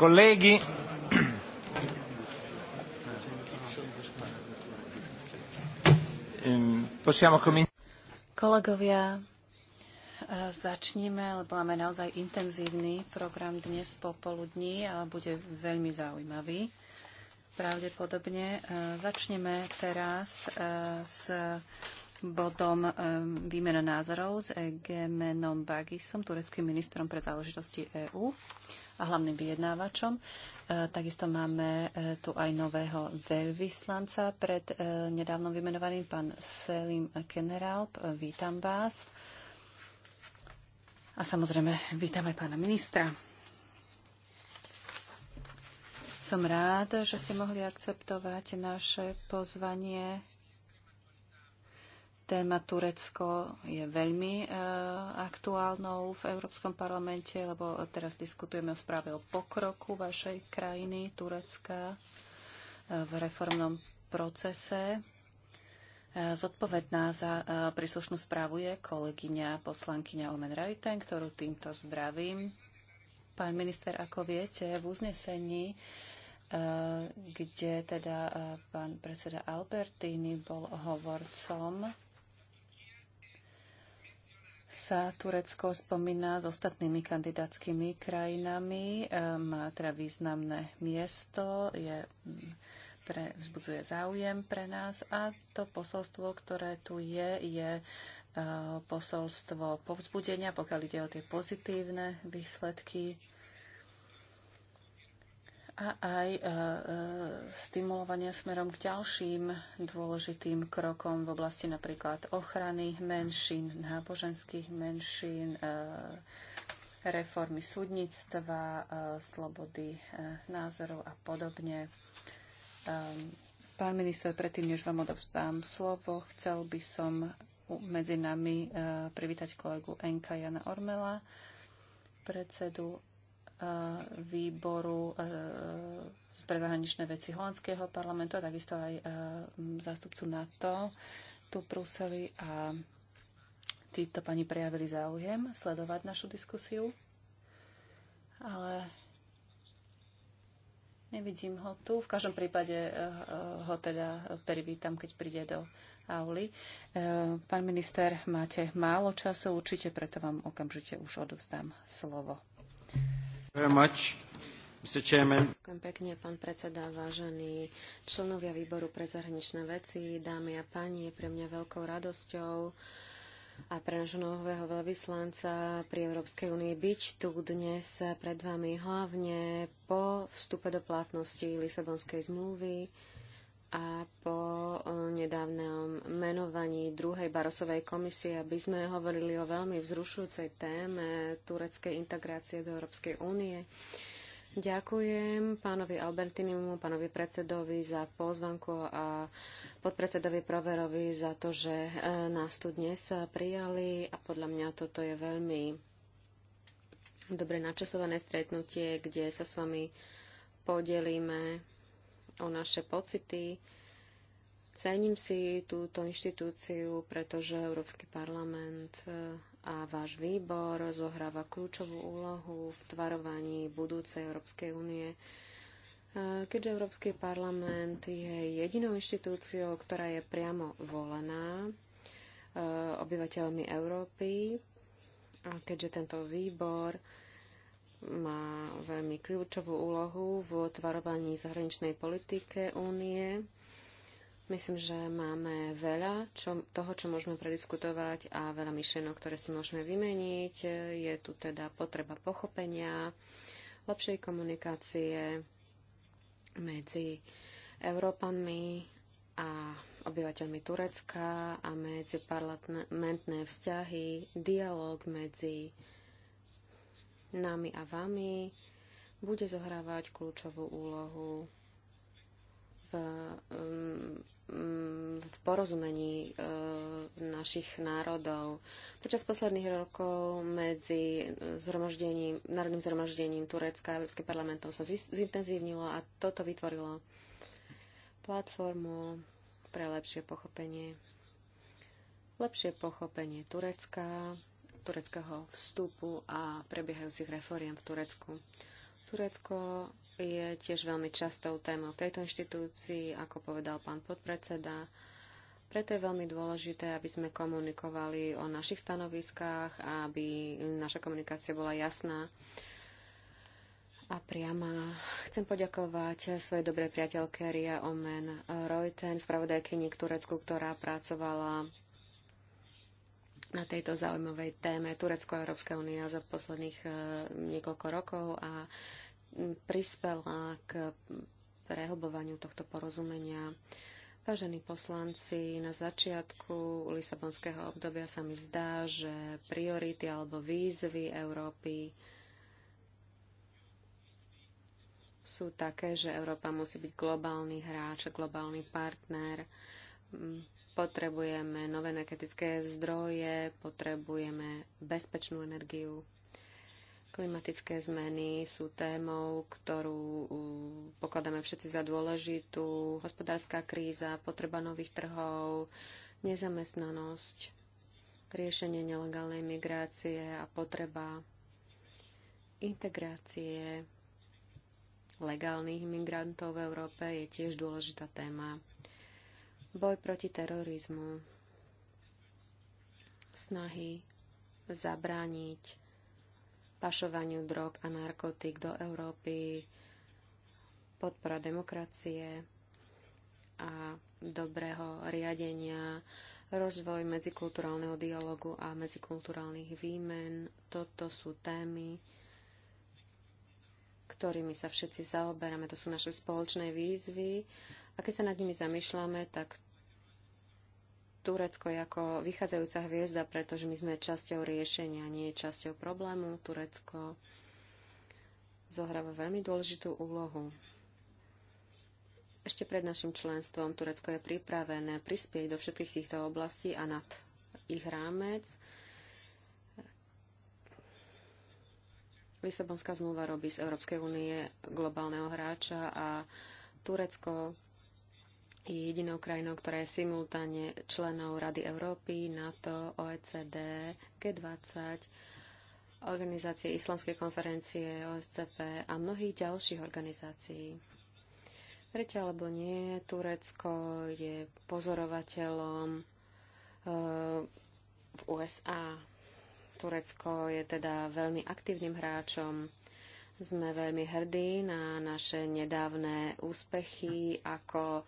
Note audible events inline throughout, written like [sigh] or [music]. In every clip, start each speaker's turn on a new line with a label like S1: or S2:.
S1: Colleghi,
S2: ehm, possiamo cominciare. Kolegovia, eh, začníme, lebo máme naozaj intenzívny program dnes popoludní a bude veľmi zaujímavý. Pravdepodobne eh, začneme teraz eh, s bodom výmena názorov s Egemenom Bagisom, tureckým ministrom pre záležitosti EÚ a hlavným vyjednávačom. E, takisto máme e, tu aj nového veľvyslanca pred e, nedávno vymenovaným, pán Selim Keneralp. Vítam vás. A samozrejme, vítam aj pána ministra. Som rád, že ste mohli akceptovať naše pozvanie Téma Turecko je veľmi e, aktuálnou v Európskom parlamente, lebo teraz diskutujeme o správe o pokroku vašej krajiny, Turecka, e, v reformnom procese. E, zodpovedná za e, príslušnú správu je kolegyňa poslankyňa Omen Rajten, ktorú týmto zdravím. Pán minister, ako viete, v uznesení e, kde teda e, pán predseda Albertini bol hovorcom sa Turecko spomína s ostatnými kandidátskymi krajinami. Eh, má teda významné miesto, je, mm, pre, vzbudzuje záujem pre nás a to posolstvo, ktoré tu je, je eh, posolstvo povzbudenia, pokiaľ ide o tie pozitívne výsledky a aj e, e, stimulovania smerom k ďalším dôležitým krokom v oblasti napríklad ochrany menšín, náboženských menšín, e, reformy súdnictva, slobody názorov a podobne. Pán minister, predtým, než vám odovzdám slovo, chcel by som medzi nami privítať kolegu Enka Jana Ormela, predsedu výboru eh, pre zahraničné veci holandského parlamentu a takisto aj eh, zástupcu NATO tu v Bruseli a títo pani prejavili záujem sledovať našu diskusiu, ale nevidím ho tu. V každom prípade eh, ho teda privítam, keď príde do auly. Pán minister, máte málo času určite, preto vám okamžite už odovzdám slovo. Ďakujem
S3: pekne, pán predseda, vážení členovia výboru pre zahraničné veci, dámy a páni, je pre mňa veľkou radosťou a pre nášho nového veľvyslanca pri Európskej únii byť tu dnes pred vami hlavne po vstupe do platnosti Lisabonskej zmluvy a po e, nedávnom menovaní druhej Barosovej komisie, aby sme hovorili o veľmi vzrušujúcej téme tureckej integrácie do Európskej únie. Ďakujem pánovi Albertinimu, pánovi predsedovi za pozvanku a podpredsedovi Proverovi za to, že e, nás tu dnes prijali a podľa mňa toto je veľmi dobre načasované stretnutie, kde sa s vami podelíme o naše pocity. Cením si túto inštitúciu, pretože Európsky parlament e, a váš výbor zohráva kľúčovú úlohu v tvarovaní budúcej Európskej únie. E, keďže Európsky parlament je jedinou inštitúciou, ktorá je priamo volená e, obyvateľmi Európy, a keďže tento výbor má veľmi kľúčovú úlohu v tvarovaní zahraničnej politike únie. Myslím, že máme veľa čo, toho, čo môžeme prediskutovať a veľa myšlienok, ktoré si môžeme vymeniť. Je tu teda potreba pochopenia, lepšej komunikácie medzi Európanmi a obyvateľmi Turecka a medzi parlamentné vzťahy, dialog medzi nami a vami bude zohrávať kľúčovú úlohu v, mm, mm, v porozumení e, našich národov. Počas posledných rokov medzi zhromaždením, Národným zhromaždením Turecka a Európskym parlamentom sa zintenzívnilo a toto vytvorilo platformu pre lepšie pochopenie lepšie pochopenie Turecka, tureckého vstupu a prebiehajúcich reforiem v Turecku. Turecko je tiež veľmi častou témou v tejto inštitúcii, ako povedal pán podpredseda. Preto je veľmi dôležité, aby sme komunikovali o našich stanoviskách, aby naša komunikácia bola jasná a priama. Chcem poďakovať svojej dobrej priateľke Ria Omen Reuten, spravodajkyni k Turecku, ktorá pracovala na tejto zaujímavej téme Turecko a Európska únia za posledných e, niekoľko rokov a prispela k prehlbovaniu tohto porozumenia. Vážení poslanci, na začiatku Lisabonského obdobia sa mi zdá, že priority alebo výzvy Európy sú také, že Európa musí byť globálny hráč, globálny partner Potrebujeme nové energetické zdroje, potrebujeme bezpečnú energiu. Klimatické zmeny sú témou, ktorú pokladáme všetci za dôležitú. Hospodárska kríza, potreba nových trhov, nezamestnanosť, riešenie nelegálnej migrácie a potreba integrácie legálnych migrantov v Európe je tiež dôležitá téma boj proti terorizmu, snahy zabrániť pašovaniu drog a narkotík do Európy, podpora demokracie a dobrého riadenia, rozvoj medzikulturálneho dialogu a medzikulturálnych výmen. Toto sú témy, ktorými sa všetci zaoberáme. To sú naše spoločné výzvy a keď sa nad nimi zamýšľame, tak Turecko je ako vychádzajúca hviezda, pretože my sme časťou riešenia, nie je časťou problému. Turecko zohráva veľmi dôležitú úlohu. Ešte pred našim členstvom Turecko je pripravené prispieť do všetkých týchto oblastí a nad ich rámec. Lisabonská zmluva robí z Európskej únie globálneho hráča a Turecko je jedinou krajinou, ktorá je simultáne členov Rady Európy, NATO, OECD, G20, organizácie Islamskej konferencie, OSCP a mnohých ďalších organizácií. Viete alebo nie, Turecko je pozorovateľom eh, v USA. Turecko je teda veľmi aktívnym hráčom sme veľmi hrdí na naše nedávne úspechy ako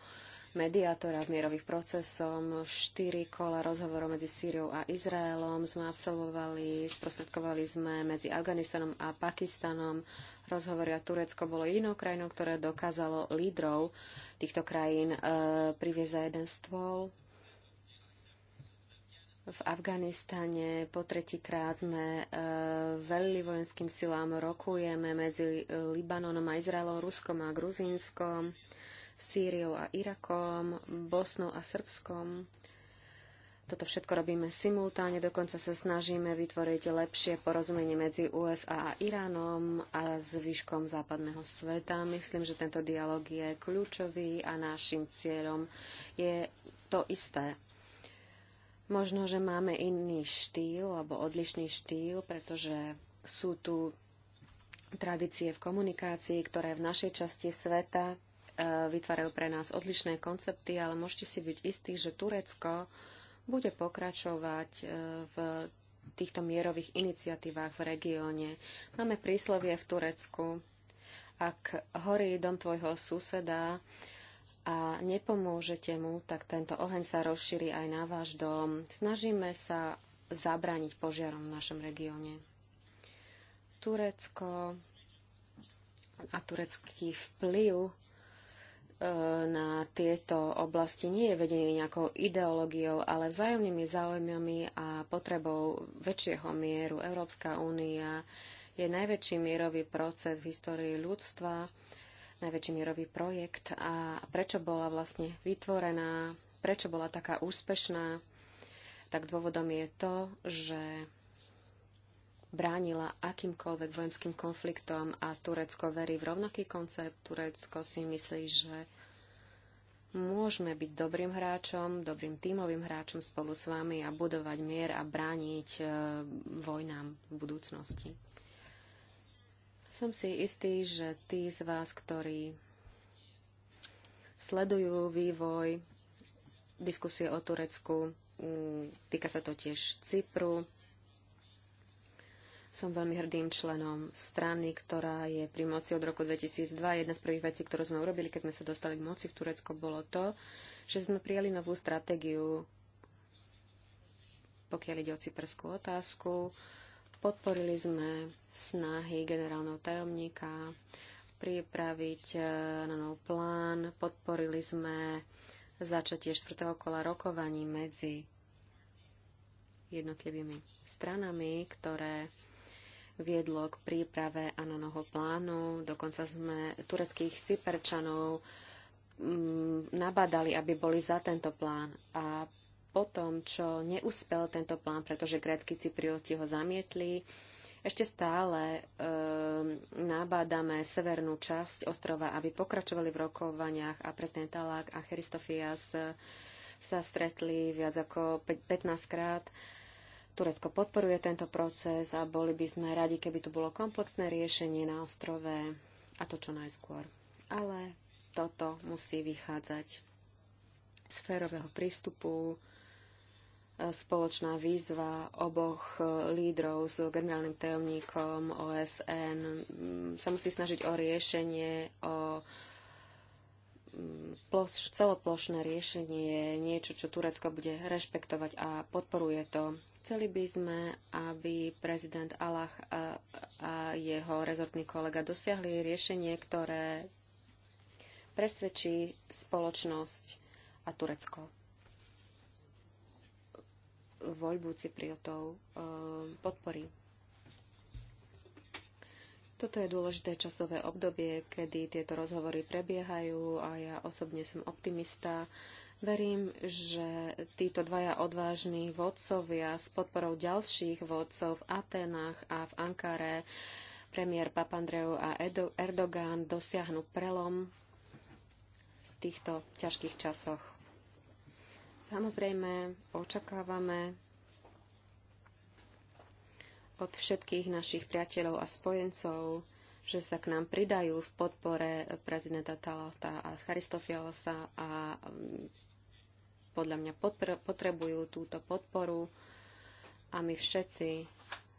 S3: mediátora v mierových procesom. Štyri kola rozhovorov medzi Sýriou a Izraelom sme absolvovali, sprostredkovali sme medzi Afganistanom a Pakistanom. Rozhovory a Turecko bolo jedinou krajinou, ktoré dokázalo lídrov týchto krajín e, priviesť za jeden stôl. V Afganistane po tretíkrát sme e, veľmi vojenským silám rokujeme medzi e, Libanonom a Izraelom, Ruskom a Gruzínskom. E, Sýriou a Irakom, Bosnou a Srbskom. Toto všetko robíme simultáne, dokonca sa snažíme vytvoriť lepšie porozumenie medzi USA a Iránom a zvyškom západného sveta. Myslím, že tento dialog je kľúčový a našim cieľom je to isté. Možno, že máme iný štýl alebo odlišný štýl, pretože sú tu tradície v komunikácii, ktoré v našej časti sveta E, vytvárajú pre nás odlišné koncepty, ale môžete si byť istí, že Turecko bude pokračovať e, v týchto mierových iniciatívach v regióne. Máme príslovie v Turecku. Ak horí dom tvojho suseda a nepomôžete mu, tak tento oheň sa rozšíri aj na váš dom. Snažíme sa zabrániť požiarom v našom regióne. Turecko a turecký vplyv E, na tieto oblasti nie je vedený nejakou ideológiou, ale vzájomnými záujmami a potrebou väčšieho mieru. Európska únia je najväčší mierový proces v histórii ľudstva, najväčší mierový projekt a prečo bola vlastne vytvorená, prečo bola taká úspešná, tak dôvodom je to, že bránila akýmkoľvek vojenským konfliktom a Turecko verí v rovnaký koncept. Turecko si myslí, že môžeme byť dobrým hráčom, dobrým tímovým hráčom spolu s vami a budovať mier a brániť e, vojnám v budúcnosti. Som si istý, že tí z vás, ktorí sledujú vývoj diskusie o Turecku, týka sa to tiež Cypru, som veľmi hrdým členom strany, ktorá je pri moci od roku 2002. Jedna z prvých vecí, ktorú sme urobili, keď sme sa dostali k moci v Turecku, bolo to, že sme prijali novú stratégiu, pokiaľ ide o cyperskú otázku. Podporili sme snahy generálneho tajomníka pripraviť e, na nový plán. Podporili sme začatie štvrtého kola rokovaní medzi jednotlivými stranami, ktoré viedlo k príprave Anonoho plánu. Dokonca sme tureckých cyperčanov mm, nabadali, aby boli za tento plán. A potom, čo neúspel tento plán, pretože grécky Cyprioti ho zamietli, ešte stále e, nabádame severnú časť ostrova, aby pokračovali v rokovaniach a prezident Talák a Christofias sa stretli viac ako 15 krát. E, Turecko podporuje tento proces a boli by sme radi, keby tu bolo komplexné riešenie na ostrove a to čo najskôr. Ale toto musí vychádzať z férového prístupu, e, spoločná výzva oboch e, lídrov s generálnym tajomníkom OSN sa musí snažiť o riešenie, o celoplošné riešenie, je niečo, čo Turecko bude rešpektovať a podporuje to. Chceli by sme, aby prezident Allah a, a jeho rezortný kolega dosiahli riešenie, ktoré presvedčí spoločnosť a Turecko. Voľbu Cypriotov e, podporí. Toto je dôležité časové obdobie, kedy tieto rozhovory prebiehajú a ja osobne som optimista. Verím, že títo dvaja odvážni vodcovia s podporou ďalších vodcov v Atenách a v Ankare, premiér Papandreou a Erdogan, dosiahnu prelom v týchto ťažkých časoch. Samozrejme, očakávame od všetkých našich priateľov a spojencov, že sa k nám pridajú v podpore prezidenta Talata a Charistofialosa a mm, podľa mňa potrebujú túto podporu a my všetci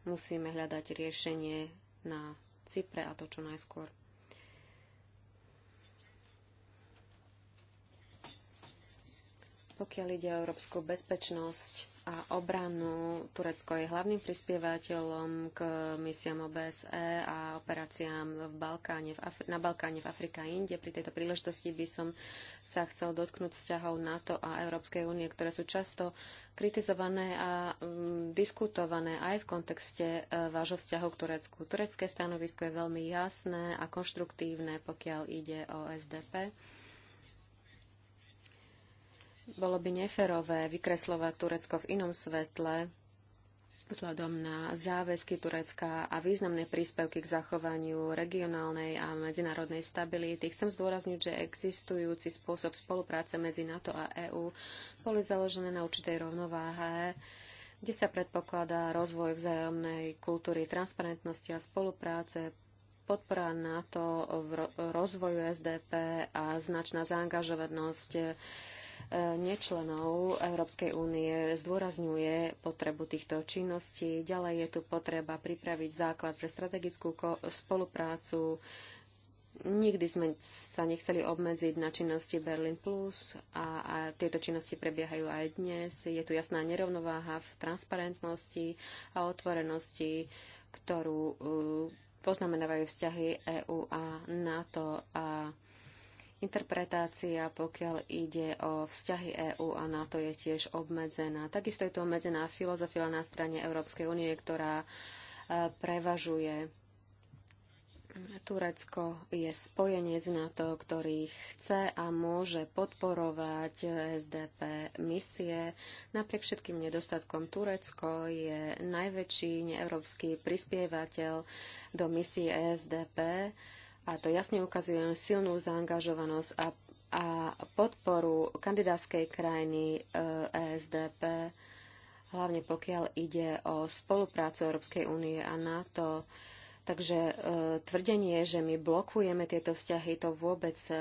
S3: musíme hľadať riešenie na Cypre a to čo najskôr. Pokiaľ ide o európsku bezpečnosť, a obranu. Turecko je hlavným prispievateľom k misiám OBSE a operáciám v Balkáne, v Afri- na Balkáne, v Afrike a inde. Pri tejto príležitosti by som sa chcel dotknúť vzťahov NATO a Európskej únie, ktoré sú často kritizované a um, diskutované aj v kontexte uh, vášho vzťahu k Turecku. Turecké stanovisko je veľmi jasné a konštruktívne, pokiaľ ide o SDP bolo by neferové vykreslovať Turecko v inom svetle, vzhľadom na záväzky Turecka a významné príspevky k zachovaniu regionálnej a medzinárodnej stability. Chcem zdôrazniť, že existujúci spôsob spolupráce medzi NATO a EÚ boli založené na určitej rovnováhe, kde sa predpokladá rozvoj vzájomnej kultúry transparentnosti a spolupráce, podpora NATO v rozvoju SDP a značná zaangažovanosť E, nečlenov Európskej únie zdôrazňuje potrebu týchto činností. Ďalej je tu potreba pripraviť základ pre strategickú spoluprácu. Nikdy sme sa nechceli obmedziť na činnosti Berlin Plus a, a tieto činnosti prebiehajú aj dnes. Je tu jasná nerovnováha v transparentnosti a otvorenosti, ktorú uh, poznamenávajú vzťahy EÚ a NATO a Interpretácia, pokiaľ ide o vzťahy EÚ a NATO, je tiež obmedzená. Takisto je to obmedzená filozofia na strane Európskej únie, ktorá e, prevažuje. Turecko je spojenie z NATO, ktorý chce a môže podporovať SDP misie. Napriek všetkým nedostatkom Turecko je najväčší neeurópsky prispievateľ do misie SDP a to jasne ukazuje silnú zaangažovanosť a, a podporu kandidátskej krajiny ESDP, e hlavne pokiaľ ide o spoluprácu Európskej únie a NATO. Takže e, tvrdenie, že my blokujeme tieto vzťahy, to vôbec e,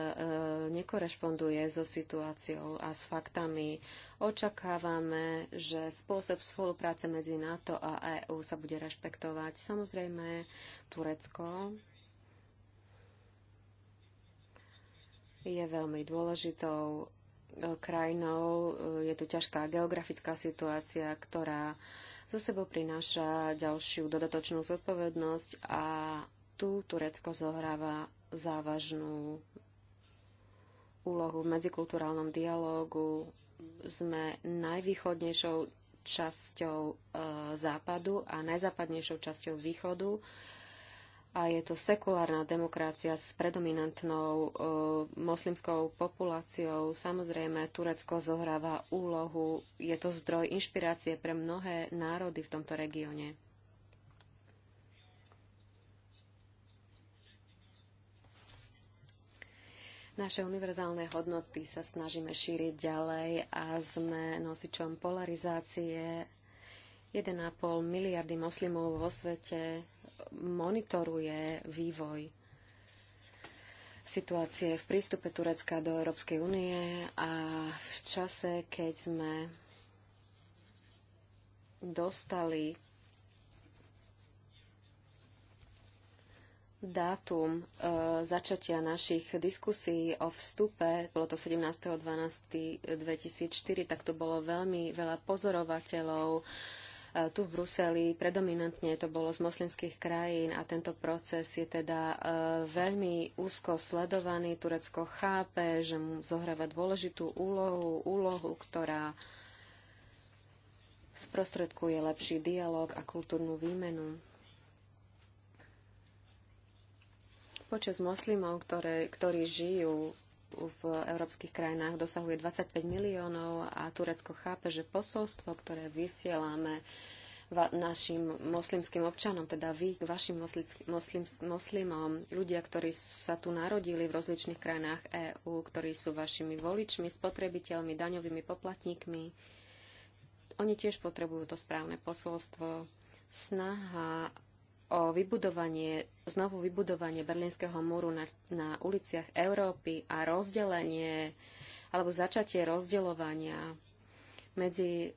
S3: nekorešponduje so situáciou a s faktami. Očakávame, že spôsob spolupráce medzi NATO a EÚ sa bude rešpektovať. Samozrejme, Turecko je veľmi dôležitou e, krajinou. E, je tu ťažká geografická situácia, ktorá zo sebou prináša ďalšiu dodatočnú zodpovednosť a tu Turecko zohráva závažnú úlohu v medzikulturálnom dialógu. Sme najvýchodnejšou časťou e, západu a najzápadnejšou časťou východu a je to sekulárna demokracia s predominantnou e, moslimskou populáciou. Samozrejme, Turecko zohráva úlohu, je to zdroj inšpirácie pre mnohé národy v tomto regióne. Naše univerzálne hodnoty sa snažíme šíriť ďalej a sme nosičom polarizácie. 1,5 miliardy moslimov vo svete monitoruje vývoj situácie v prístupe Turecka do Európskej únie a v čase, keď sme dostali dátum e, začatia našich diskusí o vstupe, bolo to 17.12.2004, tak tu bolo veľmi veľa pozorovateľov, e, tu v Bruseli. Predominantne to bolo z moslimských krajín a tento proces je teda e, veľmi úzko sledovaný. Turecko chápe, že mu zohráva dôležitú úlohu, úlohu, ktorá sprostredkuje lepší dialog a kultúrnu výmenu. Počas moslimov, ktoré, ktorí žijú v európskych krajinách dosahuje 25 miliónov a Turecko chápe, že posolstvo, ktoré vysielame našim moslimským občanom, teda vy, vašim moslim, moslimom, ľudia, ktorí sa tu narodili v rozličných krajinách EÚ, ktorí sú vašimi voličmi, spotrebiteľmi, daňovými poplatníkmi, oni tiež potrebujú to správne posolstvo. Snaha o vybudovanie, znovu vybudovanie Berlínskeho múru na, na uliciach Európy a rozdelenie alebo začatie rozdeľovania medzi e,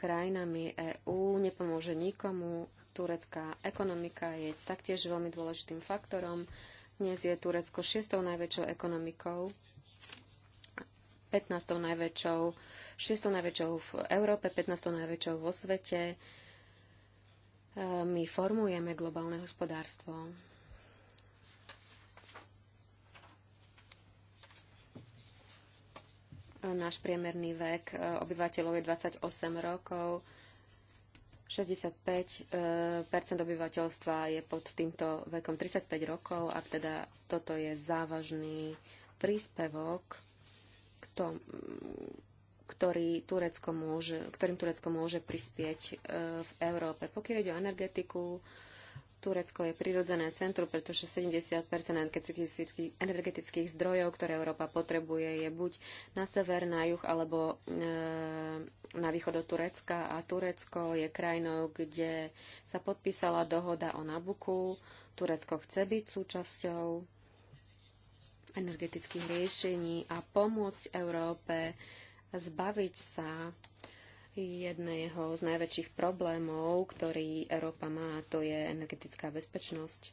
S3: krajinami EÚ nepomôže nikomu. Turecká ekonomika je taktiež veľmi dôležitým faktorom. Dnes je Turecko šiestou najväčšou ekonomikou, 15. najväčšou, šiestou najväčšou v Európe, 15. najväčšou vo svete. E, my formujeme globálne hospodárstvo. Náš priemerný vek e, obyvateľov je 28 rokov. 65 obyvateľstva je pod týmto vekom 35 rokov a teda toto je závažný príspevok k tomu, ktorý Turecko môže, ktorým Turecko môže prispieť e, v Európe. Pokiaľ ide o energetiku, Turecko je prirodzené centrum, pretože 70 energetických zdrojov, ktoré Európa potrebuje, je buď na sever, na juh alebo e, na východ od Turecka. A Turecko je krajinou, kde sa podpísala dohoda o Nabuku. Turecko chce byť súčasťou energetických riešení a pomôcť Európe zbaviť sa jedného z najväčších problémov, ktorý Európa má, a to je energetická bezpečnosť.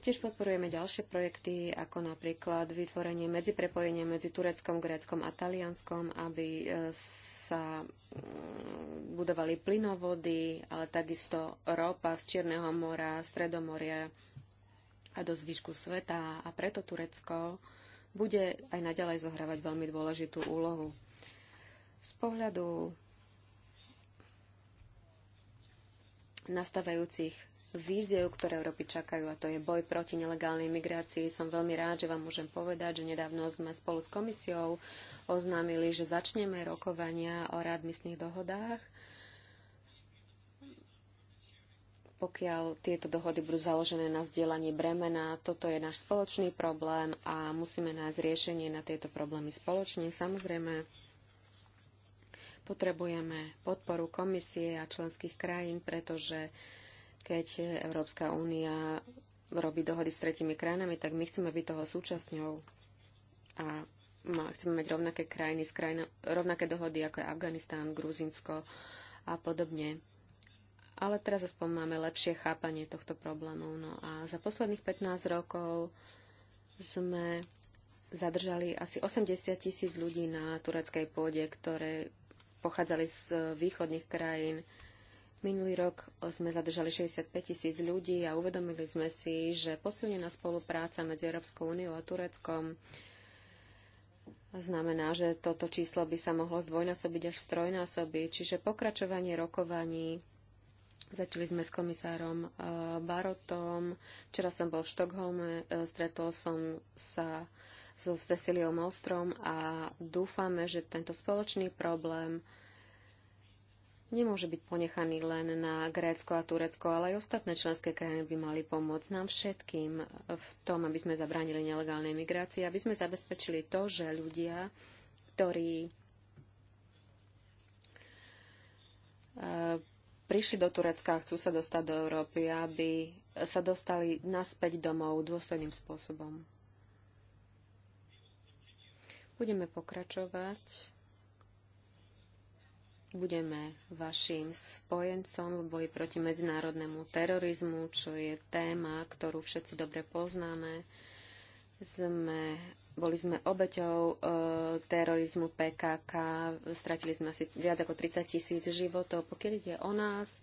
S3: Tiež podporujeme ďalšie projekty, ako napríklad vytvorenie medziprepojenia medzi Tureckom, Gréckom a Talianskom, aby e, sa mm, budovali plynovody, ale takisto ropa z Čierneho mora, Stredomoria a do zvyšku sveta. A preto Turecko bude aj naďalej zohrávať veľmi dôležitú úlohu. Z pohľadu nastávajúcich víziev, ktoré Európy čakajú, a to je boj proti nelegálnej migrácii. Som veľmi rád, že vám môžem povedať, že nedávno sme spolu s komisiou oznámili, že začneme rokovania o readmisných dohodách pokiaľ tieto dohody budú založené na zdieľaní bremena, toto je náš spoločný problém a musíme nájsť riešenie na tieto problémy spoločne. Samozrejme, potrebujeme podporu komisie a členských krajín, pretože keď Európska únia robí dohody s tretimi krajinami, tak my chceme byť toho súčasňou a chceme mať rovnaké krajiny, rovnaké dohody ako je Afganistán, Gruzinsko a podobne ale teraz aspoň máme lepšie chápanie tohto problému. No a za posledných 15 rokov sme zadržali asi 80 tisíc ľudí na tureckej pôde, ktoré pochádzali z e, východných krajín. Minulý rok e, sme zadržali 65 tisíc ľudí a uvedomili sme si, že posilnená spolupráca medzi Európskou úniou a Tureckom znamená, že toto číslo by sa mohlo zdvojnásobiť až strojnásobiť, čiže pokračovanie rokovaní Začali sme s komisárom eh, Barotom. Včera som bol v Štokholme, eh, stretol som sa so Ceciliou Mostrom a dúfame, že tento spoločný problém nemôže byť ponechaný len na Grécko a Turecko, ale aj ostatné členské krajiny by mali pomôcť nám všetkým eh, v tom, aby sme zabránili nelegálnej migrácii, aby sme zabezpečili to, že ľudia, ktorí prišli do Turecka a chcú sa dostať do Európy, aby sa dostali naspäť domov dôsledným spôsobom. Budeme pokračovať. Budeme vašim spojencom v boji proti medzinárodnému terorizmu, čo je téma, ktorú všetci dobre poznáme. Sme boli sme obeťou e, terorizmu PKK, stratili sme asi viac ako 30 tisíc životov. Pokiaľ ide o nás,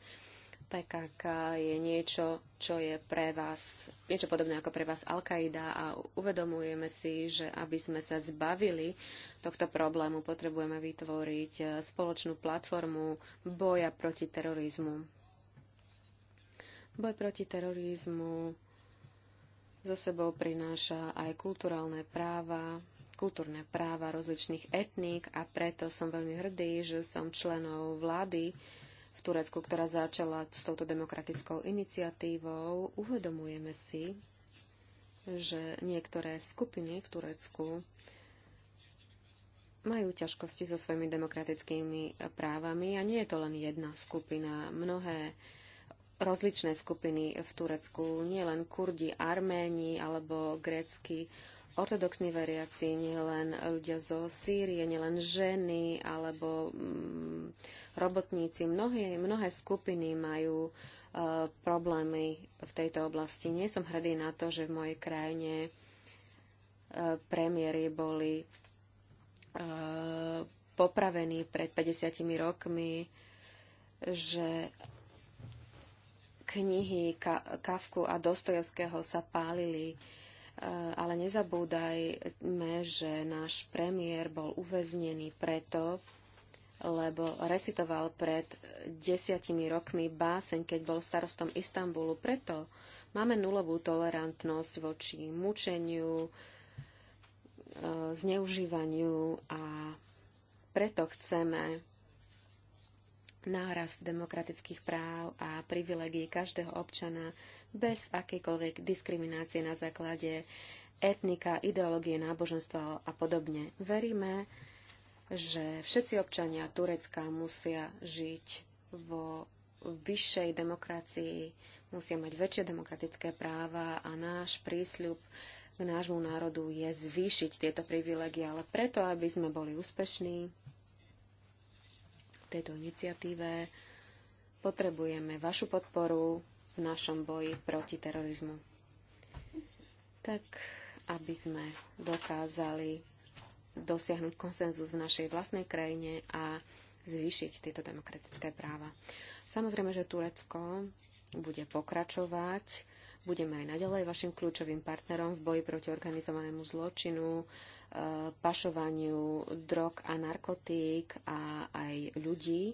S3: PKK je niečo, čo je pre vás, niečo podobné ako pre vás Al-Qaida a uvedomujeme si, že aby sme sa zbavili tohto problému, potrebujeme vytvoriť e, spoločnú platformu boja proti terorizmu. Boj proti terorizmu so sebou prináša aj kulturálne práva, kultúrne práva rozličných etník a preto som veľmi hrdý, že som členou vlády v Turecku, ktorá začala s touto demokratickou iniciatívou. Uvedomujeme si, že niektoré skupiny v Turecku majú ťažkosti so svojimi demokratickými právami a nie je to len jedna skupina. Mnohé rozličné skupiny v Turecku, nielen Kurdi, Arméni alebo grécky ortodoxní veriaci, nielen ľudia zo Sýrie, nielen ženy alebo mm, robotníci. Mnohé, mnohé skupiny majú e, problémy v tejto oblasti. Nie som hrdý na to, že v mojej krajine e, premiéry boli e, popravení pred 50 rokmi, že knihy Kafku a Dostojevského sa pálili, e, ale nezabúdajme, že náš premiér bol uväznený preto, lebo recitoval pred desiatimi rokmi báseň, keď bol starostom Istanbulu. Preto máme nulovú tolerantnosť voči mučeniu, e, zneužívaniu a preto chceme nárast demokratických práv a privilegií každého občana bez akejkoľvek diskriminácie na základe etnika, ideológie, náboženstva a podobne. Veríme, že všetci občania Turecka musia žiť vo vyššej demokracii, musia mať väčšie demokratické práva a náš prísľub k nášmu národu je zvýšiť tieto privilegie, ale preto, aby sme boli úspešní, tejto iniciatíve. Potrebujeme vašu podporu v našom boji proti terorizmu. Tak, aby sme dokázali dosiahnuť konsenzus v našej vlastnej krajine a zvýšiť tieto demokratické práva. Samozrejme, že Turecko bude pokračovať Budeme aj naďalej vašim kľúčovým partnerom v boji proti organizovanému zločinu, e, pašovaniu drog a narkotík a aj ľudí.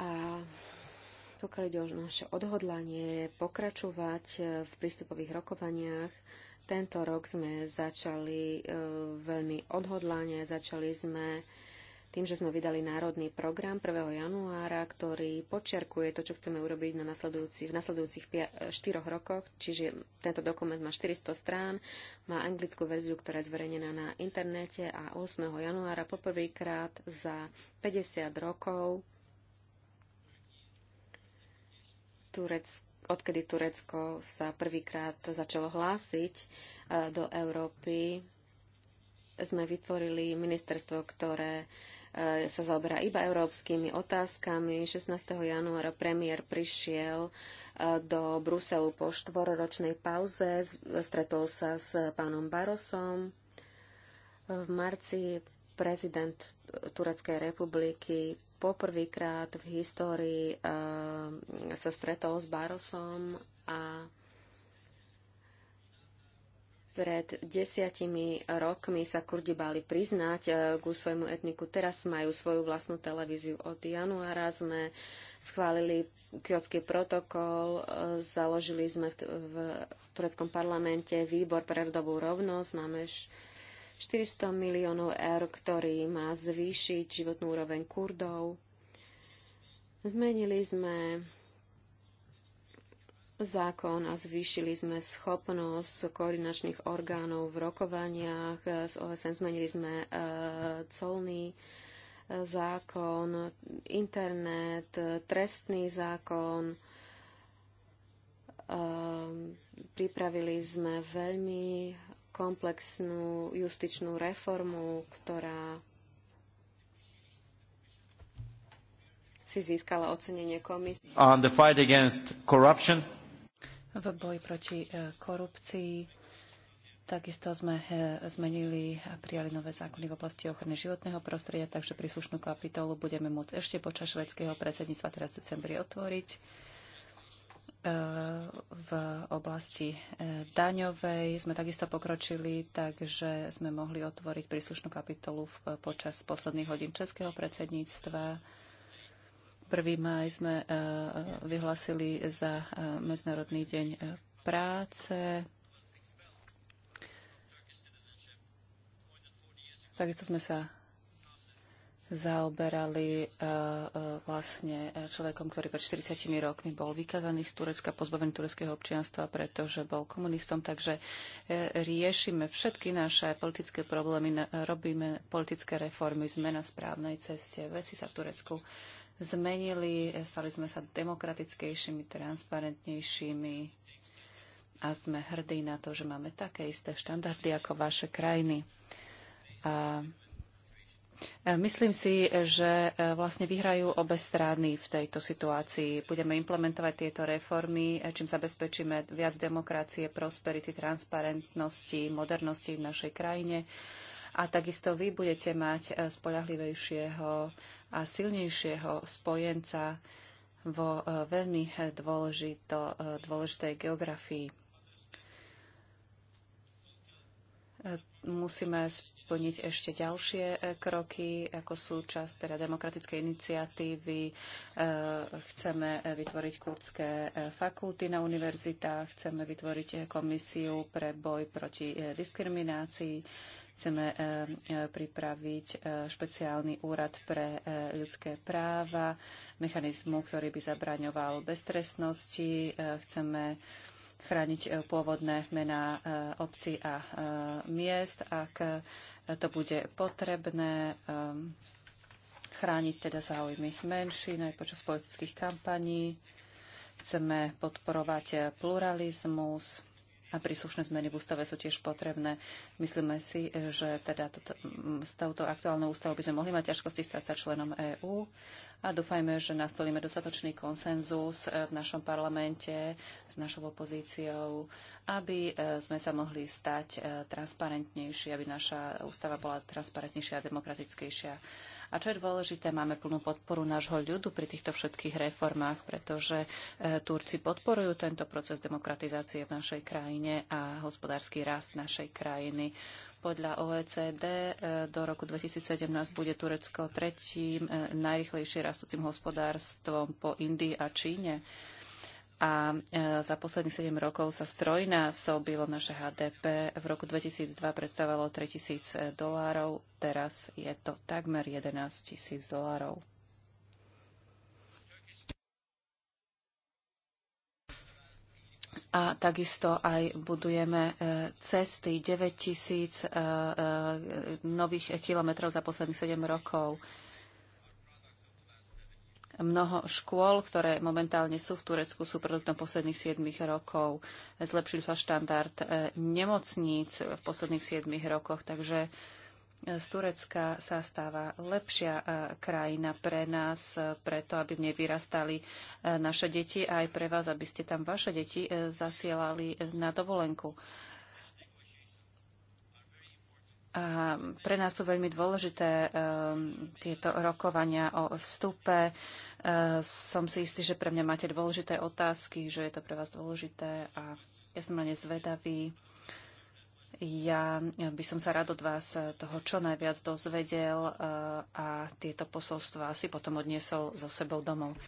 S3: A pokiaľ ide o naše odhodlanie pokračovať e, v prístupových rokovaniach, tento rok sme začali e, veľmi odhodlane, začali sme tým, že sme vydali národný program 1. januára, ktorý počerkuje to, čo chceme urobiť na nasledujúcich, v nasledujúcich 4 rokoch. Čiže tento dokument má 400 strán, má anglickú verziu, ktorá je zverejnená na internete a 8. januára poprvýkrát za 50 rokov Turecko odkedy Turecko sa prvýkrát začalo hlásiť e, do Európy, sme vytvorili ministerstvo, ktoré E, sa zaoberá iba európskymi otázkami. 16. januára premiér prišiel e, do Bruselu po štvororočnej pauze, stretol sa s pánom Barosom. V marci prezident Tureckej republiky poprvýkrát v histórii e, sa stretol s Barosom a pred desiatimi rokmi sa Kurdi bali priznať eh, ku svojmu etniku. Teraz majú svoju vlastnú televíziu. Od januára sme schválili kiotský protokol, eh, založili sme v, v tureckom parlamente výbor pre rodovú rovnosť. Máme 400 miliónov eur, ktorý má zvýšiť životnú úroveň Kurdov. Zmenili sme zákon a zvýšili sme schopnosť koordinačných orgánov v rokovaniach Z OSN, zmenili sme e, colný e, zákon, internet, trestný zákon. E, pripravili sme veľmi komplexnú justičnú reformu, ktorá
S2: si získala ocenenie komisie. On the fight against corruption v boji proti e, korupcii. Takisto sme e, zmenili a prijali nové zákony v oblasti ochrany životného prostredia, takže príslušnú kapitolu budeme môcť ešte počas švedského predsedníctva teraz v decembri otvoriť e, v oblasti daňovej sme takisto pokročili, takže sme mohli otvoriť príslušnú kapitolu počas posledných hodín českého predsedníctva. 1. maj sme e, vyhlasili za e, Medzinárodný deň e, práce. Takisto sme sa zaoberali vlastne človekom, ktorý pred 40 rokmi bol vykazaný z Turecka, pozbavený tureckého občianstva, pretože bol komunistom. Takže riešime všetky naše politické problémy, robíme politické reformy, sme na správnej ceste, veci sa v Turecku zmenili, stali sme sa demokratickejšími, transparentnejšími a sme hrdí na to, že máme také isté štandardy ako vaše krajiny. A e, Myslím si, že e, vlastne vyhrajú obe strany v tejto situácii. Budeme implementovať tieto reformy, e, čím zabezpečíme viac demokracie, prosperity, transparentnosti, modernosti v našej krajine. A takisto vy budete mať spolahlivejšieho a silnejšieho spojenca vo e, veľmi e, dôležito, e, dôležitej geografii. Musíme splniť ešte ďalšie kroky ako súčasť teda demokratickej iniciatívy. Chceme vytvoriť kurdské fakulty na univerzitách, chceme vytvoriť komisiu pre boj proti diskriminácii Chceme eh, eh, pripraviť eh, špeciálny úrad pre ľudské práva, mechanizmu, ktorý by zabraňoval beztrestnosti. Chceme chrániť pôvodné mená obcí a miest, ak to bude potrebné chrániť teda záujmy menšín aj počas politických kampaní. Chceme podporovať pluralizmus, a príslušné zmeny v ústave sú tiež potrebné. Myslíme si, že teda toto, s touto aktuálnou ústavou by sme mohli mať ťažkosti stať sa členom EÚ a dúfajme, že nastolíme dostatočný konsenzus e, v našom parlamente s našou opozíciou, aby e, sme sa mohli stať e, transparentnejší, aby naša ústava bola transparentnejšia a demokratickejšia. A čo je dôležité, máme plnú podporu nášho ľudu pri týchto všetkých reformách, pretože e, Turci podporujú tento proces demokratizácie v našej krajine a hospodársky rast našej krajiny. Podľa OECD e, do roku 2017 bude Turecko tretím e, najrychlejšie rastúcim hospodárstvom po Indii a Číne a e, za posledných 7 rokov sa strojnásobilo naše HDP. V roku 2002 predstavovalo 3000 dolárov, teraz je to takmer 11 tisíc dolárov. A takisto aj budujeme e, cesty 9000 e, nových kilometrov za posledných 7 rokov. Mnoho škôl, ktoré momentálne sú v Turecku, sú produktom posledných 7 rokov. Zlepšil sa štandard e, nemocníc v posledných 7 rokoch, takže e, z Turecka sa stáva lepšia e, krajina pre nás, preto aby v nej vyrastali naše deti a aj pre vás, aby ste tam vaše deti zasielali na dovolenku. A pre nás sú veľmi dôležité um, tieto rokovania o vstupe. Uh, som si istý, že pre mňa máte dôležité otázky, že je to pre vás dôležité a ja som na ne zvedavý. Ja by som sa rád od vás toho čo najviac dozvedel uh, a tieto posolstva si potom odniesol so sebou domov.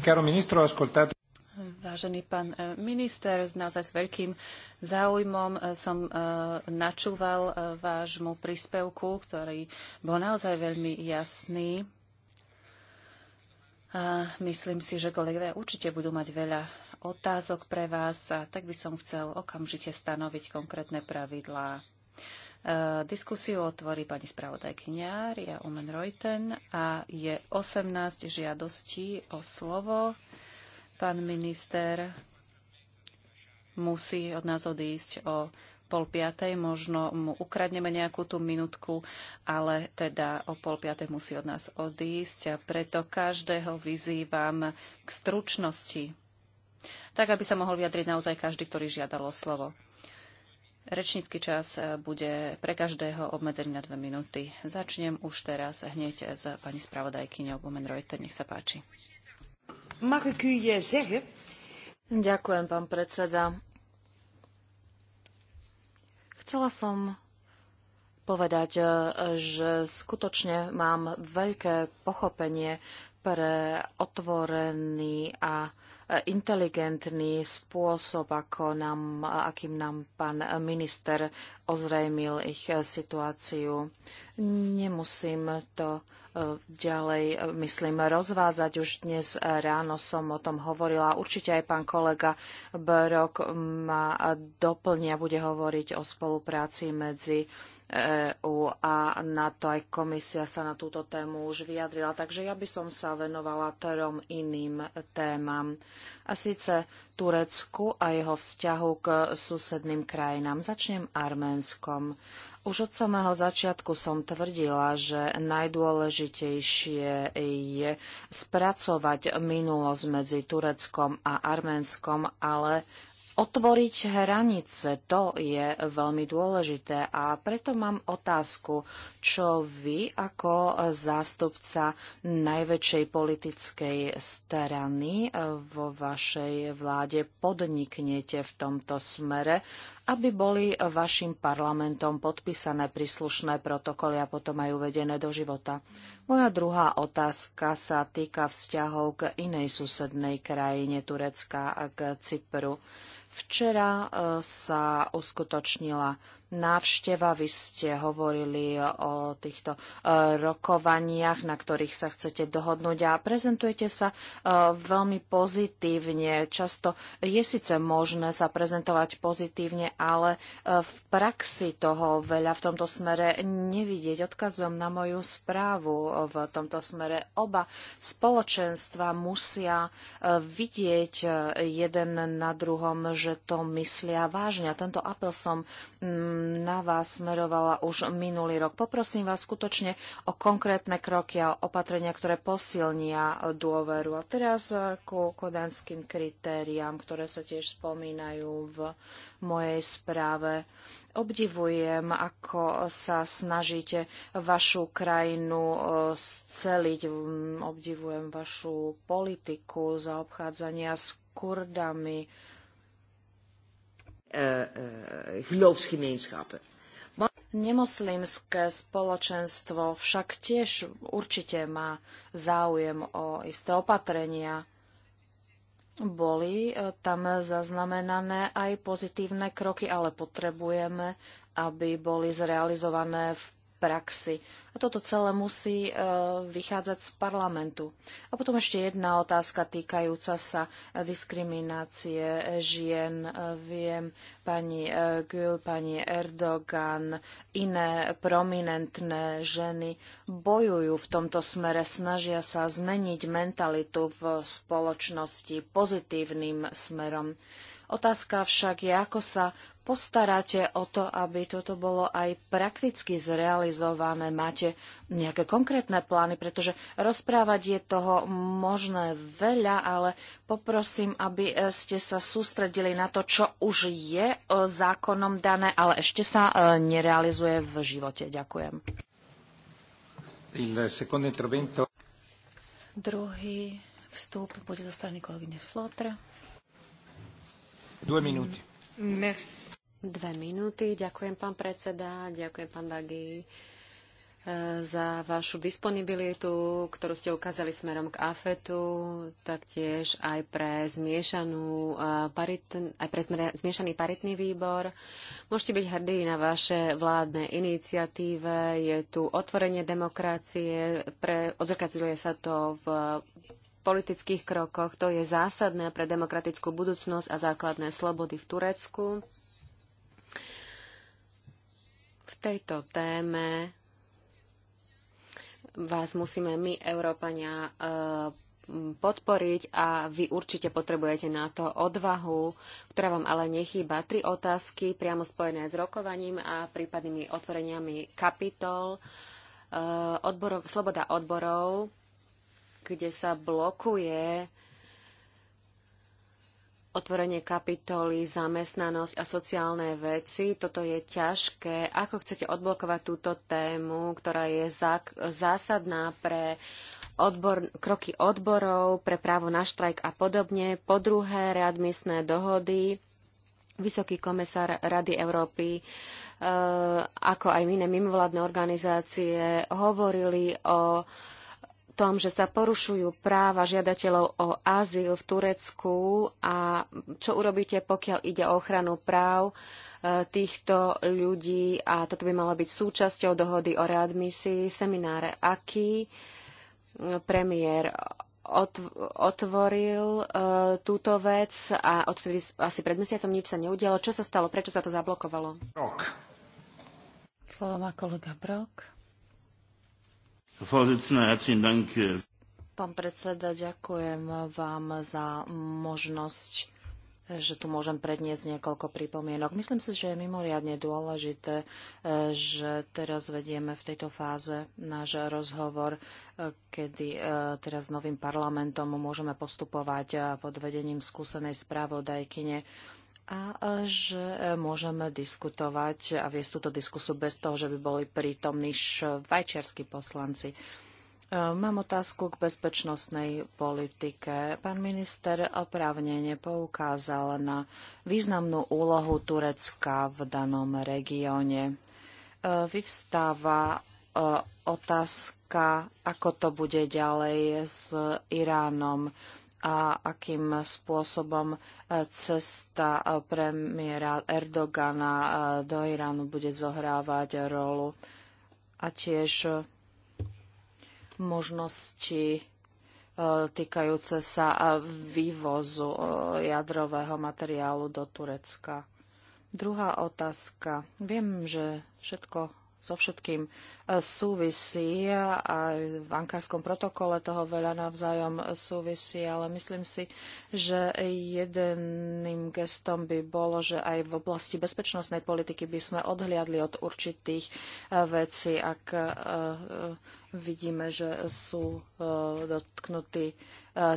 S1: Caro ministro,
S2: Vážený pán e, minister, naozaj s veľkým záujmom e, som e, načúval vášmu príspevku, ktorý bol naozaj veľmi jasný. A myslím si, že kolegovia určite budú mať veľa otázok pre vás a tak by som chcel okamžite stanoviť konkrétne pravidlá. Diskusiu otvorí pani spravodajkynia Ria Omen Reuten a je 18 žiadostí o slovo. Pán minister musí od nás odísť o pol piatej, možno mu ukradneme nejakú tú minutku, ale teda o pol piatej musí od nás odísť a preto každého vyzývam k stručnosti, tak aby sa mohol vyjadriť naozaj každý, ktorý žiadal o slovo. Rečnícky čas bude pre každého obmedzený na dve minúty. Začnem už teraz hneď s pani spravodajkyňou Bumenrojte. Nech sa páči. Eh, Ďakujem, pán predseda.
S1: Chcela som povedať, eh, že skutočne mám veľké pochopenie pre otvorený a eh, inteligentný spôsob, ako nám, akým nám pán minister ozrejmil ich situáciu. Nemusím to ďalej, myslím, rozvádzať. Už dnes ráno som o tom hovorila. Určite aj pán kolega Brok ma doplnia, bude hovoriť o spolupráci medzi EU a na to aj komisia sa na túto tému už vyjadrila. Takže ja by som sa venovala trom iným témam. A síce Turecku a jeho vzťahu k susedným krajinám. Začnem Arménskom. Už od samého začiatku som tvrdila, že najdôležitejšie je spracovať minulosť medzi Tureckom a Arménskom, ale Otvoriť hranice, to je veľmi dôležité a preto mám otázku, čo vy ako zástupca najväčšej politickej strany vo vašej vláde podniknete v tomto smere, aby boli vašim parlamentom podpísané príslušné protokoly a potom aj uvedené do života. Moja druhá otázka sa týka vzťahov k inej susednej krajine Turecka a k Cypru. Včera eh, sa uskutočnila návšteva. Vy ste hovorili o týchto e, rokovaniach, na ktorých sa chcete dohodnúť a prezentujete sa e, veľmi pozitívne. Často je síce možné sa prezentovať pozitívne, ale e, v praxi toho veľa v tomto smere nevidieť. Odkazujem na moju správu v tomto smere. Oba spoločenstva musia vidieť jeden na druhom, že to myslia vážne. A tento apel som mm, na vás smerovala už minulý rok. Poprosím vás skutočne o konkrétne kroky a opatrenia, ktoré posilnia dôveru. A teraz eh, ku kodanským kritériám, ktoré sa tiež spomínajú v mojej správe. Obdivujem, ako sa snažíte vašu krajinu eh, sceliť. Mm, obdivujem vašu politiku zaobchádzania s Kurdami Eh, eh, geloofsgemeenschappen. Nemoslimské spoločenstvo však tiež určite má záujem o isté opatrenia. Boli eh, tam zaznamenané aj pozitívne kroky, ale potrebujeme, aby boli zrealizované v praxi. A toto celé musí e, vychádzať z parlamentu. A potom ešte jedna otázka týkajúca sa e, diskriminácie e, žien. Viem, pani Gül, pani Erdogan, iné prominentné ženy bojujú v tomto smere, snažia sa zmeniť mentalitu v spoločnosti pozitívnym smerom. Otázka však je, ako sa postaráte o to, aby toto bolo aj prakticky zrealizované? Máte nejaké konkrétne plány? Pretože rozprávať je toho možné veľa, ale poprosím, aby e, ste sa sústredili na to, čo už je e, zákonom dané, ale ešte sa e, nerealizuje v živote. Ďakujem.
S2: Druhý vstup bude zo strany kolegyne Flotra.
S1: Dve minúty.
S3: Merci. Dve minúty. Ďakujem, pán predseda. Ďakujem, pán Bagy eh, za vašu disponibilitu, ktorú ste ukázali smerom k AFETu, taktiež aj pre, zmiešanú, eh, paritn, aj pre zmiešaný paritný výbor. Môžete byť hrdí na vaše vládne iniciatíve. Je tu otvorenie demokracie, pre, odzrkadľuje sa to v politických krokoch. To je zásadné pre demokratickú budúcnosť a základné slobody v Turecku tejto téme vás musíme my, Európania, e, podporiť a vy určite potrebujete na to odvahu, ktorá vám ale nechýba. Tri otázky priamo spojené s rokovaním a prípadnými otvoreniami kapitol. E, odborov, sloboda odborov, kde sa blokuje otvorenie kapitoly, zamestnanosť a sociálne veci. Toto je ťažké. Ako chcete odblokovať túto tému, ktorá je zásadná pre odbor, kroky odborov, pre právo na štrajk a podobne. Po druhé, readmisné dohody. Vysoký komisár Rady Európy, e, ako aj iné mimovládne organizácie, hovorili o tom, že sa porušujú práva žiadateľov o azyl v Turecku a čo urobíte, pokiaľ ide o ochranu práv e, týchto ľudí a toto by malo byť súčasťou dohody o readmisii, semináre aký e, premiér otvoril e, túto vec a odtedy asi pred mesiacom nič sa neudialo. Čo sa stalo? Prečo sa to zablokovalo? Brok.
S2: Slovo má kolega Brok. Äh,
S1: Pán predseda, ďakujem vám za možnosť že tu môžem predniesť niekoľko pripomienok. Myslím si, že je mimoriadne dôležité, äh, že teraz vedieme v tejto fáze náš rozhovor, äh, kedy teraz s novým parlamentom môžeme postupovať pod vedením skúsenej správodajkyne a e, že e, môžeme diskutovať a viesť túto diskusu bez toho, že by boli prítomní švajčiarskí poslanci. E, mám otázku k bezpečnostnej politike. Pán minister oprávnene poukázal na významnú úlohu Turecka v danom regióne. Vyvstáva otázka, ako to bude ďalej s Iránom a akým spôsobom e, cesta e, premiéra Erdogana e, do Iránu bude zohrávať rolu a tiež možnosti týkajúce sa vývozu jadrového materiálu do Turecka. Druhá otázka. Viem, že všetko so všetkým súvisí a v ankárskom protokole toho veľa navzájom súvisí, ale myslím si, že jedným gestom by bolo, že aj v oblasti bezpečnostnej politiky by sme odhliadli od určitých eh, vecí, ak eh, eh, vidíme, že sú dotknutí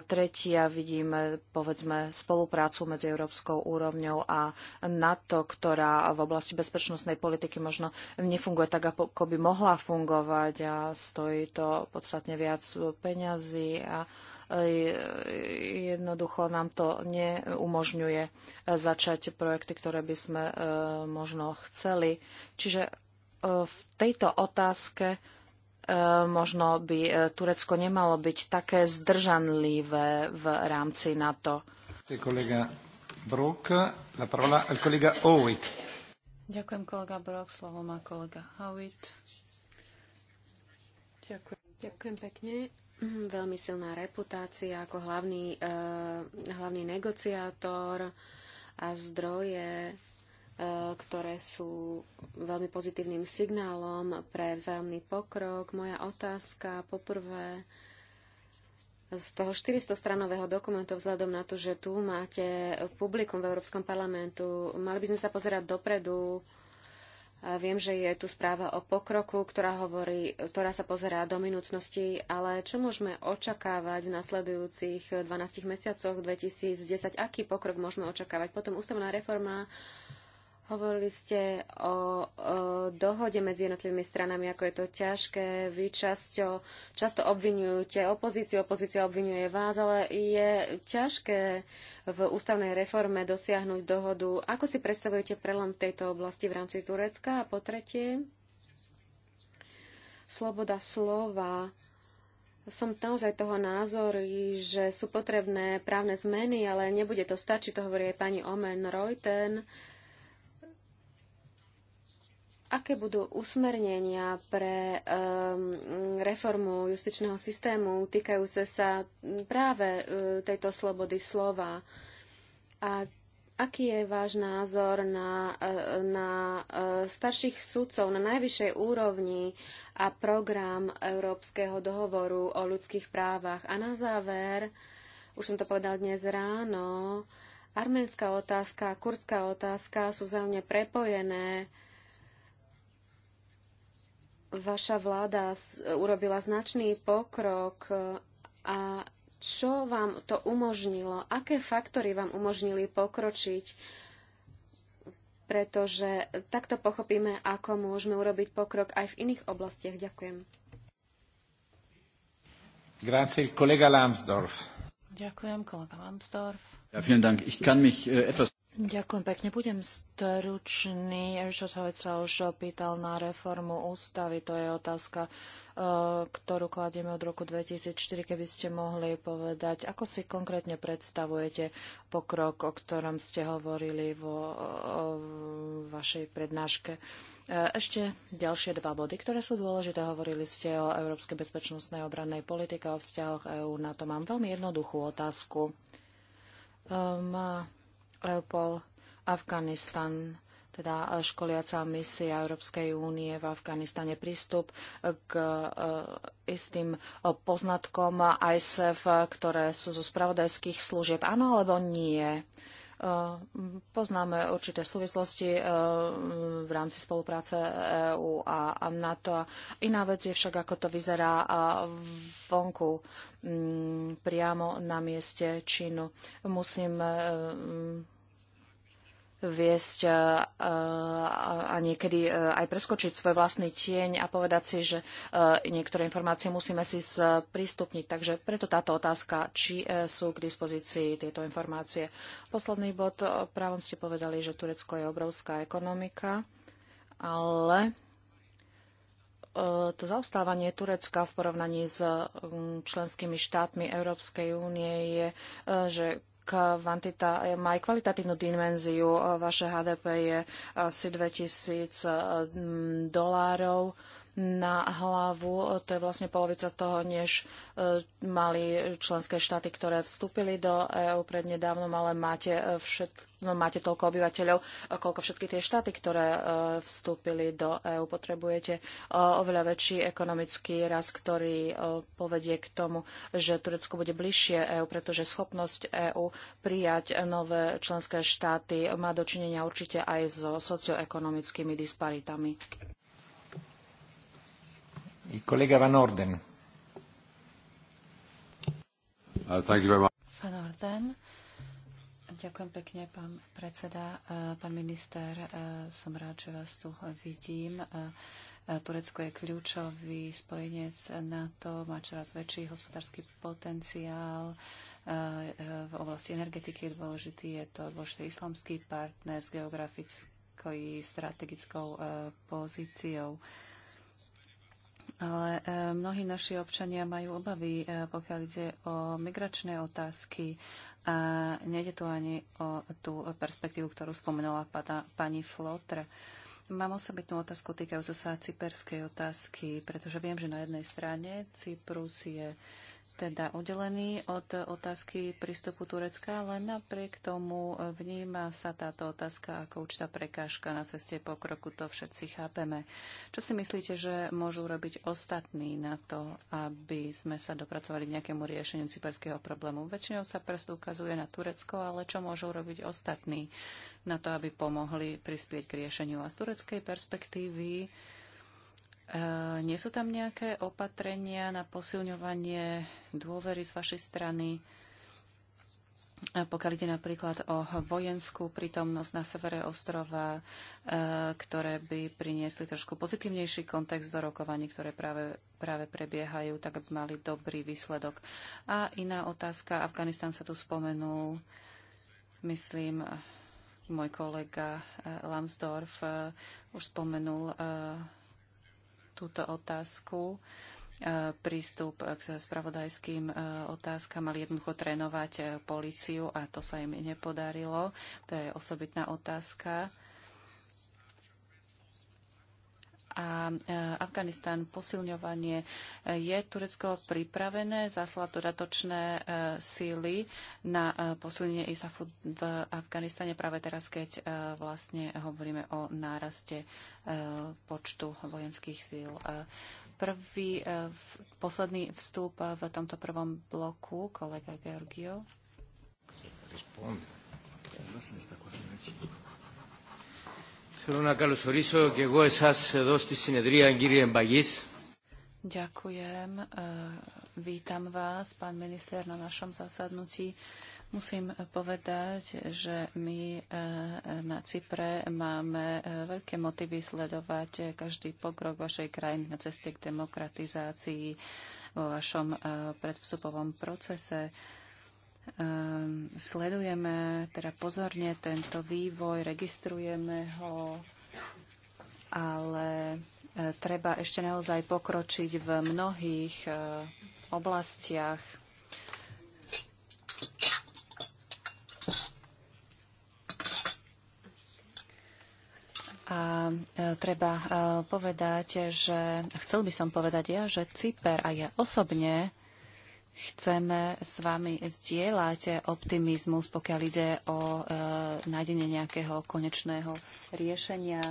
S1: tretia vidíme povedzme spoluprácu medzi európskou úrovňou a NATO, ktorá v oblasti bezpečnostnej politiky možno nefunguje tak, ako by mohla fungovať a stojí to podstatne viac peňazí a e, jednoducho nám to neumožňuje začať projekty, ktoré by sme e, možno chceli. Čiže e, v tejto otázke možno by Turecko nemalo byť také zdržanlivé v rámci NATO. Kolega Brok, la parola
S2: al kolega Ďakujem kolega Brok, slovo má kolega Howitt. Ďakujem. Ďakujem pekne. Mhm, veľmi silná reputácia
S3: ako hlavný, uh, hlavný negociátor a zdroje, uh, ktoré sú veľmi pozitívnym signálom pre vzájomný pokrok. Moja otázka poprvé z toho 400-stranového dokumentu vzhľadom na to, že tu máte publikum v Európskom parlamentu. Mali by sme sa pozerať dopredu, Viem, že je tu správa o pokroku, ktorá, hovorí, ktorá sa pozerá do minúcnosti, ale čo môžeme očakávať v nasledujúcich 12 mesiacoch 2010? Aký pokrok môžeme očakávať? Potom ústavná reforma Hovorili ste o, o dohode medzi jednotlivými stranami, ako je to ťažké. Vy často, často obvinujete opozíciu, opozícia obvinuje vás, ale je ťažké v ústavnej reforme dosiahnuť dohodu. Ako si predstavujete prelom tejto oblasti v rámci Turecka? A po tretie, sloboda slova som naozaj toho názoru, že sú potrebné právne zmeny, ale nebude to stačiť, to hovorí aj pani Omen Reuten aké budú usmernenia pre um, reformu justičného systému týkajúce sa práve uh, tejto slobody slova? A aký je váš názor na, uh, na uh, starších sudcov na najvyššej úrovni a program Európskeho dohovoru o ľudských právach? A na záver, už som to povedal dnes ráno, arménska otázka a kurdská otázka sú mňa prepojené vaša vláda urobila značný pokrok e, a čo vám to umožnilo? Aké faktory vám umožnili pokročiť? Pretože takto pochopíme, ako môžeme urobiť pokrok aj v iných
S2: oblastiach. Ďakujem.
S1: Grazie, kolega Lambsdorff.
S2: Ďakujem, kolega Lambsdorff. Ja, vielen
S1: Dank. Ich kann mich äh, etwas...
S2: Ďakujem pekne.
S1: Budem stručný. Richard Hovec sa už pýtal na reformu ústavy. To je otázka, e, ktorú kladieme od roku 2004. Keby ste mohli povedať, ako si konkrétne predstavujete pokrok, o ktorom ste hovorili vo vašej prednáške. E, ešte ďalšie dva body, ktoré sú dôležité. Hovorili ste o európskej bezpečnostnej obrannej politike, o vzťahoch EÚ. Na to mám veľmi jednoduchú otázku. E, má Leopold, Afganistan, teda e, školiaca misia Európskej únie v Afganistane prístup k e, istým e, poznatkom ISF, ktoré sú zo spravodajských služieb. Áno alebo nie? Eh, poznáme určité súvislosti eh, v rámci spolupráce EU a NATO. Iná vec je však, ako to vyzerá eh, vonku mm, priamo na mieste činu. Musím viesť eh, a niekedy eh, aj preskočiť svoj vlastný tieň a povedať si, že eh, niektoré informácie musíme si sprístupniť. Takže preto táto otázka, či sú k dispozícii tieto informácie. Posledný bod, právom ste povedali, že Turecko je obrovská ekonomika, ale to zaostávanie Turecka v porovnaní s mm, členskými štátmi Európskej únie je, že Eh, kvantita eh, má aj kvalitatívnu dimenziu. Eh, vaše HDP je asi 2000 dolárov na hlavu. To je vlastne polovica toho, než e, mali členské štáty, ktoré vstúpili do EÚ prednedávnom, ale máte, e, všet, no, máte toľko obyvateľov, koľko všetky tie štáty, ktoré e, vstúpili do EÚ. Potrebujete oveľa väčší ekonomický rast, ktorý povedie k tomu, že Turecko bude bližšie EÚ, pretože schopnosť EÚ prijať nové členské štáty má dočinenia určite aj so socioekonomickými disparitami. Uh, Van Orden.
S2: Ďakujem pekne, pán predseda. Uh, pán minister, uh, som rád, že vás tu vidím. Turecko je kľúčový spojenec NATO, má čoraz väčší hospodársky potenciál v oblasti energetiky je dôležitý, je to dôležitý islamský partner s geografickou strategickou pozíciou. Ale e, mnohí naši občania majú obavy, e, pokiaľ ide o migračné otázky a nejde tu ani o tú perspektívu, ktorú spomenula pana, pani Flotr. Mám osobitnú otázku týkajúcu sa cyperskej otázky, pretože viem, že na jednej strane Cyprus je uh, teda oddelený od otázky prístupu Turecka, ale napriek tomu vníma sa táto otázka ako určitá prekážka na ceste pokroku, to všetci chápeme. Čo si myslíte, že môžu robiť ostatní na to, aby sme sa dopracovali k nejakému riešeniu cyperského problému? Väčšinou sa prst ukazuje na Turecko, ale čo môžu robiť ostatní na to, aby pomohli prispieť k riešeniu? A z tureckej perspektívy E, nie sú tam nejaké opatrenia na posilňovanie dôvery z vašej strany, e, pokiaľ ide napríklad o vojenskú prítomnosť na severe ostrova, e, ktoré by priniesli trošku pozitívnejší kontext do rokovaní, ktoré práve, práve prebiehajú, tak aby mali dobrý výsledok. A iná otázka, Afganistan sa tu spomenul, myslím, môj kolega Lambsdorff už spomenul túto otázku e, prístup k spravodajským e, otázkam, mali jednoducho trénovať e, políciu a to sa im nepodarilo. To je osobitná otázka. a e, Afganistan, posilňovanie. E, je Turecko pripravené zaslať dodatočné e, síly na posilnenie ISAFu v Afganistane práve teraz, keď vlastne hovoríme o náraste počtu vojenských síl? Prvý, posledný vstup v tomto prvom bloku, kolega Georgio.
S3: Θέλω να καλωσορίσω και εγώ εσάς εδώ στη συνεδρία, κύριε Μπαγής.
S2: Ďakujem. Vítam vás, pán minister, na našom zasadnutí. Musím povedať, že my e, na Cypre máme e, veľké motivy sledovať každý pokrok vašej krajiny na ceste k demokratizácii vo vašom e, predvstupovom procese. Ehm, sledujeme teda pozorne tento vývoj, registrujeme ho, ale e, treba ešte naozaj pokročiť v mnohých e, oblastiach. A e, treba povedať, že chcel by som povedať ja, že Cyper a ja osobne chceme s vami zdieľať optimizmus, pokiaľ ide o e, nájdenie nejakého konečného riešenia.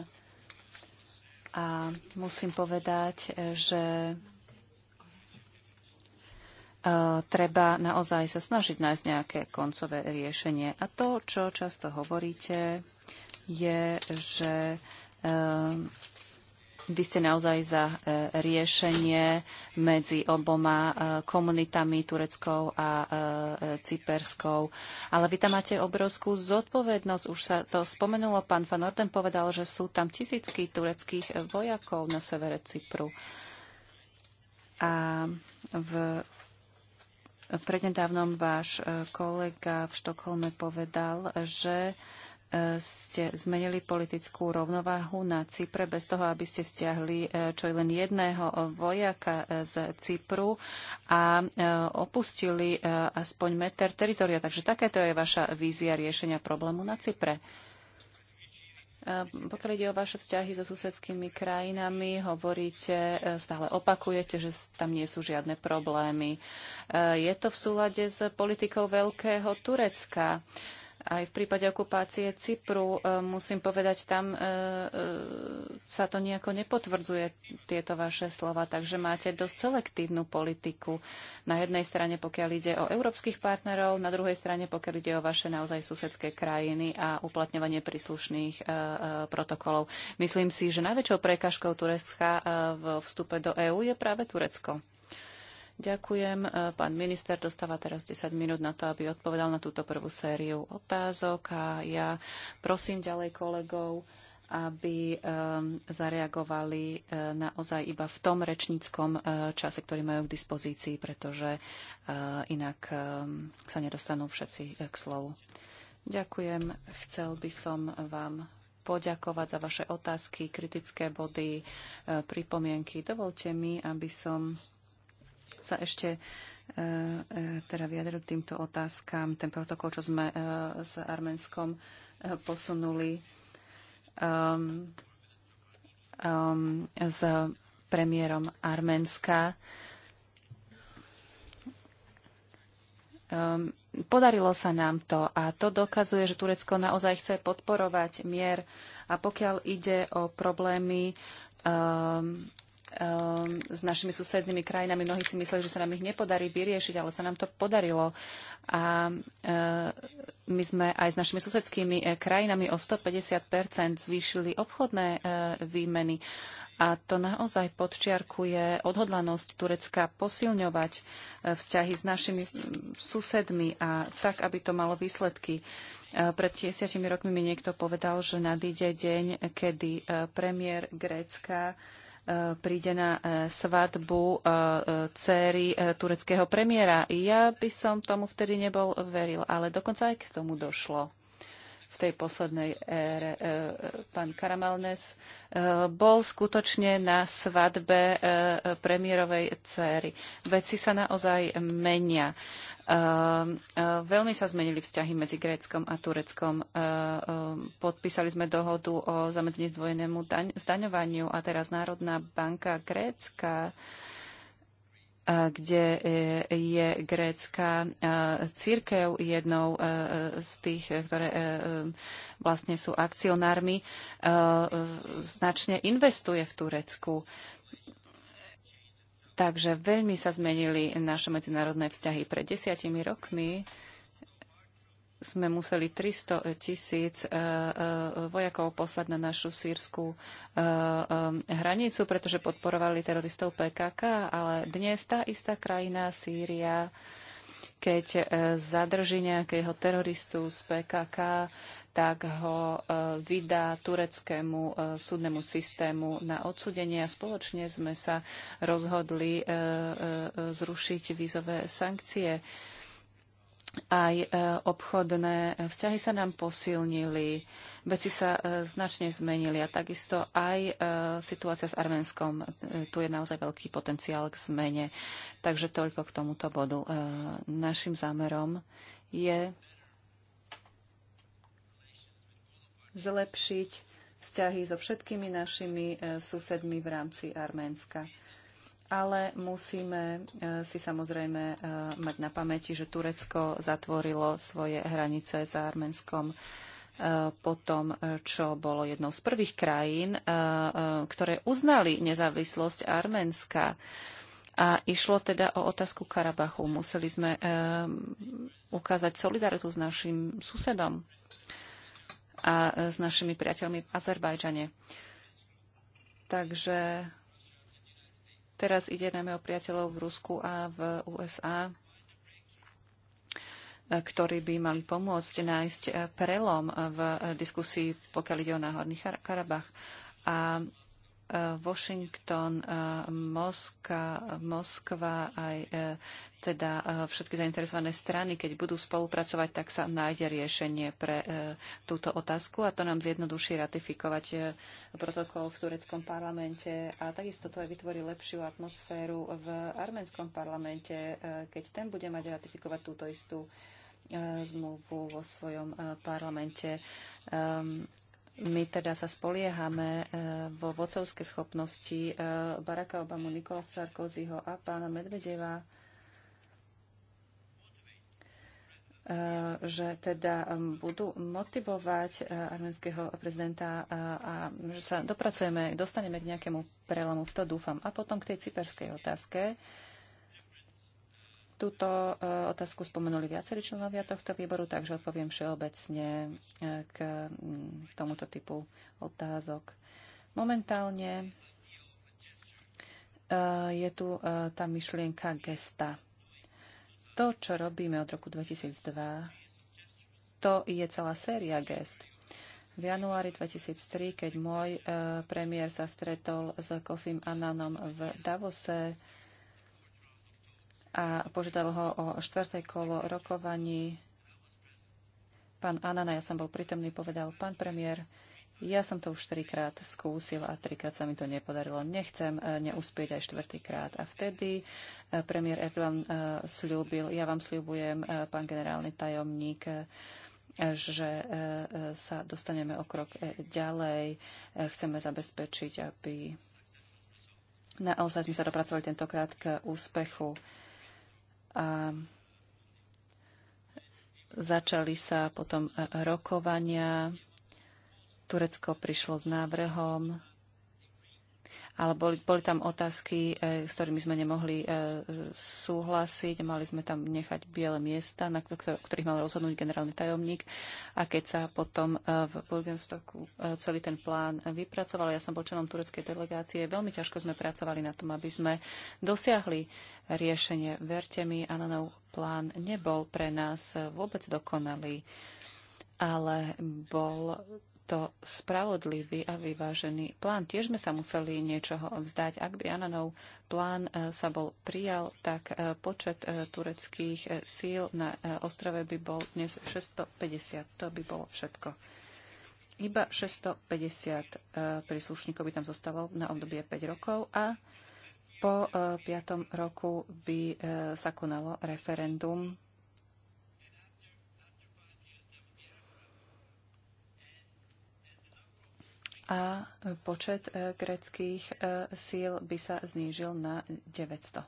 S2: A musím povedať, že e, treba naozaj sa snažiť nájsť nejaké koncové riešenie. A to, čo často hovoríte, je, že e, vy ste naozaj za e, riešenie medzi oboma e, komunitami, tureckou a e, cyperskou. Ale vy tam máte obrovskú zodpovednosť. Už sa to spomenulo, pán Van Orden povedal, že sú tam tisícky tureckých vojakov na severe Cypru. A v prednedávnom váš kolega v Štokholme povedal, že ste zmenili politickú rovnováhu na Cypre bez toho, aby ste stiahli e, čo je len jedného vojaka e, z Cypru a e, opustili aspoň meter teritoria. Takže takéto je vaša vízia riešenia problému na Cypre. Pokiaľ ide o vaše vzťahy so susedskými krajinami, hovoríte, stále opakujete, že tam nie sú žiadne problémy. Je to v súlade s politikou Veľkého Turecka aj v prípade okupácie Cypru, e, musím povedať, tam e, e, sa to nejako nepotvrdzuje, tieto vaše slova, takže máte dosť selektívnu politiku. Na jednej strane, pokiaľ ide o európskych partnerov, na druhej strane, pokiaľ ide o vaše naozaj susedské krajiny a uplatňovanie príslušných protokolov. Myslím si, že najväčšou prekažkou Turecka v vstupe do EÚ je práve Turecko. Ďakujem. E, pán minister dostáva teraz 10 minút na to, aby odpovedal na túto prvú sériu otázok a ja prosím ďalej kolegov, aby e, zareagovali e, naozaj iba v tom rečníckom čase, ktorý majú k dispozícii, pretože inak sa nedostanú všetci k slovu. Ďakujem. Chcel by som vám poďakovať za vaše otázky, kritické body, pripomienky. Dovolte mi, aby som sa ešte e, e, teda vyjadril týmto otázkam, ten protokol, čo sme e, s Arménskom posunuli um, um, s premiérom Arménska. Um, podarilo sa nám to a to dokazuje, že Turecko naozaj chce podporovať mier. A pokiaľ ide o problémy um, Ehm, s našimi susednými krajinami. Mnohí si mysleli, že sa nám ich nepodarí vyriešiť, ale sa nám to podarilo. A ehm, my sme aj s našimi susedskými e, krajinami o 150 zvýšili obchodné e, výmeny. A to naozaj podčiarkuje odhodlanosť Turecka posilňovať e, vzťahy s našimi susedmi a tak, aby to malo výsledky. Pred 10 rokmi mi niekto povedal, že nadíde deň, kedy premiér Grécka príde na e, svadbu e, e, céry tureckého premiéra. Ja by som tomu vtedy nebol veril, ale dokonca aj k tomu došlo v tej poslednej ére. E, pán Karamelnes e, bol skutočne na svadbe e, premiérovej céry. Veci sa naozaj menia. Veľmi sa zmenili vzťahy medzi Gréckom a Tureckom. Podpísali sme dohodu o zamedzení zdvojenému zdaňovaniu a teraz Národná banka Grécka kde e, je grécka e, církev jednou e, z tých, ktoré vlastne sú akcionármi, značne investuje v Turecku. Takže veľmi sa zmenili naše medzinárodné vzťahy pred desiatimi rokmi sme museli 300 tisíc e, e, vojakov poslať na našu sírskú e, hranicu, pretože podporovali teroristov PKK, ale dnes tá istá krajina, Sýria, keď zadrží nejakého teroristu z PKK, tak ho vydá tureckému súdnemu systému na odsudenie. A spoločne sme sa rozhodli zrušiť vízové sankcie aj e, obchodné vzťahy sa nám posilnili, veci sa e, značne zmenili a takisto aj e, situácia s Arménskom. Tu je naozaj veľký potenciál k zmene. Takže toľko k tomuto bodu. Našim zámerom je zlepšiť vzťahy so všetkými našimi susedmi v rámci Arménska ale musíme e, si samozrejme e, mať na pamäti, že Turecko zatvorilo svoje hranice za Arménskom e, po tom, čo bolo jednou z prvých krajín, ktoré uznali nezávislosť Arménska. A išlo teda o otázku Karabachu. Museli sme ukázať solidaritu s našim susedom a s našimi priateľmi v Azerbajdžane. Takže Teraz ide najmä o priateľov v Rusku a v USA, ktorí by mali pomôcť nájsť prelom v diskusii, pokiaľ ide o Náhorný Karabach. A Eh, Washington, eh, Moska, Moskva aj eh, teda všetky zainteresované strany, keď budú spolupracovať, tak sa nájde riešenie pre túto otázku a to nám zjednoduší ratifikovať protokol v tureckom parlamente a takisto to aj vytvorí lepšiu atmosféru v arménskom parlamente, keď ten bude mať ratifikovať túto istú zmluvu vo svojom parlamente. Ehm, my teda sa spoliehame e, vo vocovské schopnosti e, Baracka Obamu, Nikola Sarkozyho a pána Medvedeva, e, že teda budú motivovať arménskeho prezidenta a že sa dopracujeme, dostaneme k nejakému prelomu, v to dúfam. A potom k tej cyperskej otázke. Túto eh, otázku spomenuli viacerí členovia tohto výboru, takže odpoviem všeobecne eh, k mm, tomuto typu otázok. Momentálne eh, je tu tá myšlienka gesta. To, čo robíme od roku 2002, to je celá séria gest. V januári 2003, keď môj premiér sa stretol s Kofim Ananom v Davose, a požiadal ho o štvrté kolo rokovaní. Pán Anana, ja som bol pritomný, povedal pán premiér, ja som to už trikrát skúsil a trikrát sa mi to nepodarilo. Nechcem e, neúspieť aj štvrtýkrát. A vtedy e, premiér Erdogan e, slúbil, ja vám slúbujem, pán generálny tajomník, že sa dostaneme o krok ďalej. Chceme zabezpečiť, aby naozaj sme sa dopracovali tentokrát k úspechu a začali sa potom rokovania. Turecko prišlo s návrhom ale boli, boli tam otázky, e, s ktorými sme nemohli e, súhlasiť. Mali sme tam nechať biele miesta, na ktorých mal rozhodnúť generálny tajomník. A keď sa potom e, v Burgenstoku e, celý ten plán vypracoval, ja som bol členom tureckej delegácie, veľmi ťažko sme pracovali na tom, aby sme dosiahli riešenie. Verte mi, Ananov plán nebol pre nás e, vôbec dokonalý ale bol to spravodlivý a vyvážený plán. Tiež sme sa museli niečoho vzdať. Ak by Ananov plán e, sa bol prijal, tak e, počet e, tureckých síl na ostrove by bol dnes 650. To by bolo všetko. Iba 650 príslušníkov by tam zostalo na obdobie 5 rokov a po 5. roku by sa konalo referendum a počet e, greckých e, síl by sa znížil na 900.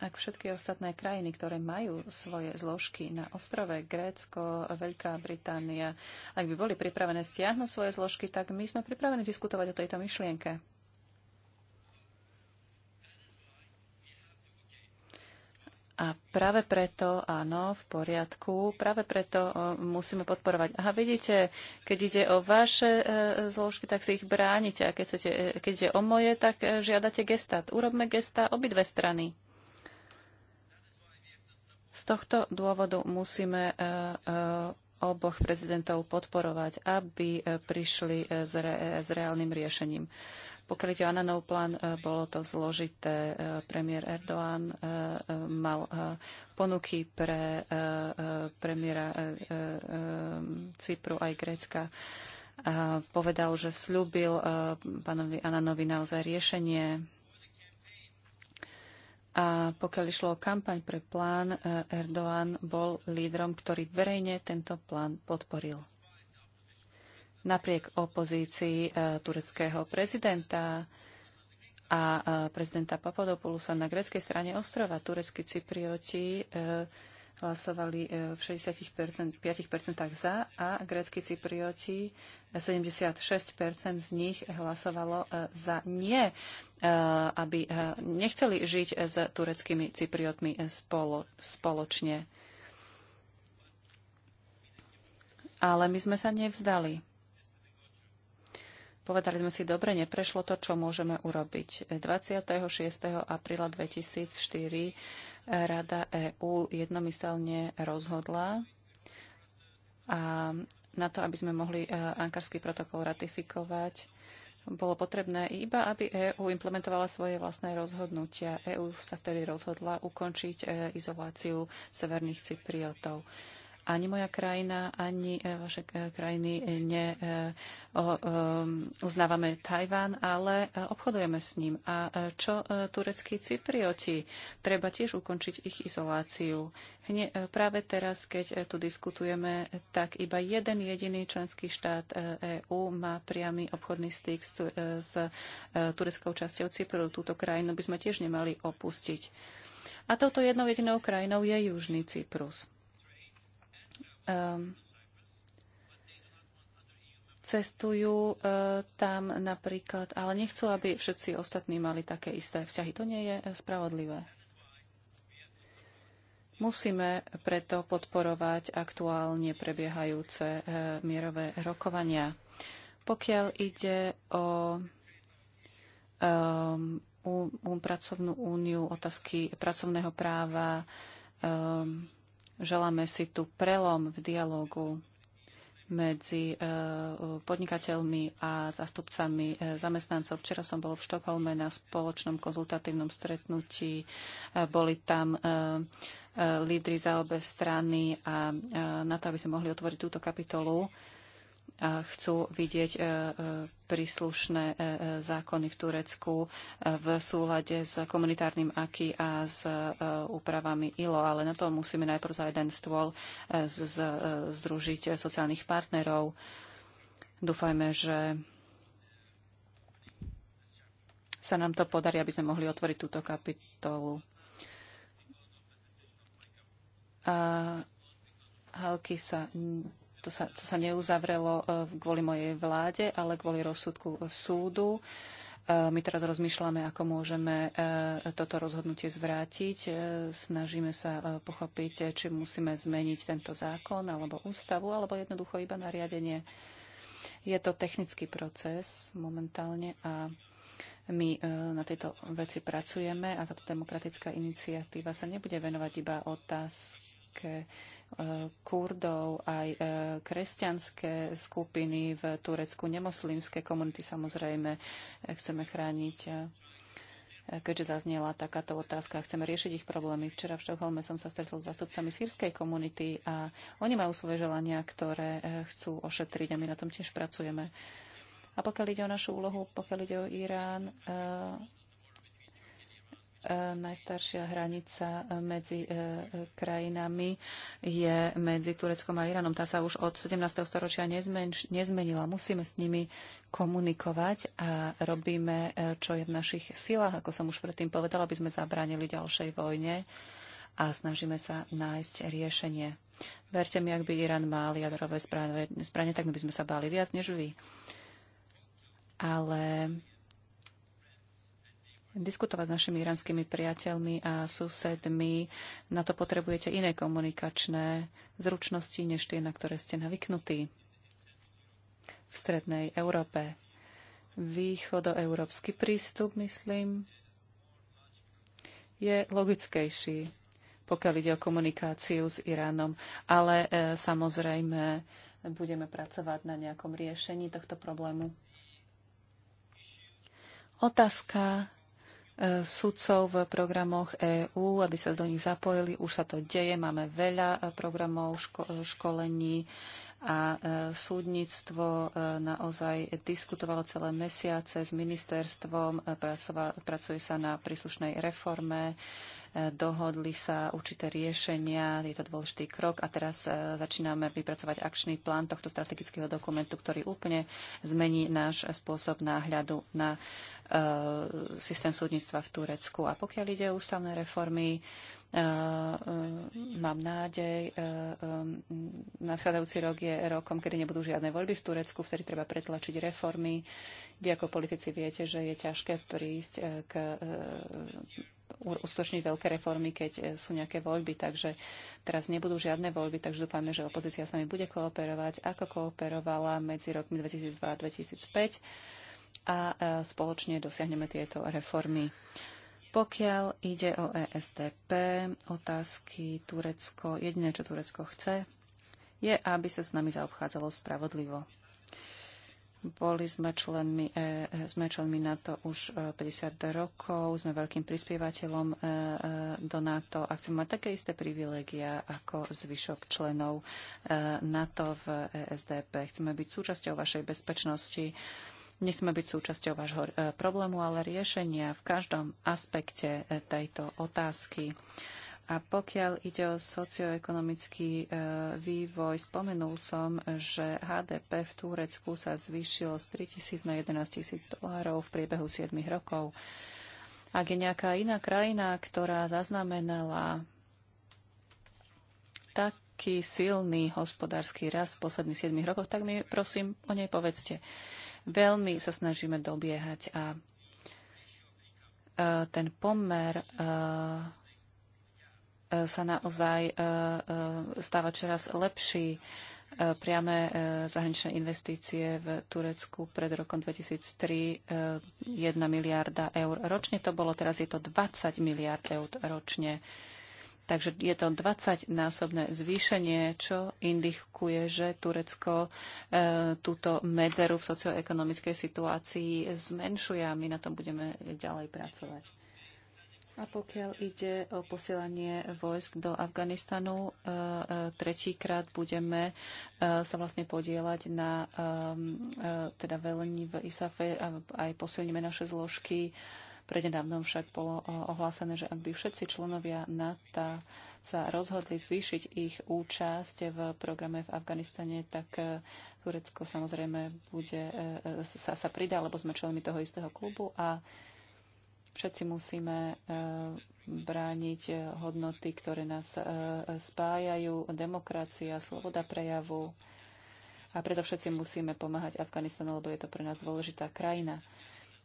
S2: Ak všetky ostatné krajiny, ktoré majú svoje zložky na ostrove Grécko, Veľká Británia, ak by boli pripravené stiahnuť svoje zložky, tak my sme pripravení diskutovať o tejto myšlienke. A práve preto, áno, v poriadku, práve preto o, musíme podporovať. Aha, vidíte, keď ide o vaše e, zložky, tak si ich bránite. A keď, chcete, e, keď ide o moje, tak e, žiadate gestát. Urobme gesta obidve strany. Z tohto dôvodu musíme e, e, oboch prezidentov podporovať, aby e, prišli s, re, s reálnym riešením. Pokiaľ ide o Ananov plán, e, bolo to zložité. E, premiér Erdoğan e, mal ponuky pre premiéra Cypru aj Grécka. A povedal, že slúbil pánovi Ananovi naozaj riešenie. A pokiaľ išlo o kampaň pre plán, Erdoğan bol lídrom, ktorý verejne tento plán podporil napriek opozícii e, tureckého prezidenta a e, prezidenta Papadopoulosa na greckej strane ostrova. Tureckí Cyprioti e, hlasovali v 65% za a greckí Cyprioti 76% z nich hlasovalo za nie, aby nechceli žiť s tureckými Cypriotmi spolo, spoločne. Ale my sme sa nevzdali. Povedali sme si, dobre, neprešlo to, čo môžeme urobiť. 26. apríla 2004 Rada EÚ jednomyselne rozhodla a na to, aby sme mohli e, ankarský protokol ratifikovať, bolo potrebné iba, aby EÚ implementovala svoje vlastné rozhodnutia. EÚ sa vtedy rozhodla ukončiť e, izoláciu severných Cypriotov. Ani moja krajina, ani e, vaše krajiny e, neuznávame e, Tajván, ale obchodujeme s ním. A čo tureckí Cyprioti? Treba tiež ukončiť ich izoláciu. Hne, práve teraz, keď tu diskutujeme, tak iba jeden jediný členský štát EÚ má priamy obchodný styk s, s tureckou časťou Cypru. Túto krajinu by sme tiež nemali opustiť. A touto jednou jedinou krajinou je Južný Cyprus cestujú e, tam napríklad, ale nechcú, aby všetci ostatní mali také isté vzťahy. To nie je e, spravodlivé. Musíme preto podporovať aktuálne prebiehajúce e, mierové rokovania. Pokiaľ ide o um, um, pracovnú úniu, otázky pracovného práva, um, Želáme si tu prelom v dialogu medzi e, podnikateľmi a zastupcami e, zamestnancov. Včera som bol v Štokholme na spoločnom konzultatívnom stretnutí. E, boli tam lídry za obe strany a na to, aby sme mohli otvoriť túto kapitolu, chcú vidieť e, e, príslušné e, zákony v Turecku v súlade s komunitárnym aký a s úpravami ILO, ale na to musíme najprv za jeden stôl združiť sociálnych partnerov. Dúfajme, že sa nám to podarí, aby sme mohli otvoriť túto kapitolu. Halky sa to sa, to sa neuzavrelo e, kvôli mojej vláde, ale kvôli rozsudku súdu. E, my teraz rozmýšľame, ako môžeme e, toto rozhodnutie zvrátiť. Snažíme sa pochopiť, či musíme zmeniť tento zákon alebo ústavu, alebo jednoducho iba nariadenie. Je to technický proces momentálne a my na tejto veci pracujeme a táto demokratická iniciatíva sa nebude venovať iba otázke Kurdov, aj e, kresťanské skupiny v Turecku, nemoslimské komunity samozrejme e, chceme chrániť e, keďže zaznela takáto otázka. Chceme riešiť ich problémy. Včera v Štokholme som sa stretol s zastupcami sírskej komunity a oni majú svoje želania, ktoré chcú ošetriť a my na tom tiež pracujeme. A pokiaľ ide o našu úlohu, pokiaľ ide o Irán, najstaršia hranica e, medzi e, krajinami je medzi Tureckom a Iránom. Tá sa už od 17. storočia nezmenila. Musíme s nimi komunikovať a robíme, e, čo je v našich silách, ako som už predtým povedala, aby sme zabránili ďalšej vojne a snažíme sa nájsť riešenie. Verte mi, ak by Irán mal jadrové zbranie, tak my by sme sa báli viac než vy. Ale diskutovať s našimi iránskymi priateľmi a susedmi, na to potrebujete iné komunikačné zručnosti, než tie, na ktoré ste navyknutí v strednej Európe. Východoeurópsky prístup, myslím, je logickejší, pokiaľ ide o komunikáciu s Iránom. Ale e, samozrejme, budeme pracovať na nejakom riešení tohto problému. Otázka sudcov v programoch EÚ, aby sa do nich zapojili. Už sa to deje, máme veľa eh, programov, ško- školení a eh, súdnictvo eh, naozaj diskutovalo celé mesiace s ministerstvom, pracova, pracuje sa na príslušnej reforme dohodli sa určité riešenia, je to dôležitý krok a teraz e, začíname vypracovať akčný plán tohto strategického dokumentu, ktorý úplne zmení náš spôsob náhľadu na e, systém súdnictva v Turecku. A pokiaľ ide o ústavné reformy, e, mám nádej, nadchádzajúci rok je rokom, kedy nebudú žiadne voľby v Turecku, vtedy treba pretlačiť reformy. Vy ako politici viete, že je ťažké prísť k uskutočniť veľké reformy, keď e, sú nejaké voľby, takže teraz nebudú žiadne voľby, takže dúfame, že opozícia s nami bude kooperovať, ako kooperovala medzi rokmi 2002 a 2005 a e, spoločne dosiahneme tieto reformy. Pokiaľ ide o ESTP, otázky Turecko, jediné, čo Turecko chce, je, aby sa s nami zaobchádzalo spravodlivo. Boli sme členmi, e, e, sme členmi NATO už 50 e, rokov, sme veľkým prispievateľom do NATO a chceme mať také isté privilegia ako zvyšok členov NATO v ESDP. Chceme byť súčasťou vašej bezpečnosti. Nechceme byť súčasťou vášho problému, ale riešenia v každom aspekte tejto otázky. A pokiaľ ide o socioekonomický e, vývoj, spomenul som, že HDP v Turecku sa zvýšilo z 3 tisíc na 11 tisíc dolárov v priebehu 7 rokov. Ak je nejaká iná krajina, ktorá zaznamenala taký silný hospodársky rast v posledných 7 rokoch, tak mi prosím o nej povedzte. Veľmi sa snažíme dobiehať a e, ten pomer e, sa naozaj e, e, stáva čoraz lepší. E, priame zahraničné investície v Turecku pred rokom 2003 1 miliarda eur ročne to bolo, teraz je to 20 miliard eur ročne. Takže je to 20-násobné zvýšenie, čo indikuje, že Turecko e, túto medzeru v socioekonomickej situácii zmenšuje a my na tom budeme ďalej pracovať. A pokiaľ ide o posielanie vojsk do Afganistanu, e, e, tretíkrát budeme e, sa vlastne podielať na teda velení v ISAFE a aj posilníme naše zložky. Prednedávnom však bolo ohlásené, že ak by všetci členovia NATO sa rozhodli zvýšiť ich účasť v programe v Afganistane, tak Turecko samozrejme bude, sa, sa pridá, lebo sme členmi toho istého klubu a Všetci musíme eh, brániť eh, hodnoty, ktoré nás eh, spájajú, demokracia, sloboda prejavu. A preto všetci musíme pomáhať Afganistanu, lebo je to pre nás dôležitá krajina.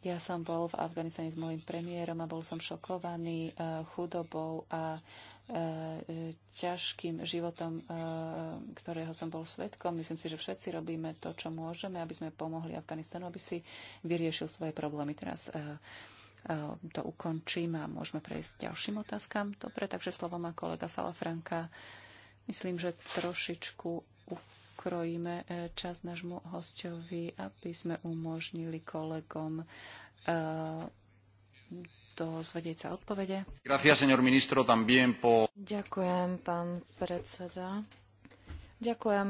S2: Ja som bol v Afganistane s môjim premiérom a bol som šokovaný chudobou a ťažkým životom, ktorého som bol svetkom. Myslím si, že všetci robíme to, čo môžeme, aby sme pomohli Afganistanu, aby si vyriešil svoje problémy. Teraz Ehm, to ukončím a môžeme prejsť k ďalším otázkam. Dobre, takže slovo má kolega Salafranka. Myslím, že trošičku ukrojíme e, čas nášmu hostovi, aby sme umožnili kolegom e, dozvedieť sa odpovede.
S1: Ďakujem, pán predseda. Ďakujem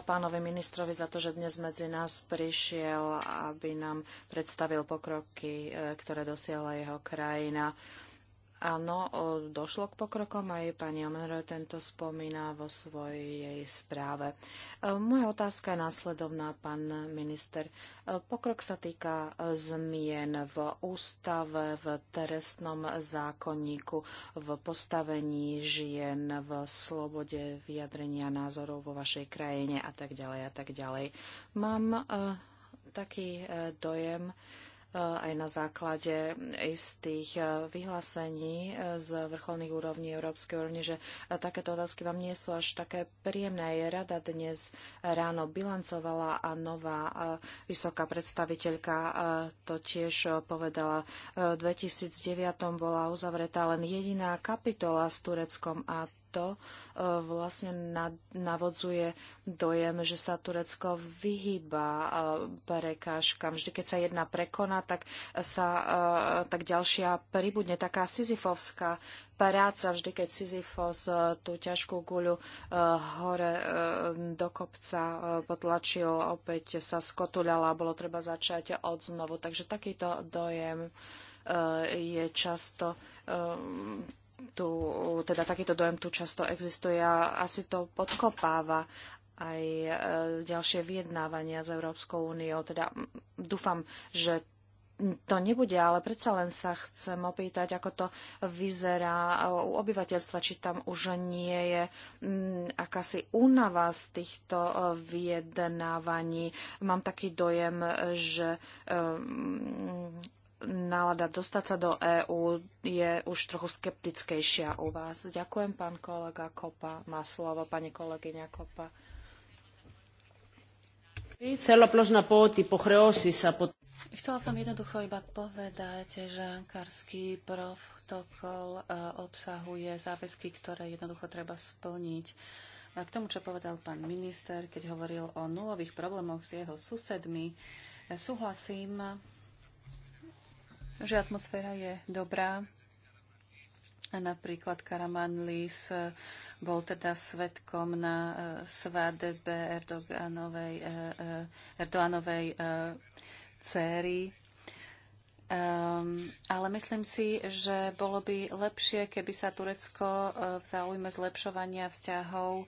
S1: pánovi ministrovi za to, že dnes medzi nás prišiel, aby nám predstavil pokroky, e, ktoré dosiahla jeho krajina. Áno, došlo k pokrokom, aj pani Omenro tento spomína vo svojej správe. E, moja otázka je následovná, pán minister. E, pokrok sa týka e, zmien v ústave, v trestnom zákonníku, v postavení žien, v slobode vyjadrenia názorov vo vašej krajine a tak ďalej a tak ďalej. Mám taký dojem, Eh, aj na základe istých eh, vyhlásení eh, z vrcholných úrovní Európskej úrovne, že takéto otázky vám nie sú až také príjemné. Je rada dnes ráno bilancovala a nová vysoká predstaviteľka to tiež povedala. V 2009 bola uzavretá len jediná kapitola s Tureckom a to e, vlastne navodzuje dojem, že sa Turecko vyhýba e, prekážkam. Vždy, keď sa jedna prekoná, tak, sa, e, tak ďalšia pribudne. Taká sizifovská práca, vždy keď Sisyphos tú ťažkú guľu hore do kopca potlačil, opäť sa skotuľala a bolo treba začať od znovu. Takže takýto dojem je často tu, teda takýto dojem tu často existuje a asi to podkopáva aj e, ďalšie vyjednávania s Európskou úniou. Teda dúfam, že to nebude, ale predsa len sa chcem opýtať, ako to vyzerá u obyvateľstva, či tam už nie je akási únava z týchto e, vyjednávaní. Mám taký dojem, že e, nálada dostať sa do EÚ je už trochu skeptickejšia u vás. Ďakujem, pán kolega Kopa. Má slovo pani kolegyňa Kopa.
S2: Chcela som jednoducho iba povedať, že ankarský protokol e, obsahuje záväzky, ktoré jednoducho treba splniť. A k tomu, čo povedal pán minister, keď hovoril o nulových problémoch s jeho susedmi, súhlasím že atmosféra je dobrá. A napríklad Lis bol teda svetkom na e, svadbe Erdoganovej, e, e, Erdoganovej céry Um, ale myslím si, že bolo by lepšie, keby sa Turecko e, v záujme zlepšovania vzťahov uh,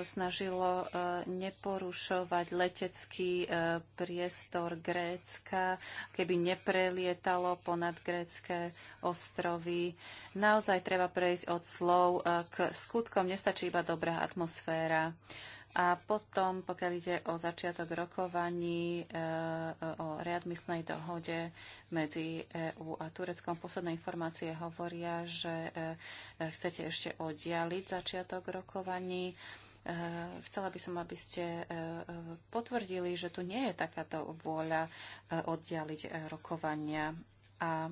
S2: snažilo uh, neporušovať letecký uh, priestor Grécka, keby neprelietalo ponad grécké ostrovy. Naozaj treba prejsť od slov k skutkom. Nestačí iba dobrá atmosféra. Uh, a potom, pokiaľ ide o začiatok rokovaní e, o readmisnej dohode medzi EU a Tureckom, posledné informácie hovoria, že e, chcete ešte oddialiť začiatok rokovaní. E, chcela by som, aby ste e, e, potvrdili, že tu nie je takáto vôľa e, oddialiť rokovania. A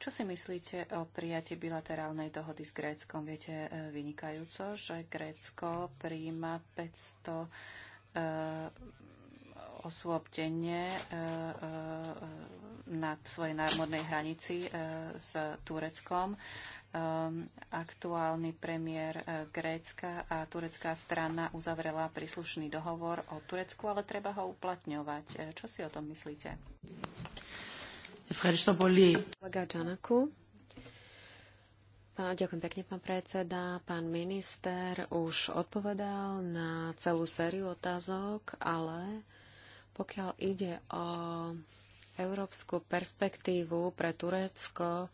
S2: čo si myslíte o prijatí bilaterálnej dohody s Gréckom? Viete e, vynikajúco, že Grécko príjma 500 e, osôb denne e, na svojej námornej hranici s Tureckom. Ehm, aktuálny premiér Grécka a turecká strana uzavrela príslušný dohovor o Turecku, ale treba ho uplatňovať. Čo si o tom myslíte?
S1: Ευχαριστώ πολύ.
S2: Ďakujem
S3: pekne, pán predseda. Pán minister už odpovedal na celú sériu otázok, ale pokiaľ ide o európsku perspektívu pre Turecko,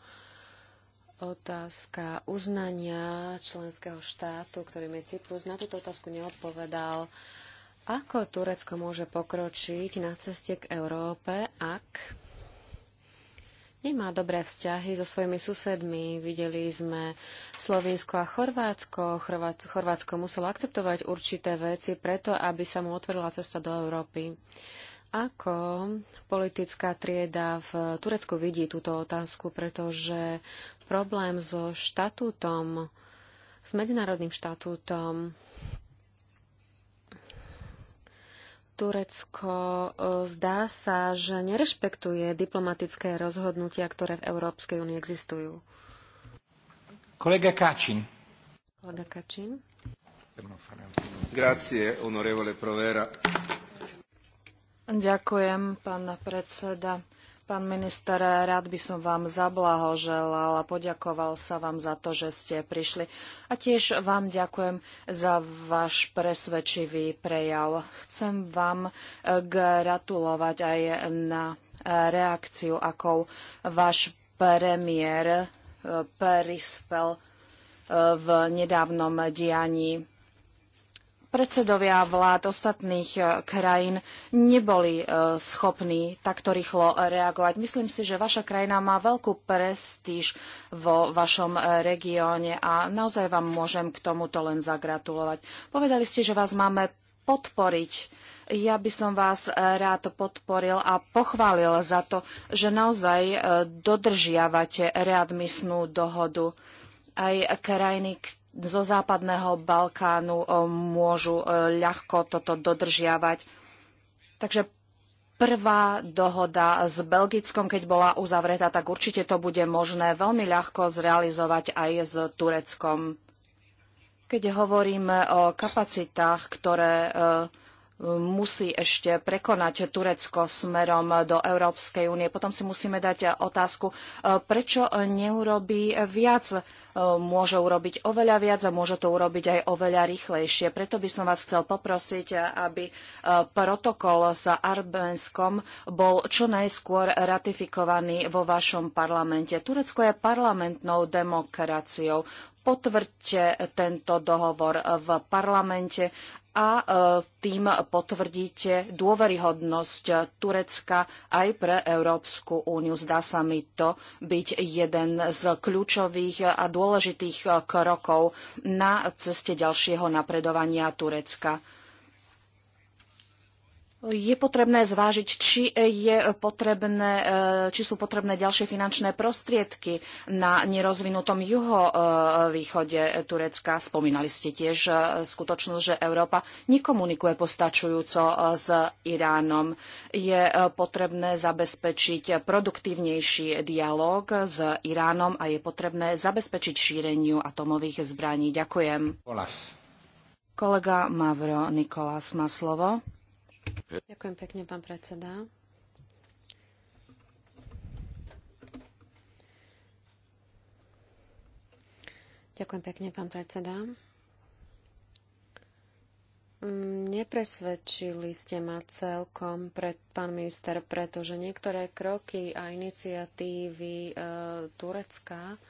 S3: otázka uznania členského štátu, ktorým je Cyprus, na túto otázku neodpovedal. Ako Turecko môže pokročiť na ceste k Európe, ak nemá dobré vzťahy so svojimi susedmi. Videli sme Slovinsko a Chorvátsko. Chorvátsko muselo akceptovať určité veci preto, aby sa mu otvorila cesta do Európy. Ako politická trieda v Turecku vidí túto otázku, pretože problém so štatútom, s medzinárodným štatútom Turecko e, zdá sa, že nerešpektuje diplomatické rozhodnutia, ktoré v Európskej únii existujú.
S1: Kolega Kačin. Kolega Kačin. Grazie, onorevole Provera. Ďakujem, pán predseda. Pán minister, rád by som vám zablahoželal a poďakoval sa vám za to, že ste prišli. A tiež vám ďakujem za váš presvedčivý prejav. Chcem vám eh, gratulovať aj na eh, reakciu, akou váš premiér eh, prispel v nedávnom dianí Predsedovia vlád ostatných e, krajín neboli e, schopní takto rýchlo reagovať. Myslím si, že vaša krajina má veľkú prestíž vo vašom e, regióne a naozaj vám môžem k tomuto len zagratulovať. Povedali ste, že vás máme podporiť. Ja by som vás rád podporil a pochválil za to, že naozaj dodržiavate readmisnú dohodu. Aj krajiny, ktoré zo západného Balkánu e, môžu e, ľahko toto dodržiavať. Takže prvá dohoda s Belgickom, keď bola uzavretá, tak určite to bude možné veľmi ľahko zrealizovať aj s Tureckom. Keď hovoríme o kapacitách, ktoré e, musí ešte prekonať Turecko smerom do Európskej únie. Potom si musíme dať otázku, eh, prečo neurobí viac. Eh, môže urobiť oveľa viac a môže to urobiť aj oveľa rýchlejšie. Preto by som vás chcel poprosiť, eh, aby protokol s Arménskom bol čo najskôr ratifikovaný vo vašom parlamente. Turecko je parlamentnou demokraciou potvrďte tento dohovor v parlamente a e, tým potvrdíte dôveryhodnosť Turecka aj pre Európsku úniu. Zdá sa mi to byť jeden z kľúčových a dôležitých e, krokov na ceste ďalšieho napredovania Turecka je potrebné zvážiť, či, je potrebné, e, či sú potrebné ďalšie finančné prostriedky na nerozvinutom juhovýchode Turecka. Spomínali ste tiež e, skutočnosť, že Európa nekomunikuje postačujúco e, s Iránom. Je potrebné zabezpečiť produktívnejší dialog s Iránom a je potrebné zabezpečiť šíreniu atomových zbraní. Ďakujem. Kolega Mavro Nikolás má slovo.
S3: Ďakujem pekne, pán predseda. Ďakujem pekne, pán predseda. Mm, nepresvedčili ste ma celkom, pred, pán minister, pretože niektoré kroky a iniciatívy e, Turecka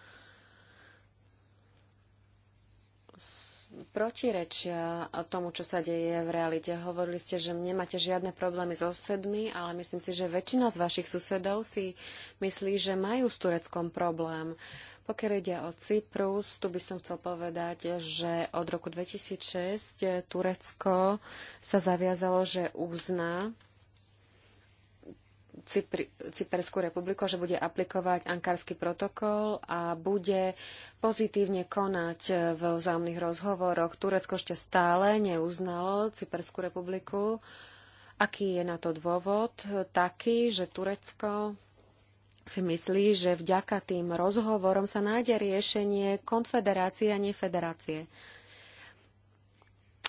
S3: protirečia tomu, čo sa deje v realite. Hovorili ste, že nemáte žiadne problémy s susedmi, ale myslím si, že väčšina z vašich susedov si myslí, že majú s Tureckom problém. Pokiaľ ide o Cyprus, tu by som chcel povedať, že od roku 2006 Turecko sa zaviazalo, že uzná Cypr- Cyperskú republiku, že bude aplikovať ankarský protokol a bude pozitívne konať v vzájomných rozhovoroch. Turecko ešte stále neuznalo Cyperskú republiku. Aký je na to dôvod? Taký, že Turecko si myslí, že vďaka tým rozhovorom sa nájde riešenie konfederácie a nefederácie.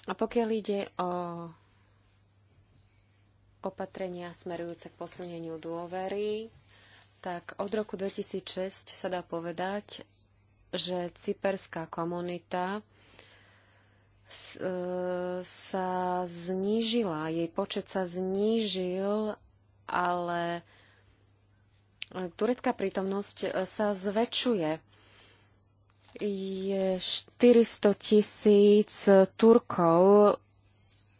S3: A pokiaľ ide o opatrenia smerujúce k posilneniu dôvery, tak od roku 2006 sa dá povedať, že cyperská komunita e, sa znížila, jej počet sa znížil, ale turecká prítomnosť sa zväčšuje. Je 400 tisíc Turkov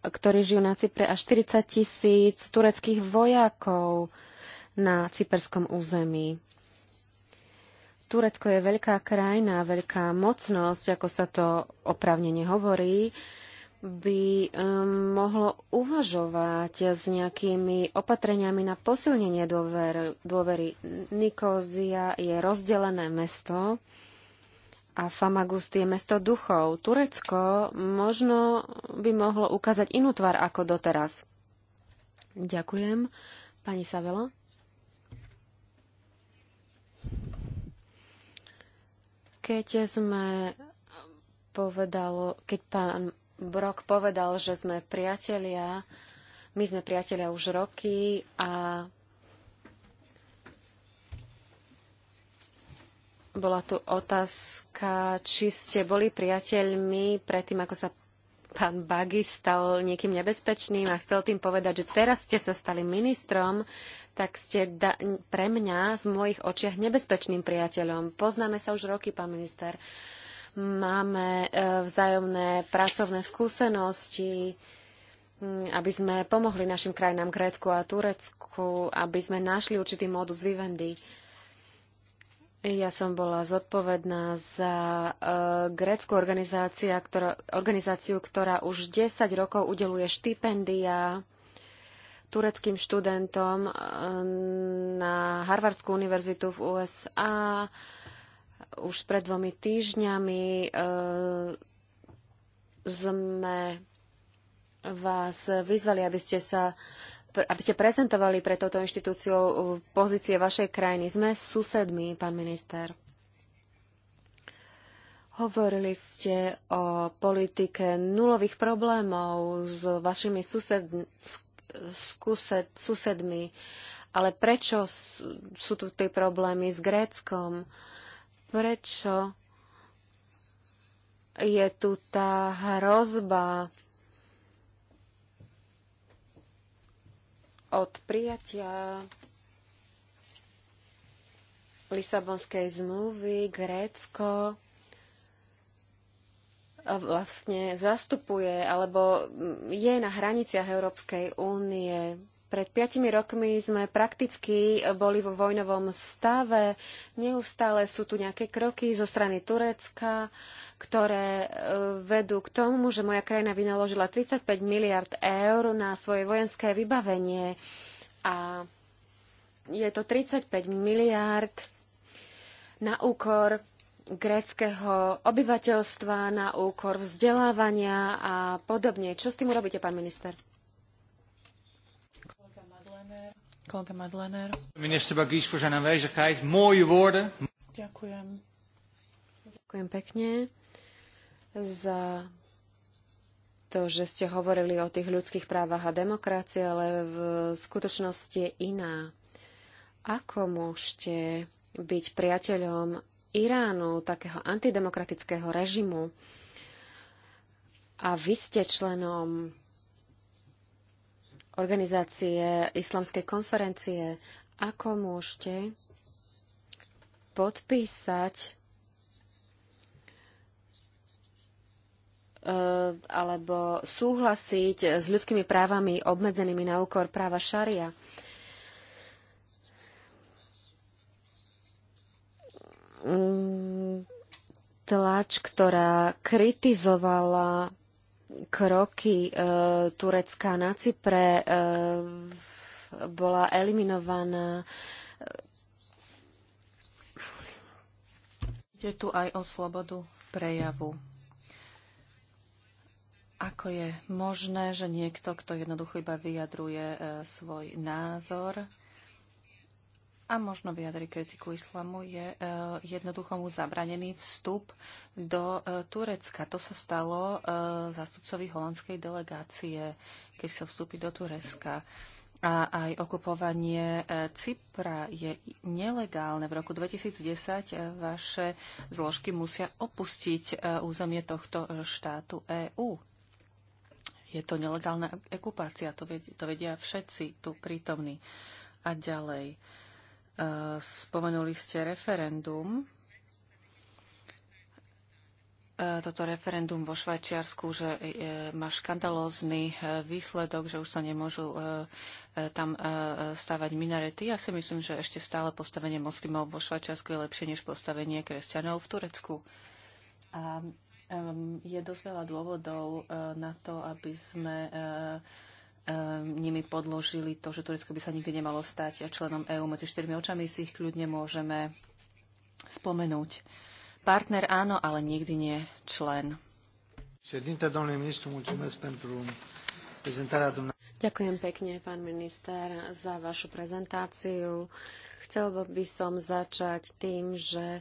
S3: ktorí žijú na Cypre, až 40 tisíc tureckých vojakov na cyperskom území. Turecko je veľká krajina, veľká mocnosť, ako sa to opravnene hovorí, by um, mohlo uvažovať s nejakými opatreniami na posilnenie dôver, dôvery. Nikózia je rozdelené mesto, a Famagust je mesto duchov. Turecko možno by mohlo ukázať inú tvár ako doteraz. Ďakujem. Pani Savela? Keď sme povedalo, keď pán Brok povedal, že sme priatelia, my sme priatelia už roky a Bola tu otázka, či ste boli priateľmi predtým, ako sa pán Bagy stal niekým nebezpečným a chcel tým povedať, že teraz ste sa stali ministrom, tak ste da- pre mňa z mojich očiach nebezpečným priateľom. Poznáme sa už roky, pán minister. Máme e, vzájomné pracovné skúsenosti, mm, aby sme pomohli našim krajinám Grécku a Turecku, aby sme našli určitý modus vivendi. Ja som bola zodpovedná za uh, grécku organizácia, ktorá, organizáciu, ktorá už 10 rokov udeluje štipendia tureckým študentom uh, na Harvardskú univerzitu v USA. Už pred dvomi týždňami uh, sme vás vyzvali, aby ste sa uh, aby ste prezentovali pre touto inštitúciou pozície vašej krajiny. Sme susedmi, pán minister. Hovorili ste o politike nulových problémov s vašimi sused, susedmi, ale prečo sú tu tie problémy s Gréckom? Prečo je tu tá hrozba od prijatia Lisabonskej zmluvy Grécko vlastne zastupuje alebo je na hraniciach Európskej únie pred piatimi rokmi sme prakticky boli vo vojnovom stave. Neustále sú tu nejaké kroky zo strany Turecka, ktoré e, vedú k tomu, že moja krajina vynaložila 35 miliard eur na svoje vojenské vybavenie. A je to 35 miliard na úkor gréckého obyvateľstva, na úkor vzdelávania a podobne. Čo s tým urobíte, pán minister?
S2: Kolega Madlener.
S1: Minister Bagis voor zijn aanwezigheid. Mooie woorden.
S2: Ďakujem. Ďakujem pekne
S3: za to, že ste hovorili o tých ľudských právach a demokracii, ale v skutočnosti je iná. Ako môžete byť priateľom Iránu, takého antidemokratického režimu, a vy ste členom organizácie islamskej konferencie. Ako môžete podpísať e, alebo súhlasiť s ľudskými právami obmedzenými na úkor práva šaria. Mm, tlač, ktorá kritizovala kroky e, Turecka na Cypre e, bola eliminovaná.
S2: Ide tu aj o slobodu prejavu. Ako je možné, že niekto, kto jednoducho iba vyjadruje e, svoj názor, a možno vyjadri kritiku islamu, je e, jednoducho mu zabranený vstup do e, Turecka. To sa stalo e, zástupcovi holandskej delegácie, keď sa vstúpi do Turecka. A aj okupovanie Cypra je nelegálne. V roku 2010 vaše zložky musia opustiť územie tohto štátu EÚ. Je to nelegálna okupácia, to vedia všetci tu prítomní. A ďalej. Uh, Spomenuli ste referendum. E, toto referendum vo Švajčiarsku, že e, má škandalózny e, výsledok, že už sa nemôžu tam stavať minarety. Ja si myslím, že ešte stále postavenie moslimov vo Švajčiarsku je lepšie než postavenie kresťanov v Turecku. A je dosť veľa dôvodov na to, aby sme Ehm, nimi podložili to, že Turecko by sa nikdy nemalo stať členom EÚ. Medzi štyrmi očami si ich kľudne môžeme spomenúť. Partner áno, ale nikdy nie člen.
S3: Ďakujem pekne, pán minister, za vašu prezentáciu. Chcel by som začať tým, že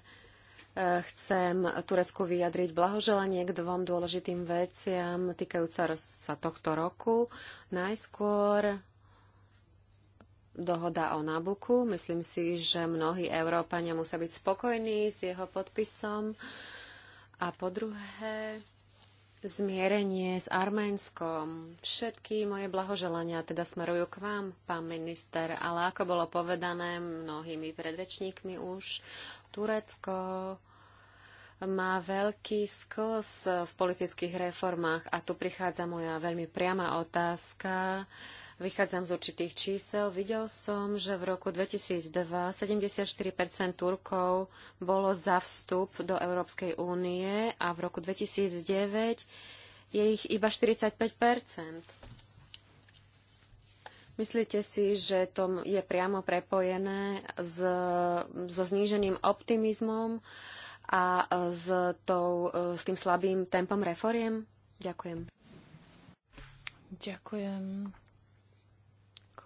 S3: Chcem Turecku vyjadriť blahoželanie k dvom dôležitým veciam týkajúca sa tohto roku. Najskôr dohoda o Nabuku. Myslím si, že mnohí Európania musia byť spokojní s jeho podpisom. A po druhé, zmierenie s Arménskom. Všetky moje blahoželania teda smerujú k vám, pán minister, ale ako bolo povedané mnohými predrečníkmi už, Turecko má veľký skos v politických reformách a tu prichádza moja veľmi priama otázka. Vychádzam z určitých čísel. Videl som, že v roku 2002 74 Turkov bolo za vstup do Európskej únie a v roku 2009 je ich iba 45 Myslíte si, že to je priamo prepojené s, so zníženým optimizmom a s, tou, s tým slabým tempom reforiem? Ďakujem. Ďakujem.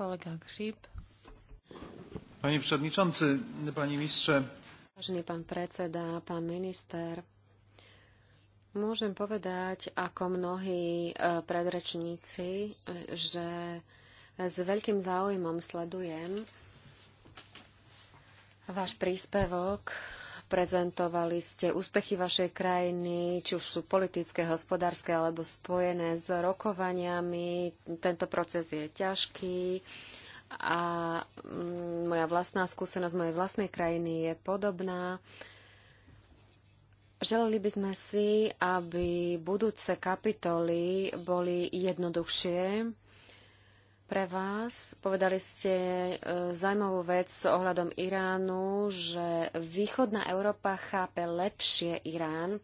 S3: Kolega
S1: Panie przewodniczący, pani ministrze.
S3: Vážený pán predseda, pán minister, môžem povedať, ako mnohí e, predrečníci, že s veľkým záujmom sledujem váš príspevok Prezentovali ste úspechy vašej krajiny, či už sú politické, hospodárske alebo spojené s rokovaniami. Tento proces je ťažký a mm, moja vlastná skúsenosť mojej vlastnej krajiny je podobná. Želali by sme si, aby budúce kapitoly boli jednoduchšie, pre vás. Povedali ste e, zaujímavú vec ohľadom Iránu, že východná Európa chápe lepšie Irán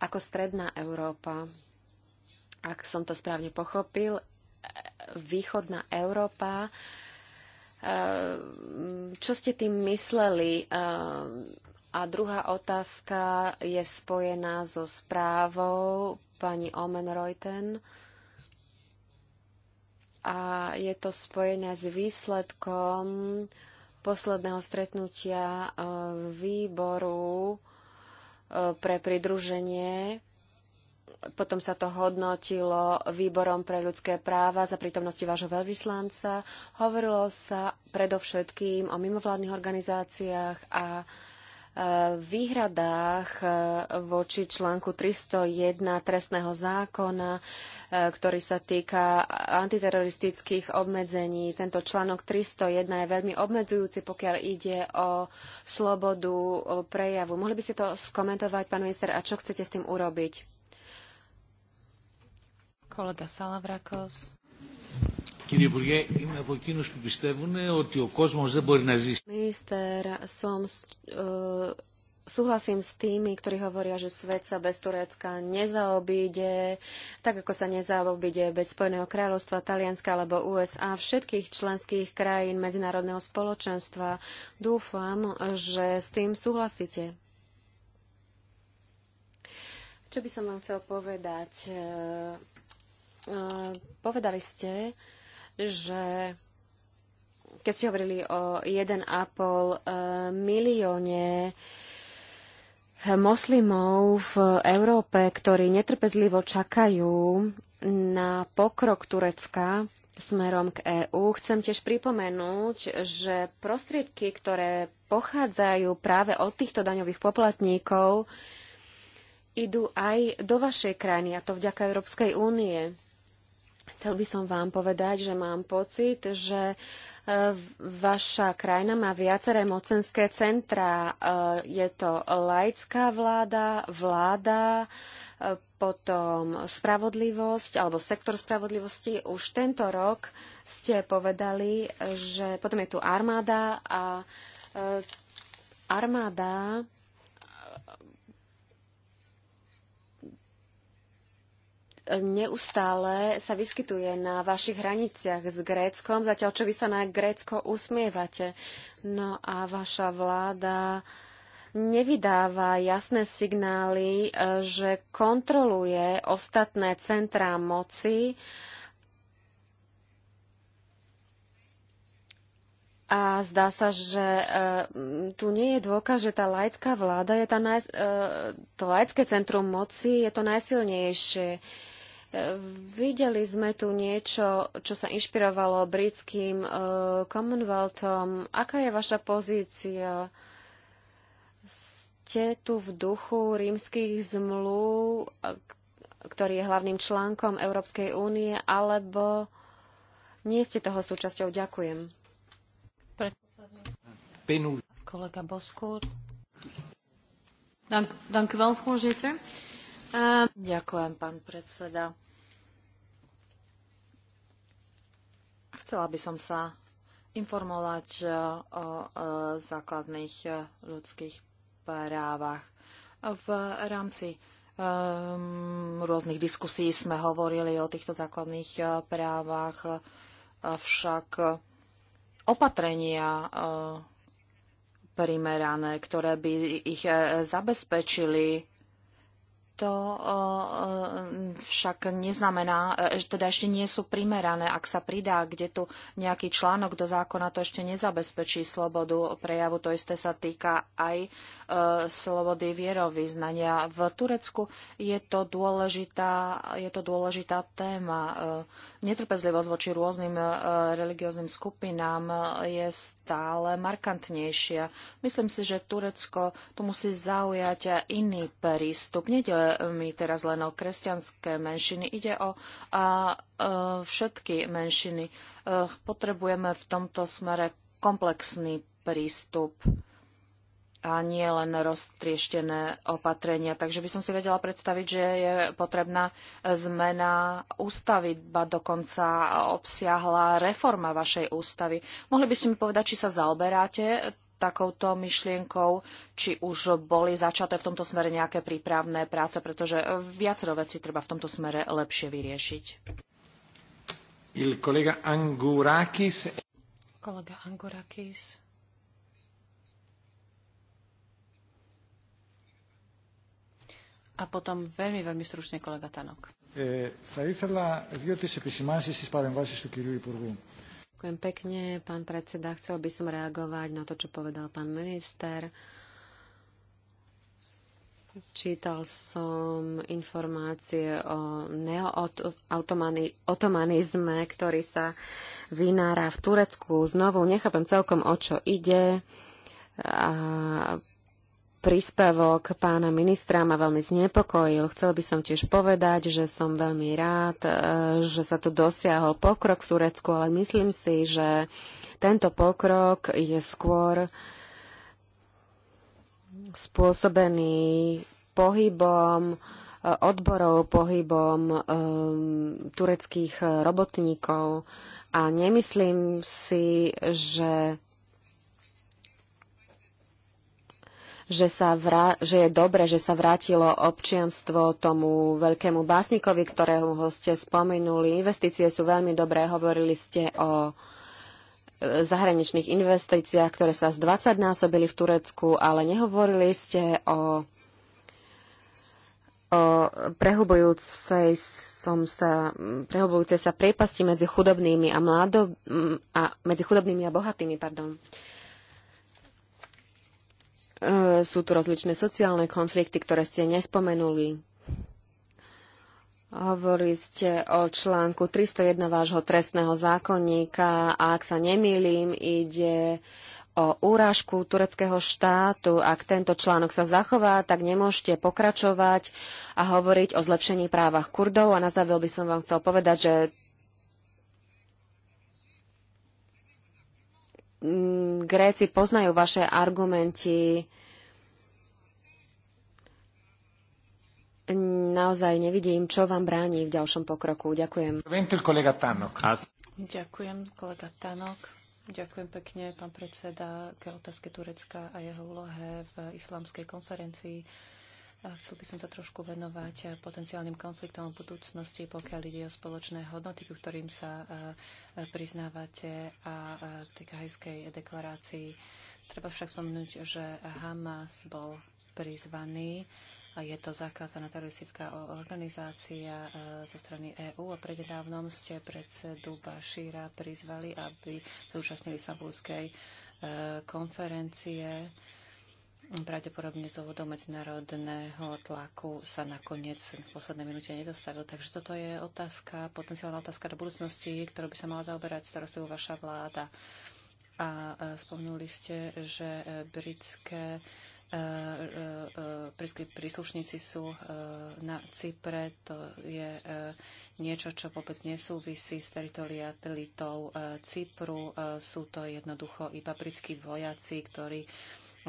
S3: ako stredná Európa. Ak som to správne pochopil, e, východná Európa. E, čo ste tým mysleli? A druhá otázka je spojená so správou pani Omen Reuten. Uh, a je to spojené s výsledkom posledného stretnutia e, výboru e, pre pridruženie. Potom sa to hodnotilo výborom pre ľudské práva za prítomnosti vášho veľvyslanca. Hovorilo sa predovšetkým o mimovládnych organizáciách a výhradách e, voči článku 301 trestného zákona, e, ktorý sa týka antiteroristických obmedzení. Tento článok 301 je veľmi obmedzujúci, pokiaľ ide o slobodu prejavu. Mohli by ste to skomentovať, pán minister, a čo chcete s tým
S2: urobiť? Kolega Salavrakos.
S1: Κύριε Υπουργέ, είμαι από εκείνους που πιστεύουν ότι ο κόσμος δεν μπορεί να ζήσει.
S2: Minister,
S3: som, uh, súhlasím s tými, ktorí hovoria, že svet sa bez Turecka nezaobíde, tak ako sa nezaobíde bez Spojeného kráľovstva, Talianska alebo USA, všetkých členských krajín medzinárodného spoločenstva. Dúfam, že s tým súhlasíte. Čo by som vám chcel povedať? E, e, povedali ste, že keď ste hovorili o 1,5 eh, milióne moslimov v Európe, ktorí netrpezlivo čakajú na pokrok Turecka smerom k EÚ. Chcem tiež pripomenúť, že prostriedky, ktoré pochádzajú práve od týchto daňových poplatníkov, idú aj do vašej krajiny, a to vďaka Európskej únie. Chcel by som vám povedať, že mám pocit, že e, vaša krajina má viaceré mocenské centrá. E, je to laická vláda, vláda, e, potom spravodlivosť alebo sektor spravodlivosti. Už tento rok ste povedali, že potom je tu armáda a armáda neustále sa vyskytuje na vašich hraniciach s Gréckom, zatiaľ čo vy sa na Grécko usmievate. No a vaša vláda nevydáva jasné signály, e, že kontroluje ostatné centrá moci a zdá sa, že e, tu nie je dôkaz, že tá laická vláda je tá naj... E, to laické centrum moci je to najsilnejšie Videli sme tu niečo, čo sa inšpirovalo britským uh, Commonwealthom. Aká je vaša pozícia? Ste tu v duchu rímskych zmluv, ktorý je hlavným článkom Európskej únie, alebo nie ste toho súčasťou? Ďakujem.
S2: Kolega Boskúr.
S1: Dank, dank u wel, voorzitter. Ďakujem, pán predseda. Chcela by som sa informovať o základných e, ľudských právach. V rámci rôznych diskusí sme hovorili o týchto základných e, právach, avšak opatrenia e, primerané, ktoré by ich zabezpečili, to eh, eh, však neznamená, eh, teda ešte nie sú primerané. Ak sa pridá, kde tu nejaký článok do zákona, to ešte nezabezpečí slobodu prejavu. To isté sa týka aj slobody vierovýznania. V Turecku je to dôležitá, je to dôležitá téma. Netrpezlivosť voči rôznym religióznym skupinám je stále markantnejšia. Myslím si, že Turecko tu musí zaujať iný prístup. Nedele my mi teraz len o kresťanské menšiny, ide o a, a, e, všetky menšiny. E, potrebujeme v tomto smere komplexný prístup a nie len roztrieštené opatrenia. Takže by som si vedela predstaviť, že je potrebná zmena ústavy, ba dokonca obsiahla reforma vašej ústavy. Mohli by ste mi povedať, či sa zaoberáte takouto myšlienkou, či už boli začaté v tomto smere nejaké prípravné práce, pretože viacero veci treba v tomto smere lepšie vyriešiť. Il kolega Angurakis.
S2: Kolega Angurakis. A potom veľmi, veľmi stručne kolega Tanok.
S1: Ε, eh, θα ήθελα δύο-τρεις επισημάνσεις στις παρεμβάσεις του κυρίου Υπουργού.
S3: Ďakujem pekne, pán predseda. Chcel by som reagovať na to, čo povedal pán minister. Čítal som informácie o neotomanizme, ktorý sa vynára v Turecku. Znovu nechápem celkom, o čo ide. A príspevok pána ministra ma veľmi znepokojil. Chcel by som tiež povedať, že som veľmi rád, e, že sa tu dosiahol pokrok v Turecku, ale myslím si, že tento pokrok je skôr spôsobený pohybom e, odborov, pohybom e, tureckých robotníkov a nemyslím si, že že, sa vrá- že je dobre, že sa vrátilo občianstvo tomu veľkému básnikovi, ktorého ho ste spomenuli. Investície sú veľmi dobré, hovorili ste o e, zahraničných investíciách, ktoré sa z 20 násobili v Turecku, ale nehovorili ste o, o prehubujúcej som sa, prehobujúce sa priepasti medzi chudobnými a, mládo, a medzi chudobnými a bohatými, pardon. Uh, E, sú tu rozličné sociálne konflikty, ktoré ste nespomenuli. Hovorí ste o článku 301 vášho trestného zákonníka a ak sa nemýlim, ide o úražku tureckého štátu. Ak tento článok sa zachová, tak nemôžete pokračovať a hovoriť o zlepšení právach Kurdov. A na záver by som vám chcel povedať, že Mm, Gréci poznajú vaše argumenty. Naozaj nevidím, čo vám bráni v ďalšom pokroku. Ďakujem.
S2: Ďakujem, kolega Tanok. Ďakujem pekne, pán predseda, ke otázke Turecka a jeho úlohe v islamskej konferencii. Chcel by som sa trošku venovať eh, potenciálnym konfliktom v budúcnosti, pokiaľ ide o spoločné hodnoty, ku ktorým sa eh, priznávate a eh, tej kahajskej deklarácii. Treba však spomenúť, že Hamas bol prizvaný a je to zakázaná teroristická organizácia zo strany EÚ a prednedávnom ste predsedu Bašíra prizvali, aby sa zúčastnili Sambulskej konferencie pravdepodobne z dôvodu medzinárodného tlaku sa nakoniec v poslednej minúte nedostavil. Takže toto je otázka, potenciálna otázka do budúcnosti, ktorú by sa mala zaoberať starostlivou vaša vláda. A e, spomnuli ste, že e, britské e, príslušníci sú na Cypre. To je niečo, čo vôbec nesúvisí s teritorialitou Cypru. Sú to jednoducho iba britskí vojaci, ktorí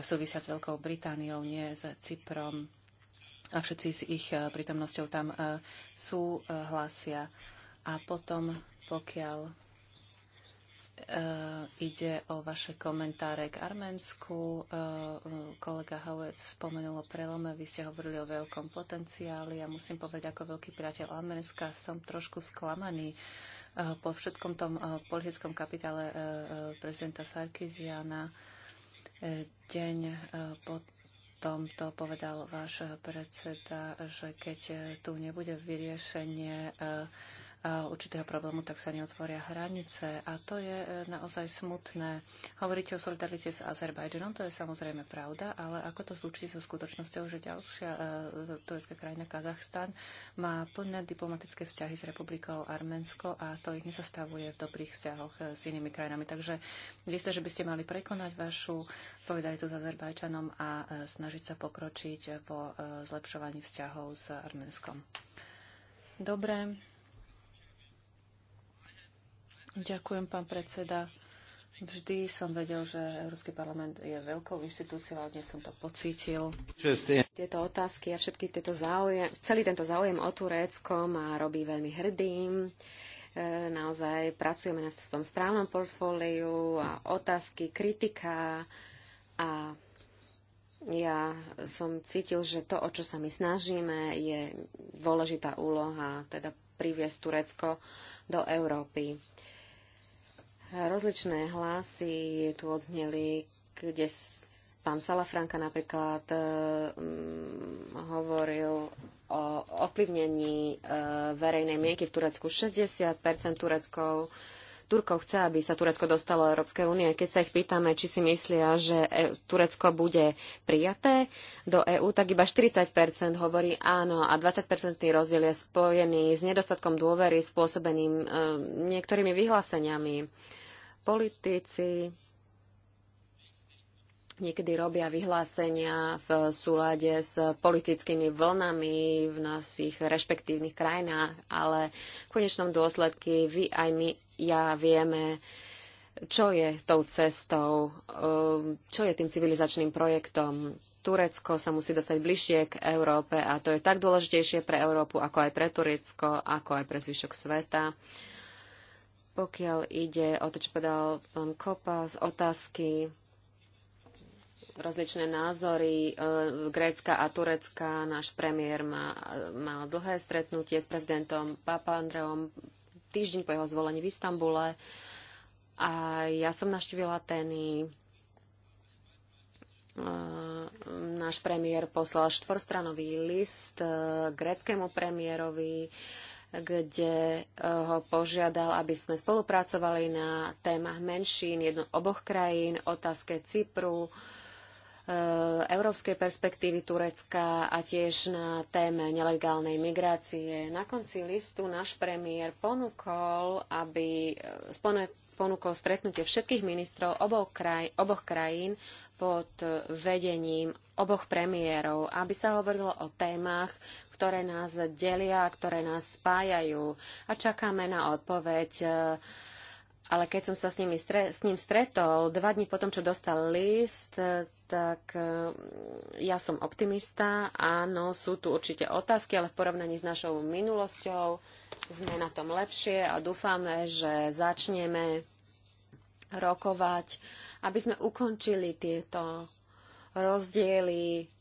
S2: súvisia s Veľkou Britániou, nie s Cyprom. A všetci s ich eh, prítomnosťou tam eh, súhlasia. A potom, pokiaľ eh, ide o vaše komentáre k Arménsku. Kolega Howard spomenul o prelome, vy ste hovorili o veľkom potenciáli. Ja musím povedať, ako veľký priateľ Arménska, som trošku sklamaný po všetkom tom politickom kapitále prezidenta Sarkiziana deň e, po tomto povedal váš predseda, že keď tu nebude vyriešenie e, určitého problému, tak sa neotvoria hranice. A to je e, naozaj smutné. Hovoríte o solidarite s Azerbajdžanom, to je samozrejme pravda, ale ako to zlučí so skutočnosťou, že ďalšia e, turecká krajina Kazachstan má plné diplomatické vzťahy s republikou Arménsko a to ich nezastavuje v dobrých vzťahoch e, s inými krajinami. Takže isté, že by ste mali prekonať vašu solidaritu s Azerbajčanom a snažiť sa pokročiť vo zlepšovaní vzťahov s Arménskom. Dobre, Ďakujem, pán predseda. Vždy som vedel, že Európsky parlament je veľkou inštitúciou, ale dnes som to pocítil. Tieto otázky a všetky tieto záujem, celý
S3: tento záujem o Turecko ma robí veľmi hrdým. E, naozaj pracujeme na tom správnom portfóliu a otázky, kritika a ja som cítil, že to, o čo sa my snažíme, je dôležitá úloha, teda priviesť Turecko do Európy. Rozličné hlasy tu odzneli, kde pán Salafranka napríklad um, hovoril o ovplyvnení uh, verejnej mienky v Turecku. 60% Tureckov Turkov chce, aby sa Turecko dostalo Európskej únie. Keď sa ich pýtame, či si myslia, že e- Turecko bude prijaté do EÚ, tak iba 40 hovorí áno a 20 rozdiel je spojený s nedostatkom dôvery spôsobeným niektorými vyhláseniami politici niekedy robia vyhlásenia v súlade s politickými vlnami v našich rešpektívnych krajinách, ale v konečnom dôsledky vy aj my, ja vieme, čo je tou cestou, eh, čo je tým civilizačným projektom. Turecko sa musí dostať bližšie k Európe a to je tak dôležitejšie pre Európu, ako aj pre Turecko, ako aj pre zvyšok sveta. Pokiaľ ide o to, čo povedal pán Kopa z otázky, rozličné názory e, Grécka a Turecka. Náš premiér má, mal dlhé stretnutie s prezidentom Andreom týždeň po jeho zvolení v Istambule. A ja som naštívila Ateny. E, náš premiér poslal štvorstranový list e, gréckému premiérovi kde eh, ho požiadal, aby sme spolupracovali na témach menšín jedno, oboch krajín, otázke Cypru, eh, európskej perspektívy Turecka a tiež na téme nelegálnej migrácie. Na konci listu náš premiér ponúkol, aby eh, Spojené ponúkol stretnutie všetkých ministrov oboch, kraj, oboch krajín pod vedením oboch premiérov, aby sa hovorilo o témach, ktoré nás delia, ktoré nás spájajú a čakáme na odpoveď. Ale keď som sa s, nimi stre, s ním stretol, dva dní potom, čo dostal list, tak e, ja som optimista. Áno, sú tu určite otázky, ale v porovnaní s našou minulosťou sme na tom lepšie a dúfame, že začneme rokovať, aby sme ukončili tieto rozdiely.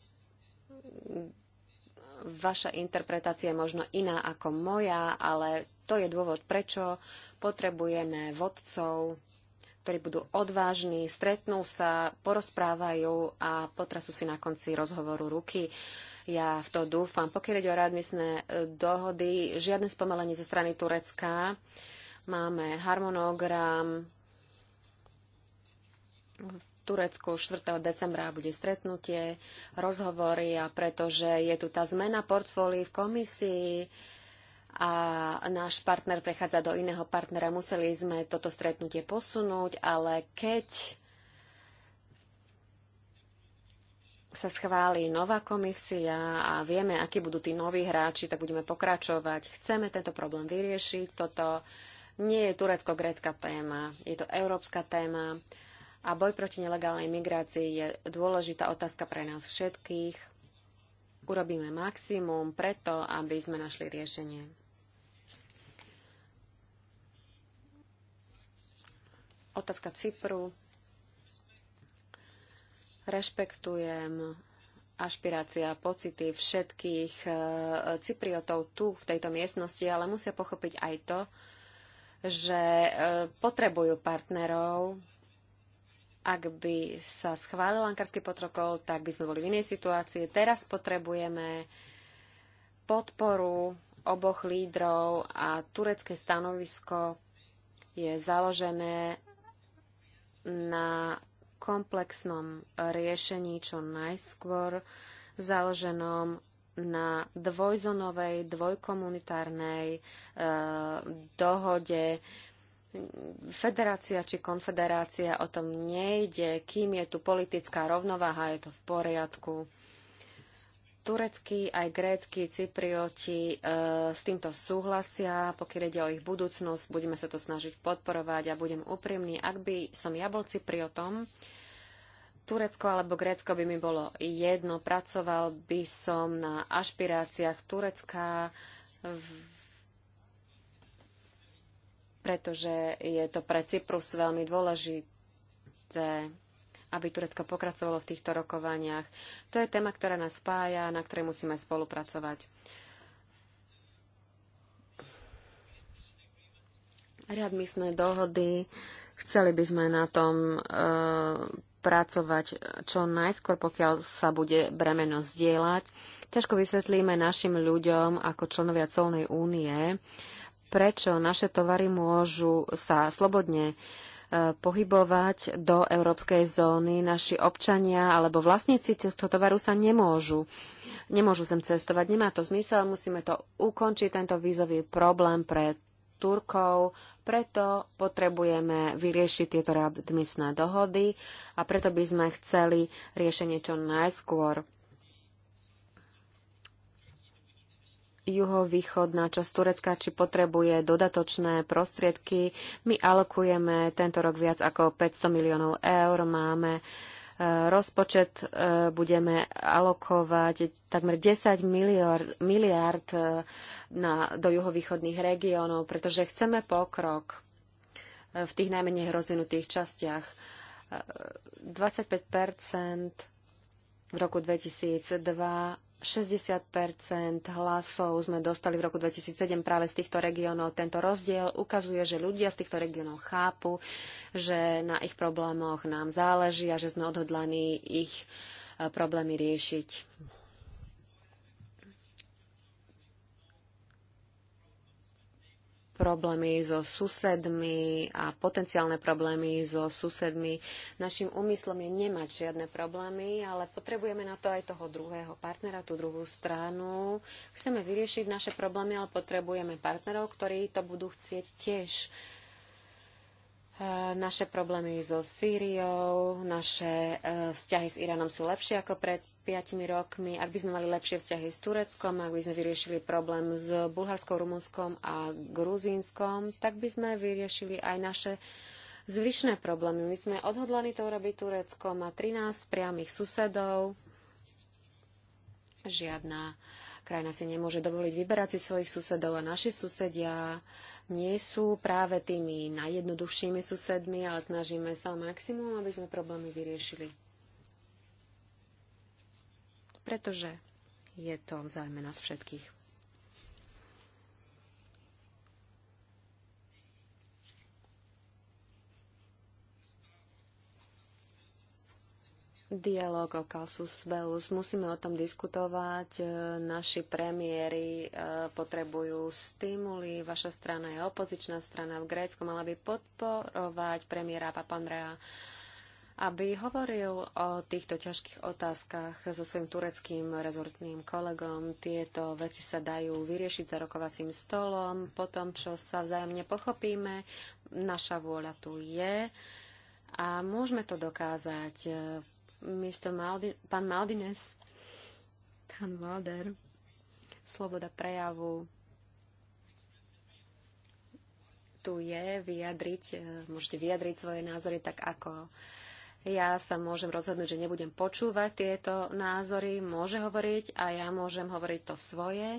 S3: Vaša interpretácia je možno iná ako moja, ale to je dôvod, prečo potrebujeme vodcov, ktorí budú odvážni, stretnú sa, porozprávajú a potrasú si na konci rozhovoru ruky. Ja v to dúfam. Pokiaľ ide o readmisné e, dohody, žiadne spomalenie zo strany Turecka. Máme harmonogram. V Turecku 4. decembra bude stretnutie, rozhovory a pretože je tu tá zmena portfólií v komisii, a náš partner prechádza do iného partnera. Museli sme toto stretnutie posunúť, ale keď sa schváli nová komisia a vieme, akí budú tí noví hráči, tak budeme pokračovať. Chceme tento problém vyriešiť. Toto nie je turecko-grécka téma, je to európska téma a boj proti nelegálnej migrácii je dôležitá otázka pre nás všetkých. Urobíme maximum preto, aby sme našli riešenie. Otázka Cypru. Rešpektujem ašpirácia a pocity všetkých e, Cypriotov tu, v tejto miestnosti, ale musia pochopiť aj to, že e, potrebujú partnerov. Ak by sa schválil ankarský potrokol, tak by sme boli v inej situácii. Teraz potrebujeme podporu oboch lídrov a turecké stanovisko je založené na komplexnom riešení čo najskôr, založenom na dvojzonovej, dvojkomunitárnej e, dohode. Federácia či konfederácia o tom nejde, kým je tu politická rovnováha, je to v poriadku. Tureckí aj gréckí Cyprioti e, s týmto súhlasia, pokiaľ ide o ich budúcnosť, budeme sa to snažiť podporovať a budem úprimný, ak by som ja bol Cypriotom, Turecko alebo Grécko by mi bolo jedno, pracoval by som na ašpiráciách Turecka, v... pretože je to pre Cyprus veľmi dôležité aby Turecko pokracovalo v týchto rokovaniach. To je téma, ktorá nás spája, na ktorej musíme spolupracovať. Readmisné dohody. Chceli by sme na tom e, pracovať čo najskôr, pokiaľ sa bude bremeno zdieľať. Ťažko vysvetlíme našim ľuďom ako členovia colnej únie, prečo naše tovary môžu sa slobodne pohybovať do európskej zóny. Naši občania alebo vlastníci tohto tovaru sa nemôžu nemôžu sem cestovať. Nemá to zmysel, musíme to ukončiť, tento vízový problém pre Turkov, preto potrebujeme vyriešiť tieto readmisné dohody a preto by sme chceli riešenie čo najskôr. juhovýchodná časť Turecka, či potrebuje dodatočné prostriedky. My alokujeme tento rok viac ako 500 miliónov eur. Máme e, rozpočet, e, budeme alokovať takmer 10 miliard, miliard e, na, do juhovýchodných regiónov, pretože chceme pokrok v tých najmenej rozvinutých častiach. 25 v roku 2002 60 hlasov sme dostali v roku 2007 práve z týchto regiónov. Tento rozdiel ukazuje, že ľudia z týchto regiónov chápu, že na ich problémoch nám záleží a že sme odhodlaní ich e, problémy riešiť. problémy so susedmi a potenciálne problémy so susedmi. Našim úmyslom je nemať žiadne problémy, ale potrebujeme na to aj toho druhého partnera, tú druhú stranu. Chceme vyriešiť naše problémy, ale potrebujeme partnerov, ktorí to budú chcieť tiež. E, naše problémy so Sýriou, naše e, vzťahy s Iránom sú lepšie ako predtým piatimi rokmi, ak by sme mali lepšie vzťahy s Tureckom, ak by sme vyriešili problém s Bulharskou, Rumunskom a Gruzínskom, tak by sme vyriešili aj naše zvyšné problémy. My sme odhodlani to urobiť. Turecko má 13 priamých susedov. Žiadna krajina si nemôže dovoliť vyberať si svojich susedov a naši susedia nie sú práve tými najjednoduchšími susedmi, ale snažíme sa o maximum, aby sme problémy vyriešili pretože je to v nás všetkých. Dialóg o Kalsus Belus. Musíme o tom diskutovať. E, naši premiéry e, potrebujú stimuly. Vaša strana je opozičná strana v Grécku. Mala by podporovať premiéra Papandrea aby hovoril o týchto ťažkých otázkach so svojím tureckým rezortným kolegom. Tieto veci sa dajú vyriešiť za rokovacím stolom. Po tom, čo sa vzájomne pochopíme, naša vôľa tu je a môžeme to dokázať. Maldi- pán Maldines, pán Walder, sloboda prejavu, tu je vyjadriť, môžete vyjadriť svoje názory tak, ako ja sa môžem rozhodnúť, že nebudem počúvať tieto názory, môže hovoriť a ja môžem hovoriť to svoje.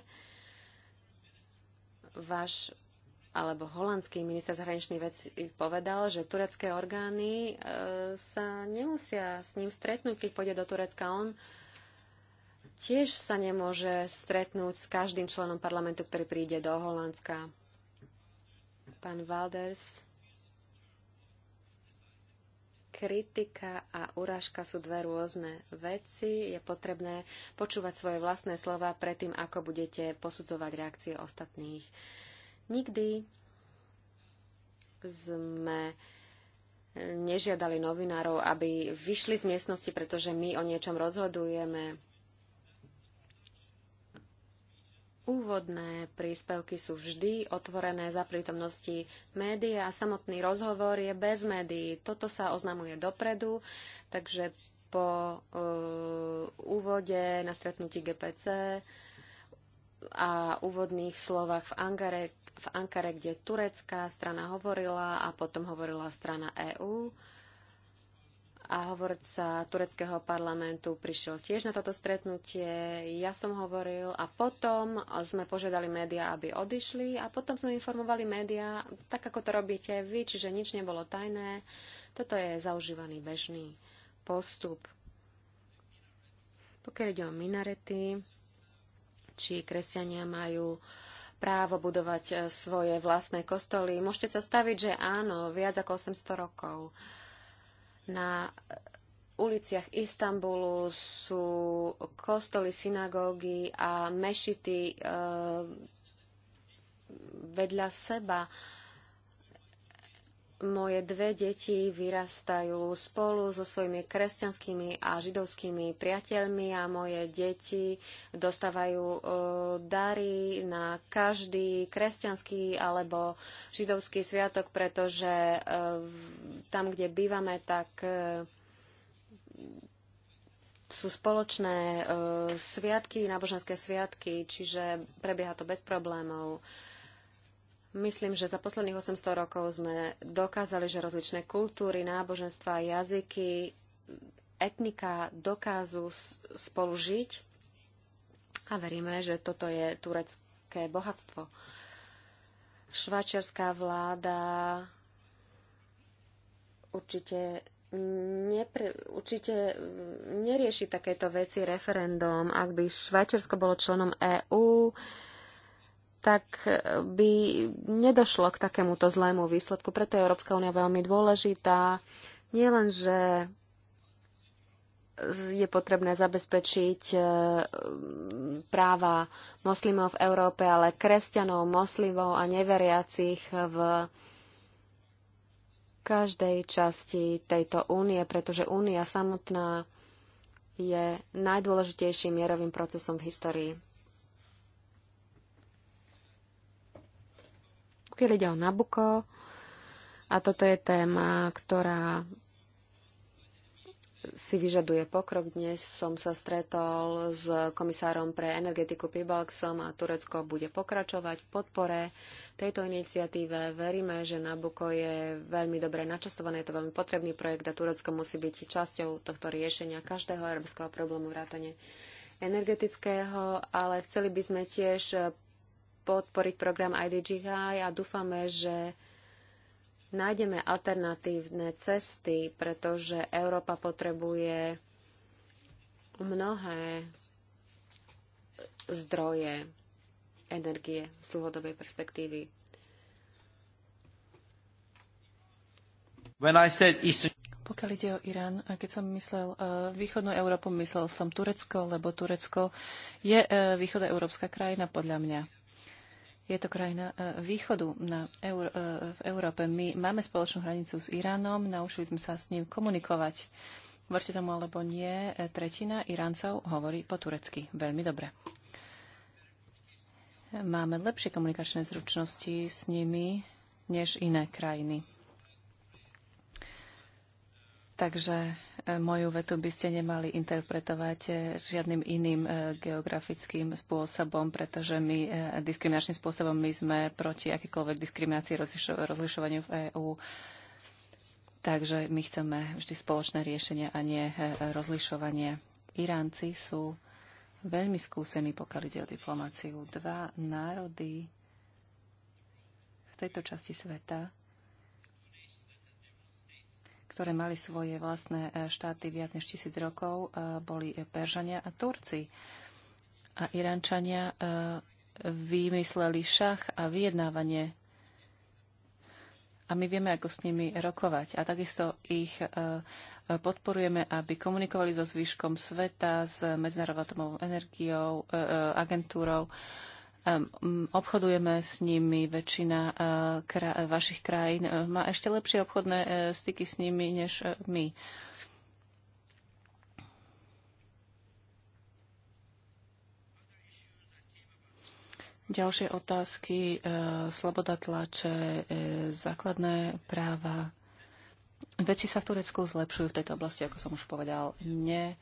S3: Váš alebo holandský minister zahraničných vecí povedal, že turecké orgány e, sa nemusia s ním stretnúť, keď pôjde do Turecka. On tiež sa nemôže stretnúť s každým členom parlamentu, ktorý príde do Holandska. Pán Valders kritika a urážka sú dve rôzne veci. Je potrebné počúvať svoje vlastné slova predtým, ako budete posudzovať reakcie ostatných. Nikdy sme nežiadali novinárov, aby vyšli z miestnosti, pretože my o niečom rozhodujeme. Úvodné príspevky sú vždy otvorené za prítomnosti médií a samotný rozhovor je bez médií. Toto sa oznamuje dopredu, takže po uh, úvode na stretnutí GPC a úvodných slovách v Ankare, v Ankare, kde turecká strana hovorila a potom hovorila strana EÚ a hovorca tureckého parlamentu prišiel tiež na toto stretnutie. Ja som hovoril a potom sme požiadali médiá, aby odišli a potom sme informovali médiá, tak ako to robíte vy, čiže nič nebolo tajné. Toto je zaužívaný bežný postup. Pokiaľ ide o minarety, či kresťania majú právo budovať eh, svoje vlastné kostoly, môžete sa staviť, že áno, viac ako 800 rokov. Na uliciach Istanbulu sú kostoly, synagógy a mešity e, vedľa seba. E, moje dve deti vyrastajú spolu so svojimi kresťanskými a židovskými priateľmi a moje deti dostávajú e, dary na každý kresťanský alebo židovský sviatok, pretože e, tam, kde bývame, tak e, sú spoločné sviatky, náboženské sviatky, čiže prebieha to bez problémov. Myslím, že za posledných 800 rokov sme dokázali, že rozličné kultúry, náboženstva, jazyky, etnika dokážu spolu žiť a veríme, že toto je turecké bohatstvo. Švačerská vláda určite nepr- určite nerieši takéto veci referendum. Ak by Švajčiarsko bolo členom EÚ, tak eh, by nedošlo k takémuto zlému výsledku. Preto je Európska únia veľmi dôležitá. Nie len, že je potrebné zabezpečiť eh, práva moslimov v Európe, ale kresťanov, moslimov a neveriacich v každej časti tejto únie, pretože únia samotná je najdôležitejším mierovým procesom v histórii. Pokiaľ ide o Nabuko, a toto je téma, ktorá si vyžaduje pokrok. Dnes som sa stretol s komisárom pre energetiku Pibalxom a Turecko bude pokračovať v podpore tejto iniciatíve. Veríme, že Nabuko je veľmi dobre načastované, je to veľmi potrebný projekt a Turecko musí byť časťou tohto riešenia každého európskeho problému vrátane energetického, ale chceli by sme tiež podporiť program IDGI a dúfame, že nájdeme alternatívne cesty, pretože Európa potrebuje mnohé zdroje energie z dlhodobej perspektívy.
S2: Eastern... Pokiaľ ide o Irán, keď som myslel uh, východnú Európu, myslel som Turecko, lebo Turecko je uh, východoeurópska krajina podľa mňa. Je to krajina e, východu na Euró- e, v Európe. My máme spoločnú hranicu s Iránom, naučili sme sa s ním komunikovať. Verte tomu alebo nie, e, tretina Iráncov hovorí po turecky veľmi dobre. Máme lepšie komunikačné zručnosti s nimi než iné krajiny. Takže e, moju vetu by ste nemali interpretovať e, žiadnym iným e, geografickým spôsobom, pretože my diskriminačným spôsobom my sme proti akékoľvek diskriminácii rozlišovaniu v EÚ. Takže my chceme vždy spoločné riešenie a nie rozlišovanie. Iránci sú veľmi skúsení, pokiaľ ide o diplomáciu. Dva národy v tejto časti sveta ktoré mali svoje vlastné e, štáty viac než tisíc rokov, e, boli Peržania a Turci. A Irančania e, vymysleli šach a vyjednávanie. A my vieme, ako s nimi rokovať. A takisto ich podporujeme, aby komunikovali so zvyškom sveta, s Medzinárodnou energiou, agentúrou. Obchodujeme s nimi, väčšina e, vašich krajín e, má ešte lepšie obchodné e, styky s nimi než my. Ďalšie otázky, sloboda tlače, základné práva. Veci sa v Turecku zlepšujú v tejto oblasti, ako som už povedal. Nie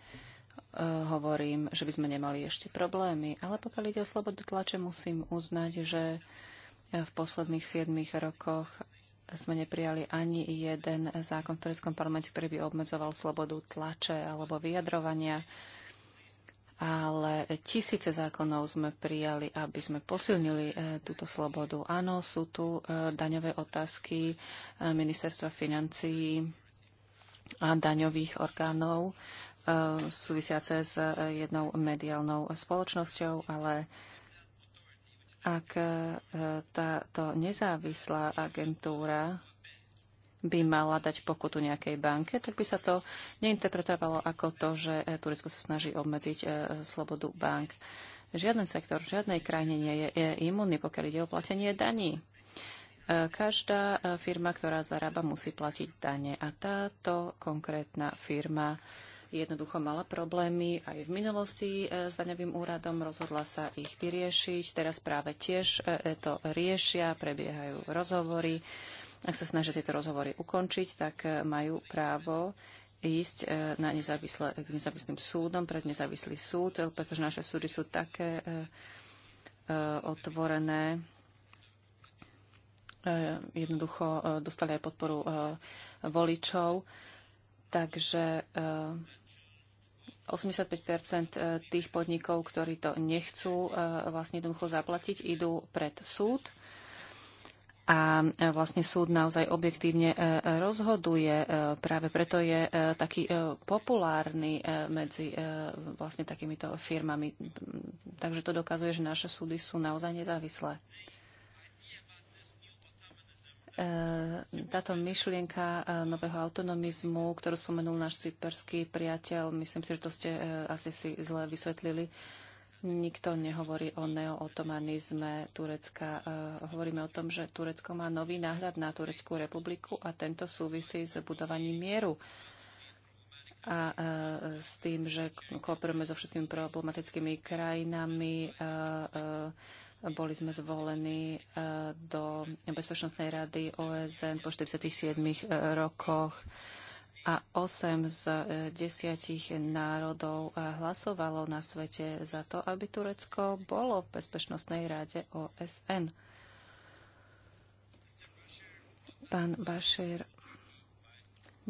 S2: hovorím, že by sme nemali ešte problémy, ale pokiaľ ide o slobodu tlače, musím uznať, že v posledných 7 rokoch sme neprijali ani jeden zákon v tureckom parlamente, ktorý by obmedzoval slobodu tlače alebo vyjadrovania, ale tisíce zákonov sme prijali, aby sme posilnili e, túto slobodu. Áno, sú tu e, daňové otázky e, ministerstva financií a daňových orgánov. E, súvisiace s e, jednou mediálnou spoločnosťou, ale ak e, táto nezávislá agentúra by mala dať pokutu nejakej banke, tak by sa to neinterpretovalo ako to, že Turecko sa snaží obmedziť slobodu bank. Žiaden sektor v žiadnej krajine nie je, je imunný, pokiaľ ide o platenie daní. Každá firma, ktorá zarába, musí platiť dane a táto konkrétna firma jednoducho mala problémy aj v minulosti e, s daňovým úradom, rozhodla sa ich vyriešiť. Teraz práve tiež e, e, to riešia, prebiehajú rozhovory. Ak sa snažia tieto rozhovory ukončiť, tak majú právo ísť na k nezávislým súdom, pred nezávislý súd, pretože naše súdy sú také otvorené, jednoducho dostali aj podporu voličov. Takže 85 eh, eh, tých podnikov, ktorí to nechcú eh, vlastne jednoducho zaplatiť, idú pred súd. A vlastne súd naozaj objektívne rozhoduje. Práve preto je taký populárny medzi vlastne takýmito firmami. Mm, takže to dokazuje, že naše súdy sú naozaj nezávislé. E, táto myšlienka e, nového autonomizmu, ktorú spomenul náš cyperský priateľ, myslím si, že to ste e, asi si zle vysvetlili. Nikto nehovorí o neootomanizme Turecka. Hovoríme o tom, že Turecko má nový náhľad na Tureckú republiku a tento súvisí s budovaním mieru a s tým, že kooperujeme so všetkými problematickými krajinami, a, a, boli sme zvolení eh, do Bezpečnostnej rady OSN po 47 eh, rokoch a 8 z 10 eh, národov hlasovalo na svete za to, aby Turecko bolo v Bezpečnostnej rade OSN. Pán Bašir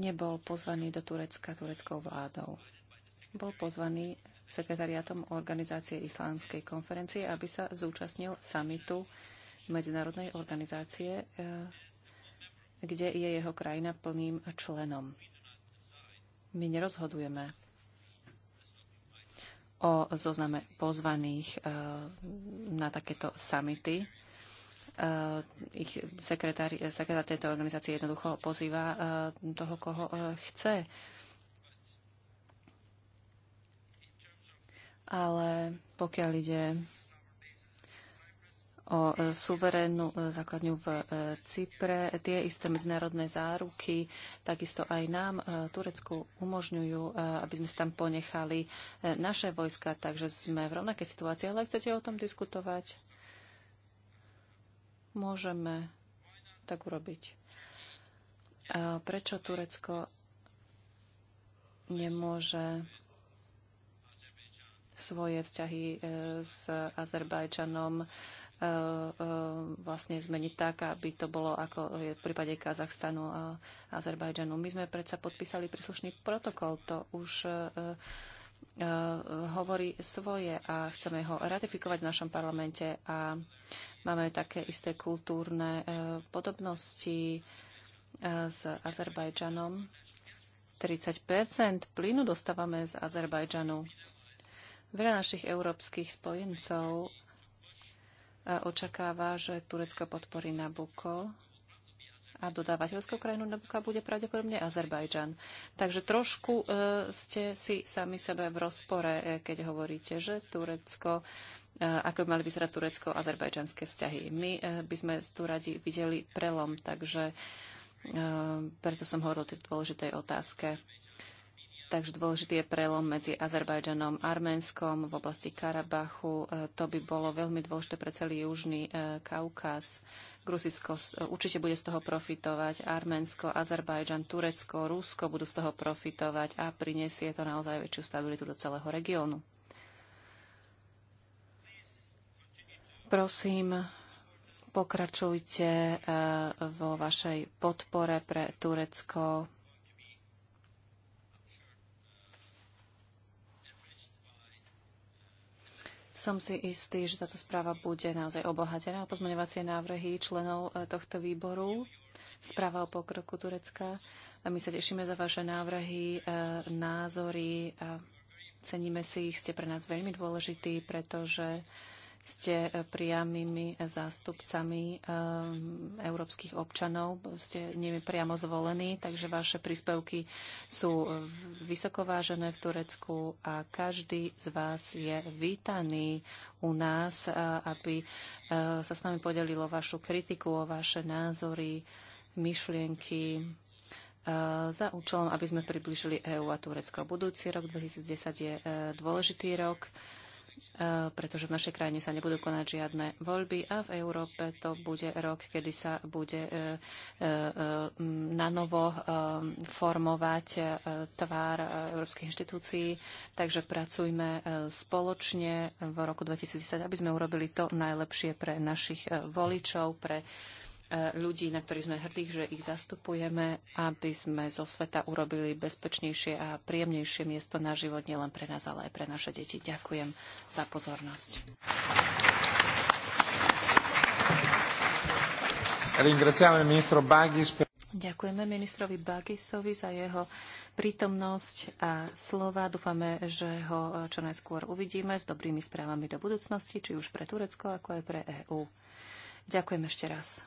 S2: nebol pozvaný do Turecka tureckou vládou. Bol pozvaný sekretariátom organizácie Islámskej konferencie, aby sa zúčastnil samitu medzinárodnej organizácie, e, kde je jeho krajina plným členom. My nerozhodujeme o zozname pozvaných e, na takéto samity e, ich sekretár, sekretár tejto organizácie jednoducho pozýva toho, koho chce. ale pokiaľ ide o e, suverénnu e, základňu v e, Cypre. Tie isté medzinárodné záruky takisto aj nám, Turecku, umožňujú, aby sme tam ponechali naše vojska, takže sme v rovnakej situácii. Ale chcete o tom diskutovať? Môžeme tak urobiť. A prečo Turecko nemôže svoje vzťahy e, s Azerbajdžanom e, e, vlastne zmeniť tak, aby to bolo ako je v prípade Kazachstanu a Azerbajdžanu. My sme predsa podpísali príslušný protokol, to už hovorí svoje a chceme ho ratifikovať v našom parlamente a máme také isté kultúrne podobnosti s Azerbajdžanom. 30 plynu dostávame z Azerbajdžanu Veľa našich európskych spojencov e, očakáva, že Turecko podporí Nabuko a dodávateľskou krajinou Nabuka bude pravdepodobne Azerbajdžan. Takže trošku e, ste si sami sebe v rozpore, e, keď hovoríte, že Turecko, ako by mali vyzerať turecko-azerbajdžanské vzťahy. My by sme tu radi videli prelom, takže preto som hovoril o tej dôležitej otázke. Takže dôležitý je prelom medzi Azerbajdžanom a Arménskom v oblasti Karabachu. E, to by bolo veľmi dôležité pre celý Južný e, Kaukaz. Grusisko e, určite bude z toho profitovať, Arménsko, Azerbajdžan, Turecko, Rusko budú z toho profitovať a prinesie to naozaj väčšiu stabilitu do celého regiónu. Prosím, pokračujte vo vašej podpore pre Turecko Som si istý, že táto správa bude naozaj obohatená o pozmeňovacie návrhy členov e, tohto výboru. Správa o pokroku Turecka. A my sa tešíme za vaše návrhy, e, názory a ceníme si ich. Ste pre nás veľmi dôležití, pretože ste e, priamými zástupcami e, európskych občanov, ste nimi priamo zvolení, takže vaše príspevky sú e, vysokovážené v Turecku a každý z vás je vítaný u nás, aby sa s nami podelilo vašu kritiku, o vaše názory, myšlienky za účelom, aby sme približili EÚ a Turecko. Budúci rok 2010 je dôležitý rok E, pretože v našej krajine sa nebudú konať žiadne voľby a v Európe to bude rok, kedy sa bude e, e, na novo formovať tvár európskych inštitúcií. Takže pracujme spoločne v roku 2010, aby sme urobili to najlepšie pre našich voličov, pre E, ľudí, na ktorých sme hrdí, že ich zastupujeme, aby sme zo sveta urobili bezpečnejšie a príjemnejšie miesto na život nielen pre nás, ale aj pre naše deti. Ďakujem za pozornosť. Ďakujeme ministrovi Bagisovi za jeho prítomnosť a slova. Dúfame, že ho čo najskôr uvidíme s dobrými správami do budúcnosti, či už pre Turecko, ako aj pre EÚ. Ďakujem ešte raz.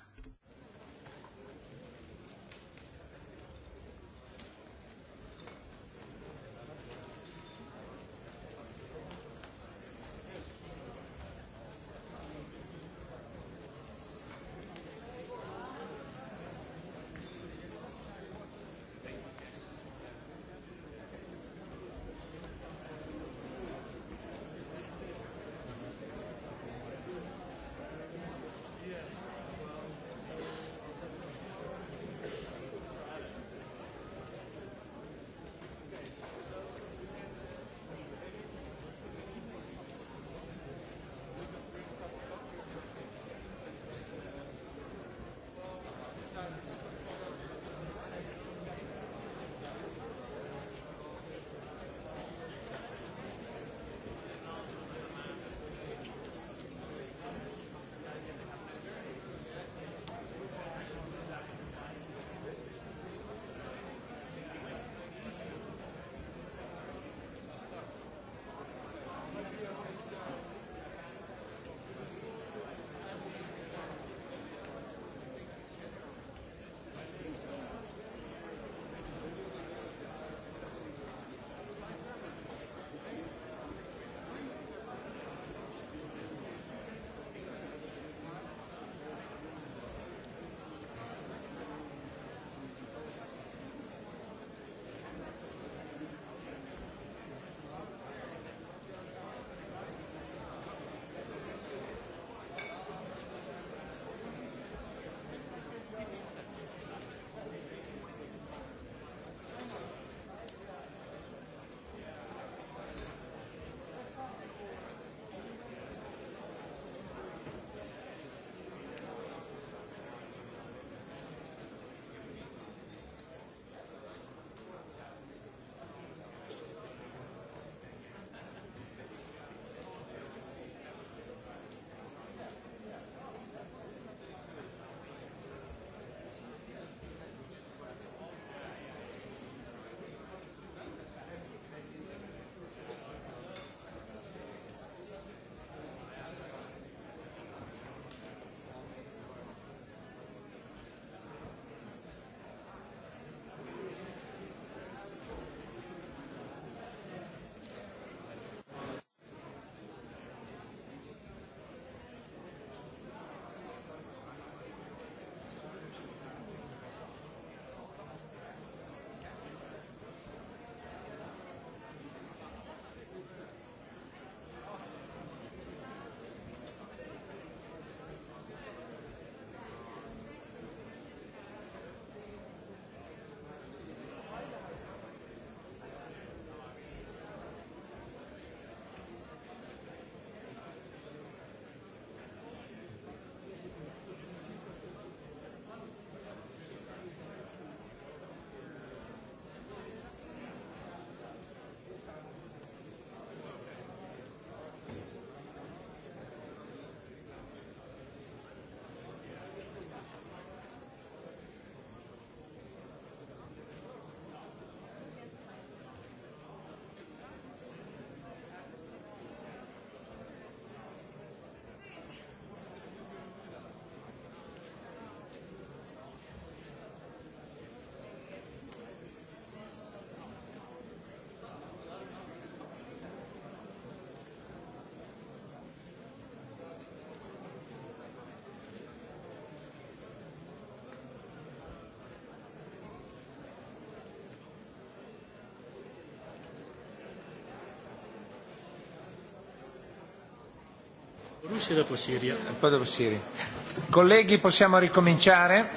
S1: possiamo ricominciare?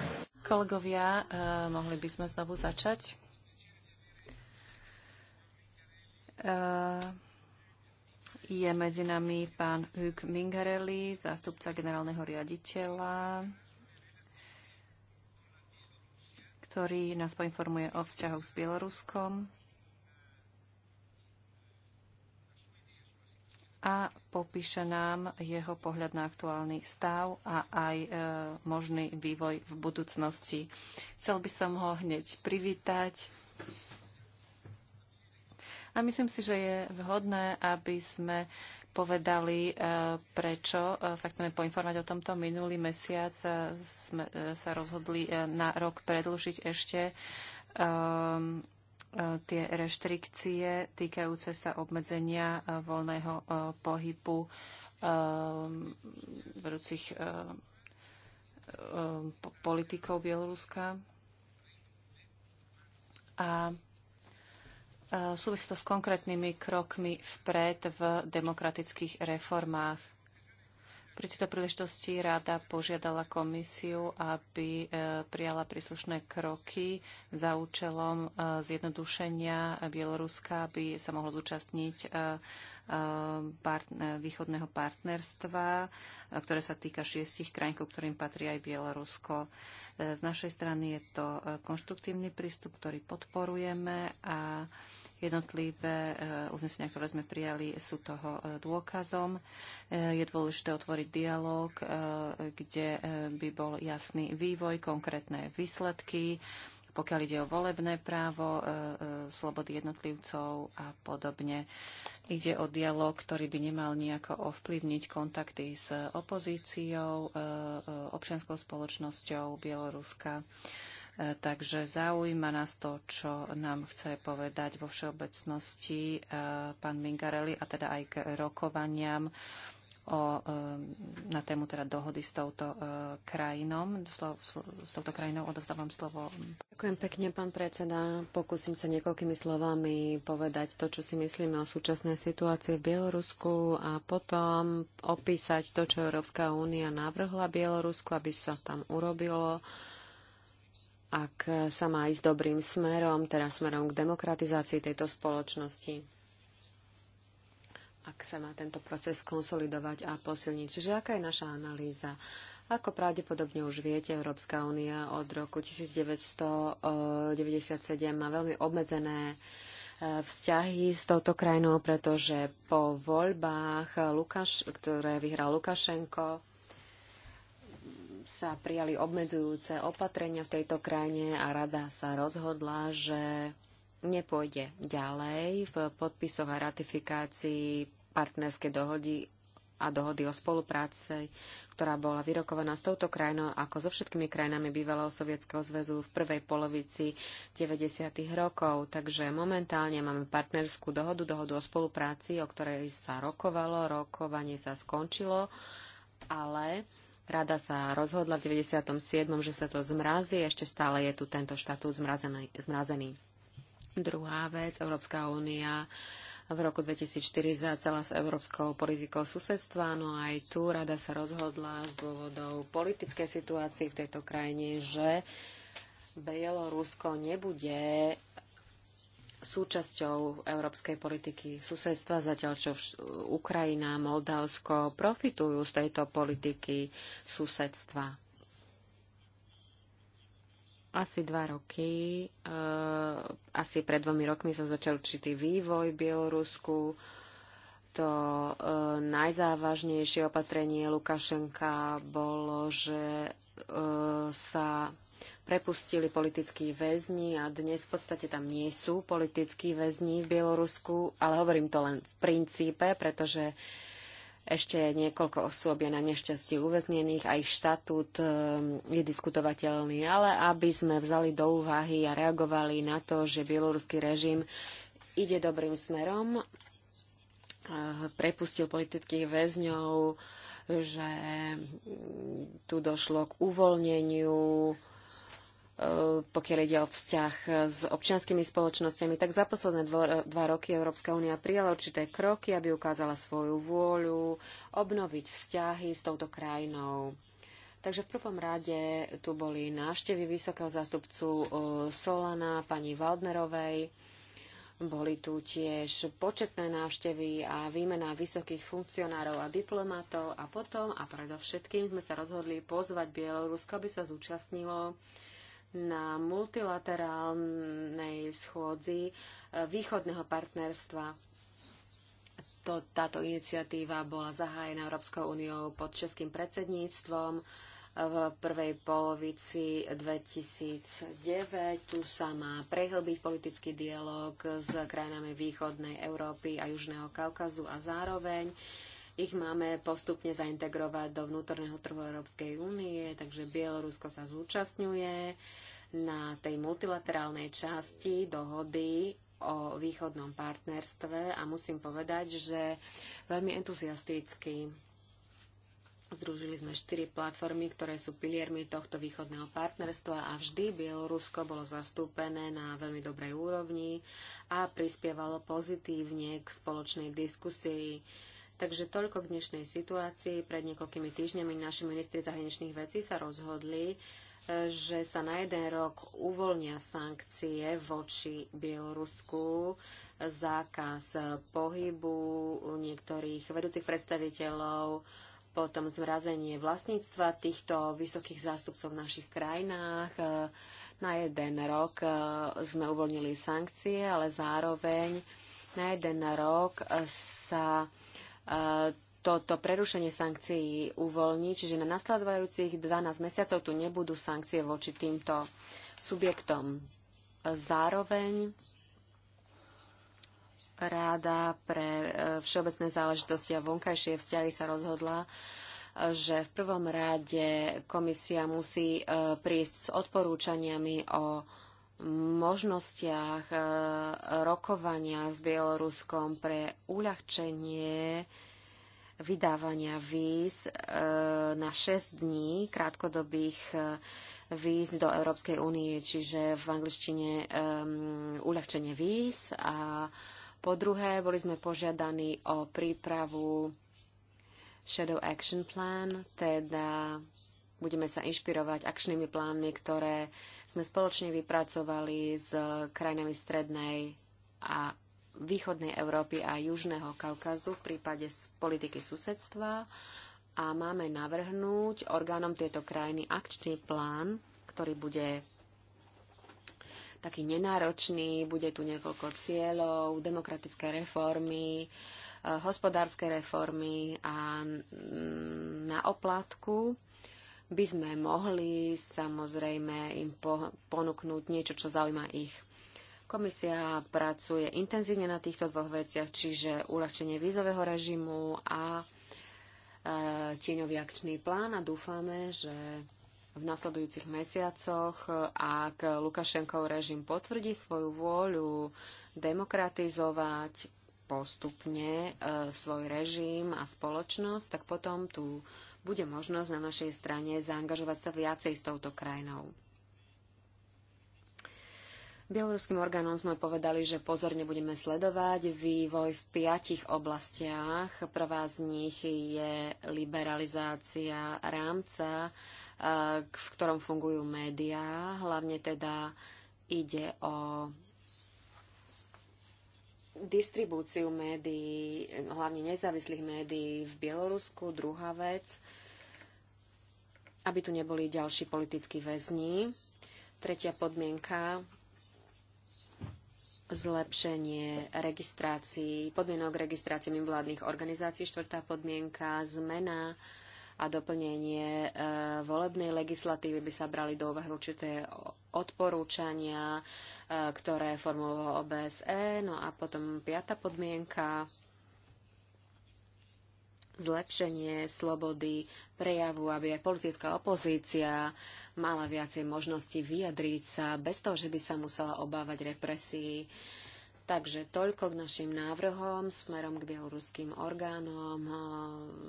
S2: Kolegovia, eh, mohli by sme znovu začať. Eh, je medzi nami pán Hug Mingarelli, zástupca generálneho riaditeľa, ktorý nás poinformuje o vzťahoch s Bieloruskom. a popíše nám jeho pohľad na aktuálny stav a aj e, možný vývoj v budúcnosti. Chcel by som ho hneď privítať. A myslím si, že je vhodné, aby sme povedali, e, prečo e, sa chceme poinformovať o tomto. Minulý mesiac e, sme e, sa rozhodli na rok predlžiť ešte E, tie reštrikcie týkajúce sa obmedzenia e, voľného e, pohybu vedúcich politikov Bieloruska. A súvisí to s konkrétnymi krokmi vpred v demokratických reformách. Pri tejto príležitosti rada požiadala komisiu, aby e, prijala príslušné kroky za účelom e, zjednodušenia Bieloruska, aby sa mohlo zúčastniť e, východného partnerstva, ktoré sa týka šiestich krajín, ku ktorým patrí aj Bielorusko. Z našej strany je to konštruktívny prístup, ktorý podporujeme a Jednotlivé e, uznesenia, ktoré sme prijali, sú toho e, dôkazom. E, je dôležité otvoriť dialog, kde by bol jasný vývoj, konkrétne výsledky, pokiaľ ide o volebné právo, slobody jednotlivcov a podobne. Ide o dialog, ktorý by nemal nejako ovplyvniť kontakty s opozíciou, občianskou spoločnosťou Bieloruska. E, takže zaujíma nás to, čo nám chce povedať vo všeobecnosti e, pán Mingarelli a teda aj k rokovaniam o, e, na tému teda dohody s touto krajinou. S touto krajinou odovzdávam slovo. Ďakujem pekne, pán
S3: predseda. Pokúsim sa niekoľkými slovami povedať to, čo si myslíme o súčasnej situácii v Bielorusku a potom opísať to, čo Európska únia navrhla Bielorusku, aby sa tam urobilo ak sa má ísť dobrým smerom, teda smerom k demokratizácii tejto spoločnosti, ak sa má tento proces konsolidovať a posilniť. Čiže aká je naša analýza? Ako pravdepodobne už viete, Európska únia od roku 1997 eh, má veľmi obmedzené eh, vzťahy s touto krajinou, pretože po voľbách, ktoré vyhral Lukašenko, sa prijali obmedzujúce opatrenia v tejto krajine a rada sa rozhodla, že nepôjde ďalej v podpisoch a ratifikácii partnerskej dohody a dohody o spolupráci, ktorá bola vyrokovaná s touto krajinou ako so všetkými krajinami bývalého Sovietskeho zväzu v prvej polovici 90. rokov. Takže momentálne máme partnerskú dohodu, dohodu o spolupráci, o ktorej sa rokovalo, rokovanie sa skončilo, ale Rada sa rozhodla v 97., že sa to zmrazí, ešte stále je tu tento štatút zmrazený. zmrazený. Druhá vec, Európska únia v roku 2004 začala s európskou politikou susedstva, no aj tu rada sa rozhodla z dôvodov politickej situácie v tejto krajine, že Bielorusko nebude súčasťou európskej politiky susedstva, zatiaľ čo Ukrajina, Moldavsko profitujú z tejto politiky susedstva. Asi dva roky, e, asi pred dvomi rokmi sa začal určitý vývoj v Bielorusku. E, to e, najzávažnejšie opatrenie Lukašenka bolo, že e, sa prepustili politickí väzni a dnes v podstate tam nie sú politickí väzni v Bielorusku, ale hovorím to len v princípe, pretože ešte niekoľko osôb je na nešťastie uväznených a ich štatút e, je diskutovateľný. Ale aby sme vzali do úvahy a reagovali na to, že bieloruský režim ide dobrým smerom Eh, prepustil politických väzňov, že tu došlo k uvoľneniu eh, pokiaľ ide o vzťah s občianskými spoločnosťami, tak za posledné dva roky Európska únia prijala určité kroky, aby ukázala svoju vôľu obnoviť vzťahy s touto krajinou. Takže v prvom rade tu boli návštevy vysokého zástupcu eh, Solana, pani Waldnerovej, boli tu tiež početné návštevy a výmena vysokých funkcionárov a diplomatov a potom a predovšetkým sme sa rozhodli pozvať Bielorusko, aby sa zúčastnilo na multilaterálnej schôdzi e, východného partnerstva. To, táto iniciatíva bola zahájená Európskou úniou pod českým predsedníctvom v prvej polovici 2009. Tu sa má prehlbiť politický dialog s krajinami východnej Európy a Južného Kaukazu a zároveň ich máme postupne zaintegrovať do vnútorného trhu Európskej únie, takže Bielorusko sa zúčastňuje na tej multilaterálnej časti dohody o východnom partnerstve a musím povedať, že veľmi entuziasticky Združili sme štyri platformy, ktoré sú piliermi tohto východného partnerstva a vždy Bielorusko bolo zastúpené na veľmi dobrej úrovni a prispievalo pozitívne k spoločnej diskusii. Takže toľko k dnešnej situácii. Pred niekoľkými týždňami naši ministri zahraničných vecí sa rozhodli, e, že sa na jeden rok uvoľnia sankcie voči Bielorusku, zákaz pohybu niektorých vedúcich predstaviteľov potom zmrazenie vlastníctva týchto vysokých zástupcov v našich krajinách. E, na jeden rok e, sme uvoľnili sankcie, ale zároveň na jeden rok e, sa toto prerušenie sankcií uvoľní, čiže na nasledujúcich 12 mesiacov tu nebudú sankcie voči týmto subjektom. Zároveň Ráda pre e, všeobecné záležitosti a vonkajšie vzťahy sa rozhodla, e, že v prvom rade komisia musí e, prísť s odporúčaniami o možnostiach rokovania s Bieloruskom pre uľahčenie vydávania víz na 6 dní krátkodobých víz do Európskej únie, čiže v angličtine um, uľahčenie víz a uh, po druhé, boli sme požiadaní o prípravu Shadow Action Plan, teda budeme sa inšpirovať akčnými plánmi, ktoré sme spoločne vypracovali s krajinami strednej a východnej Európy a južného Kaukazu v prípade politiky susedstva a máme navrhnúť orgánom tejto krajiny akčný plán, ktorý bude taký nenáročný. Bude tu niekoľko cieľov, demokratické reformy, eh, hospodárske reformy a mm, na oplatku by sme mohli samozrejme im po, ponúknúť niečo, čo zaujíma ich. Komisia pracuje intenzívne na týchto dvoch veciach, čiže uľahčenie vízového režimu a e, tieňový akčný plán a dúfame, že v nasledujúcich mesiacoch, ak Lukašenkov režim potvrdí svoju vôľu demokratizovať postupne e, svoj režim a spoločnosť, tak potom tu bude možnosť na našej strane zaangažovať sa viacej s touto krajinou. Bieloruským orgánom sme povedali, že pozorne budeme sledovať vývoj v piatich oblastiach. Prvá z nich je liberalizácia rámca Eh, v ktorom fungujú médiá. Hlavne teda ide o distribúciu médií, hlavne nezávislých médií v Bielorusku. Druhá vec, aby tu neboli ďalší politickí väzni. Tretia podmienka, zlepšenie registrácií, podmienok registrácie mimovládnych organizácií. Štvrtá podmienka, zmena uh, a doplnenie e, volebnej legislatívy by sa brali do úvahy určité odporúčania, e, ktoré formuloval OBSE. No a potom piata podmienka zlepšenie slobody prejavu, aby aj politická opozícia mala viacej možnosti vyjadriť sa bez toho, že by sa musela obávať represií. Uh, Takže toľko k našim návrhom smerom k bieloruským orgánom. E,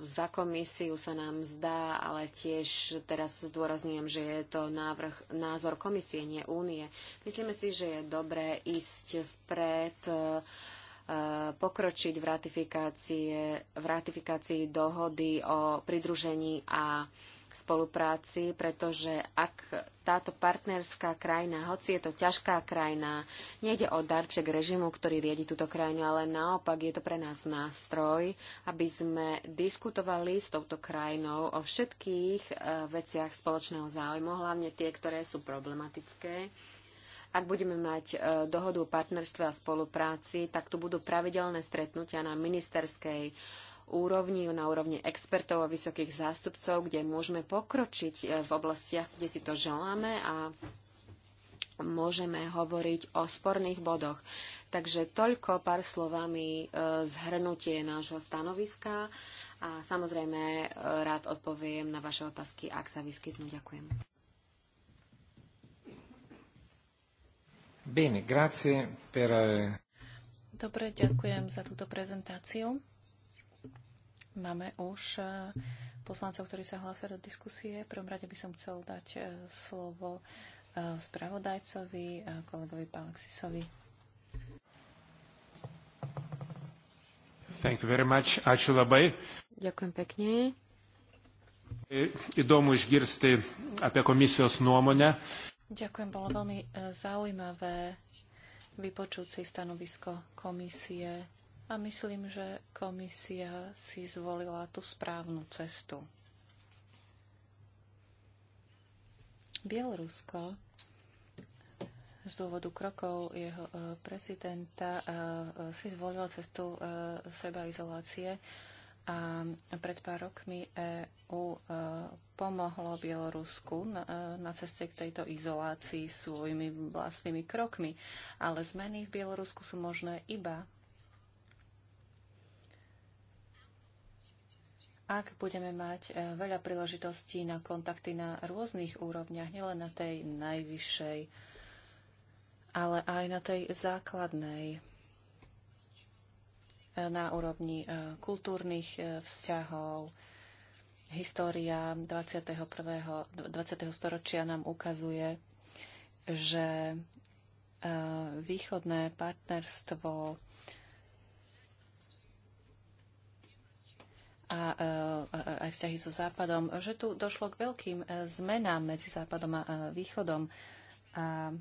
S3: za komisiu sa nám zdá, ale tiež teraz zdôrazňujem, že je to návrh, názor komisie, nie únie. Myslíme si, že je dobré ísť vpred e, pokročiť v, v ratifikácii dohody o pridružení a spolupráci, pretože ak táto partnerská krajina, hoci je to ťažká krajina, nejde o darček režimu, ktorý riedi túto krajinu, ale naopak je to pre nás nástroj, aby sme diskutovali s touto krajinou o všetkých e, veciach spoločného záujmu, hlavne tie, ktoré sú problematické. Ak budeme mať e, dohodu o partnerstve a spolupráci, tak tu budú pravidelné stretnutia na ministerskej úrovni, na úrovni expertov a vysokých zástupcov, kde môžeme pokročiť e, v oblastiach, kde si to želáme a môžeme hovoriť o sporných bodoch. Takže toľko pár slovami e, zhrnutie nášho stanoviska a samozrejme e, rád odpoviem na vaše otázky, ak sa
S2: vyskytnú. Ďakujem.
S1: Bene, grazie per...
S2: Dobre, ďakujem za túto prezentáciu. Máme už e, poslancov, ktorí sa hlásia do diskusie. V prvom rade by som chcel dať e, slovo e, spravodajcovi a kolegovi Palaxisovi. Thank you
S1: very much. Ačiū labai.
S2: Ďakujem pekne.
S1: Įdomu
S3: išgirsti apie komisijos nuomonę.
S2: Ďakujem, bolo veľmi zaujímavé vypočuť si stanovisko komisie a myslím, že komisia si zvolila tú správnu cestu. Bielorusko z dôvodu krokov jeho e, prezidenta e, si zvolil cestu e, sebaizolácie a pred pár rokmi EU pomohlo Bielorusku na ceste k tejto izolácii svojimi vlastnými krokmi. Ale zmeny v Bielorusku sú možné iba Ak budeme mať e, veľa príležitostí na kontakty na rôznych úrovniach, nielen na tej najvyššej, ale aj na tej základnej, e, na úrovni e, kultúrnych vzťahov, história 21. 20. storočia nám ukazuje, že východné partnerstvo E, a aj vzťahy so Západom, že tu došlo k veľkým e, zmenám medzi Západom a Východom. A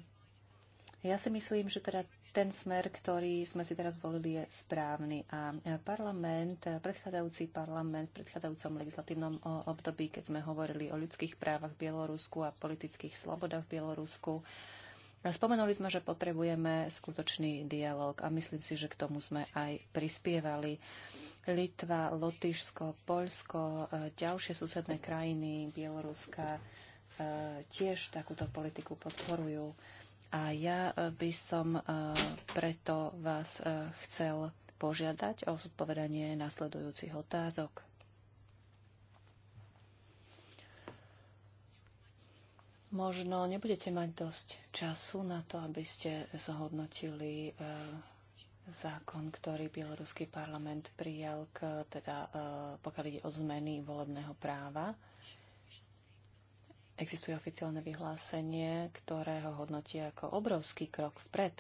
S2: ja si myslím, že teda ten smer, ktorý sme si teraz volili, je správny. A e, parlament, predchádzajúci parlament, v predchádzajúcom legislatívnom období, keď sme hovorili o ľudských právach v Bielorusku a politických slobodách v Bielorusku, Spomenuli sme, že potrebujeme skutočný dialog a myslím si, že k tomu sme aj prispievali. Litva, Lotyšsko, Poľsko, e, ďalšie susedné krajiny, Bieloruska e, tiež takúto politiku podporujú. A ja e, by som preto vás chcel požiadať o zodpovedanie nasledujúcich otázok. Možno nebudete mať dosť času na to, aby ste zhodnotili e, zákon, ktorý bieloruský parlament prijal, k, teda, e, pokiaľ ide o zmeny volebného práva. Existuje oficiálne vyhlásenie, ktoré ho hodnotí ako obrovský krok vpred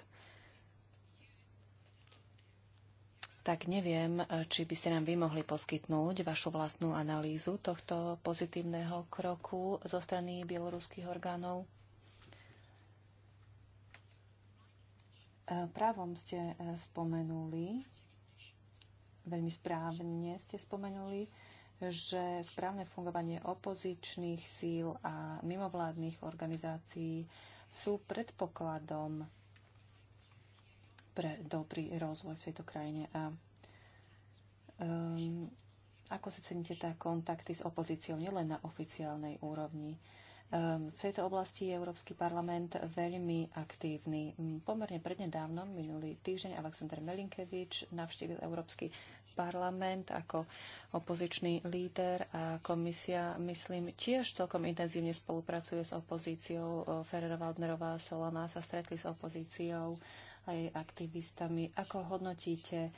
S2: tak neviem, e, či by ste nám vy mohli poskytnúť vašu vlastnú analýzu tohto pozitívneho kroku zo strany bieloruských orgánov. E, právom ste e, spomenuli, veľmi správne ste spomenuli, že správne fungovanie opozičných síl a mimovládnych organizácií sú predpokladom pre dobrý rozvoj v tejto krajine. A um, ako si ceníte tá kontakty s opozíciou nielen na oficiálnej úrovni? Um, v tejto oblasti je Európsky parlament veľmi aktívny. Pomerne prednedávno, minulý týždeň, Aleksandr Melinkevič navštívil Európsky parlament ako opozičný líder a komisia, myslím, tiež celkom intenzívne spolupracuje s opozíciou. Ehm, Ferrero Waldnerová Solana sa stretli s opozíciou aj aktivistami. Ako hodnotíte e,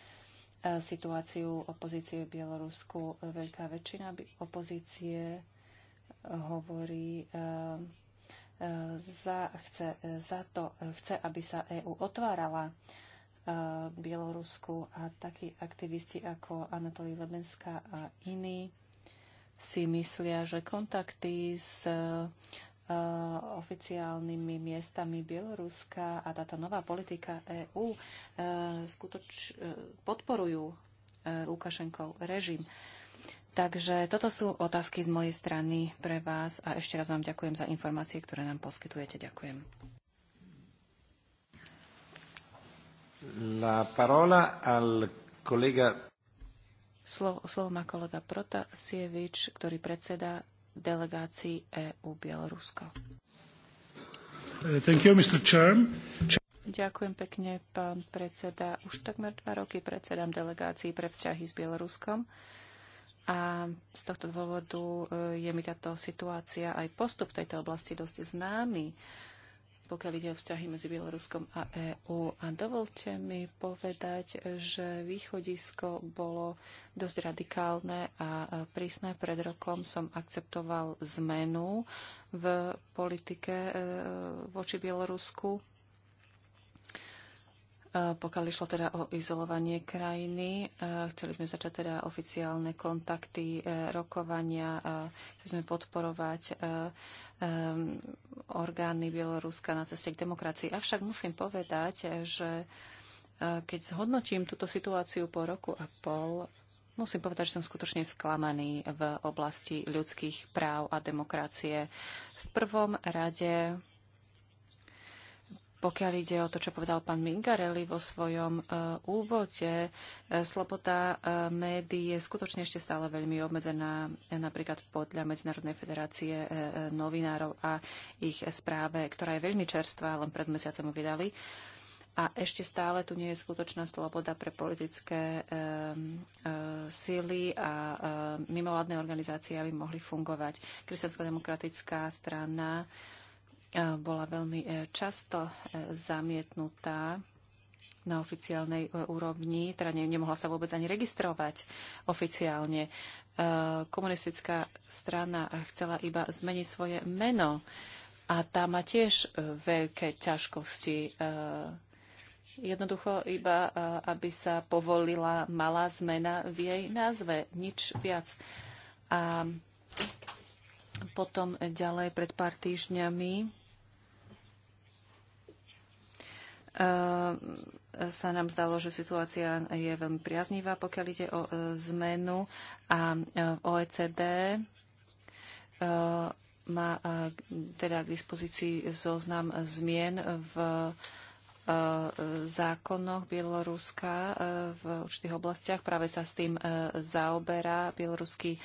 S2: situáciu opozície v Bielorusku? Veľká väčšina opozície e, hovorí e, za, chce, za to, chce, aby sa EÚ otvárala Bielorusku a takí aktivisti ako Anatolí Lebenská a iní si myslia, že kontakty s Eh, oficiálnymi miestami Bieloruska a táto nová politika EÚ eh, skutoč eh, podporujú Lukašenkov režim. Takže toto sú otázky z mojej strany pre vás a ešte raz vám ďakujem za informácie, ktoré nám poskytujete. Ďakujem.
S1: La parola al kolega...
S2: Slovo, slovo má kolega Protasievič, ktorý predseda delegácii EU Bielorusko. Eh, thank you, Mr. Ďakujem pekne, pán predseda. Už takmer dva roky predsedám delegácii pre vzťahy s Bieloruskom. A z tohto dôvodu eh, je mi táto situácia aj postup tejto oblasti dosť známy pokiaľ ide o vzťahy medzi Bieloruskom a EÚ. A dovolte mi povedať, že východisko bolo dosť radikálne a prísne. Pred rokom som akceptoval zmenu v politike e, voči Bielorusku E, pokiaľ išlo teda o izolovanie krajiny, e, chceli sme začať teda oficiálne kontakty, e, rokovania, chceli sme podporovať orgány Bieloruska na ceste k demokracii. Avšak musím povedať, že keď zhodnotím túto situáciu po roku a pol, musím povedať, že som skutočne sklamaný v oblasti ľudských práv a demokracie. V prvom rade pokiaľ ide o to, čo povedal pán Mingarelli vo svojom e, úvode, e, sloboda e, médií je skutočne ešte stále veľmi obmedzená napríklad podľa Medzinárodnej federácie novinárov a ich správe, ktorá je veľmi čerstvá, len pred mesiacom ju vydali. A ešte stále tu nie je skutočná sloboda pre politické e, e, síly a e, mimovládne organizácie, aby mohli fungovať. Kresťansko-demokratická strana e, bola veľmi e, často e, zamietnutá na oficiálnej e, úrovni, teda ne, nemohla sa vôbec ani registrovať oficiálne. Komunistická strana chcela iba zmeniť svoje meno a tá má tiež veľké ťažkosti. Jednoducho iba, aby sa povolila malá zmena v jej názve, nič viac. A potom ďalej pred pár týždňami Ehm, sa nám zdalo, že situácia je veľmi priaznivá, pokiaľ ide o e, zmenu a e, OECD e, má teda k dispozícii zoznam zmien v zákonoch Bieloruska v určitých oblastiach. Práve sa s tým zaoberá bieloruský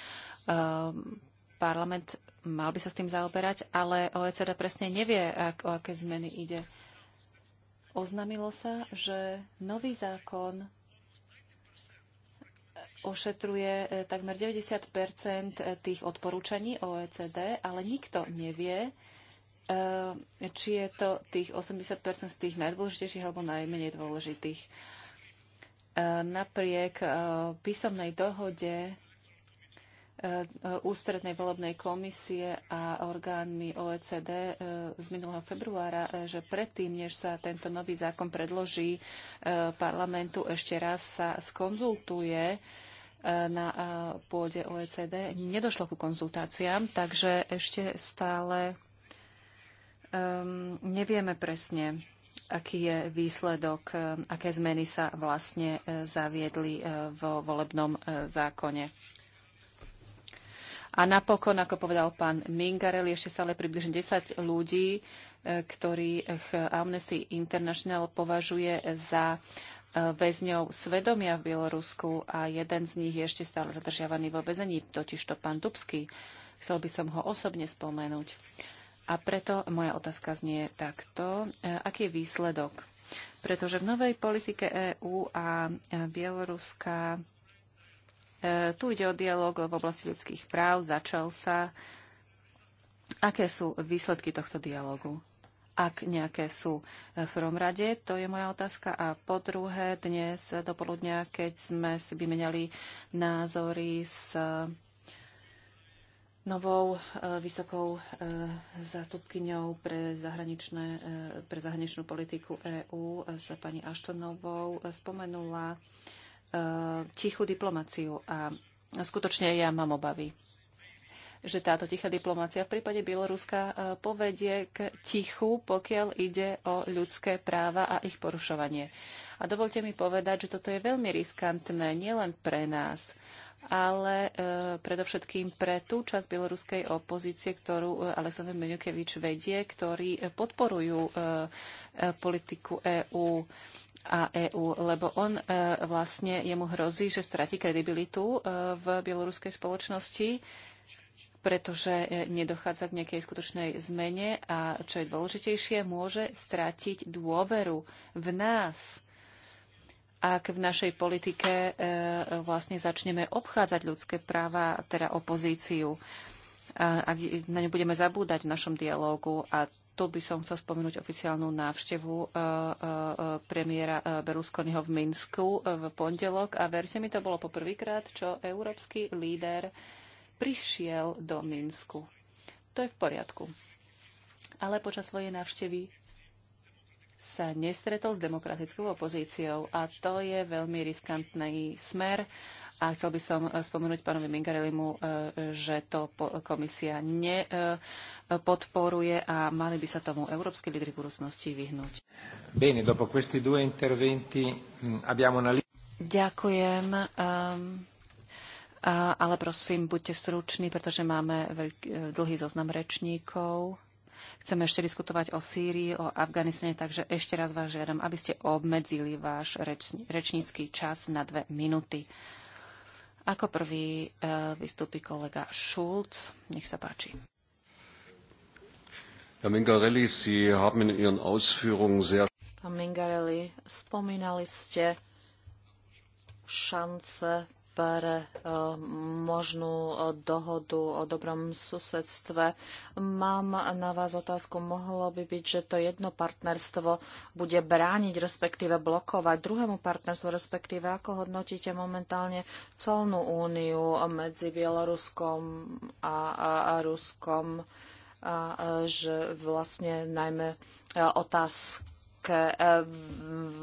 S2: parlament. Mal by sa s tým zaoberať, ale OECD presne nevie, o aké zmeny ide oznámilo sa, že nový zákon ošetruje e, takmer 90 e, tých odporúčaní OECD, ale nikto nevie, e, či je to tých 80 z tých najdôležitejších alebo najmenej dôležitých. Napriek písomnej dohode Eh, ústrednej volebnej komisie a orgánmi OECD eh, z minulého februára, eh, že predtým, než sa tento nový zákon predloží parlamentu, ešte raz sa skonzultuje na pôde OECD. Nedošlo ku konzultáciám, takže ešte stále um, nevieme presne, aký je výsledok, aké zmeny sa vlastne zaviedli vo volebnom zákone. A napokon, ako povedal pán Mingarel, ešte stále približne 10 ľudí, e, ktorých Amnesty International považuje za e, väzňov svedomia v Bielorusku a jeden z nich je ešte stále zadržiavaný vo väzení, totižto pán Dubský. Chcel by som ho osobne spomenúť. A preto moja otázka znie takto. E, aký je výsledok? Pretože v novej politike EÚ a Bieloruska E, tu ide o dialog v oblasti ľudských práv, začal sa. Aké sú výsledky tohto dialogu? ak nejaké sú e, v prvom rade. To je moja otázka. A po druhé, dnes do poludnia, keď sme si vymenali názory s e, novou vysokou zástupkyňou pre, pre zahraničnú politiku EÚ sa pani Aštonovou, spomenula Eh, tichú diplomáciu a skutočne ja mám obavy že táto tichá diplomácia v prípade Bieloruska eh, povedie k tichu, pokiaľ ide o ľudské práva a ich porušovanie. A dovolte mi povedať, že toto je veľmi riskantné nielen pre nás, ale e, predovšetkým pre tú časť bieloruskej opozície, ktorú Aleksandr Menukevič vedie, ktorí podporujú e, politiku EÚ a EÚ, lebo on e, vlastne jemu hrozí, že stratí kredibilitu e, v bieloruskej spoločnosti, pretože e, nedochádza k nejakej skutočnej zmene a čo je dôležitejšie, môže stratiť dôveru v nás ak v našej politike e, vlastne začneme obchádzať ľudské práva, teda opozíciu, a ak na ňu budeme zabúdať v našom dialógu. A tu by som chcel spomenúť oficiálnu návštevu eh, eh, premiéra eh, Berlusconiho v Minsku v pondelok a verte mi, to bolo poprvýkrát, čo európsky líder prišiel do Minsku. To je v poriadku. Ale počas svojej návštevy sa nestretol s demokratickou opozíciou a to je veľmi riskantný smer a chcel by som eh, spomenúť pánovi Mingarelimu, eh, že to komisia nepodporuje eh, a mali by sa tomu európsky lídry v budúcnosti vyhnúť.
S1: Bene, dopo questi due interventi mm, abbiamo una...
S2: Ďakujem. Um... A, ale prosím, buďte struční, pretože máme e, dlhý zoznam rečníkov. Chceme ešte diskutovať o Sýrii, o Afganistane, takže ešte raz vás žiadam, aby ste obmedzili váš reč, rečnícky čas na dve minúty. Ako prvý e, vystúpi kolega Schulz. Nech sa páči.
S3: Herr Mingarelli, Sie haben in Ihren Ausführungen sehr...
S1: Pán Mingarelli, spomínali ste šance pre eh, možnú eh, dohodu o dobrom susedstve. Mám na vás otázku, mohlo by byť, že to jedno partnerstvo bude brániť, respektíve blokovať druhému partnerstvu, respektíve ako hodnotíte momentálne colnú úniu medzi Bieloruskom a, a, a Ruskom, a, a že vlastne najmä eh, otázka E,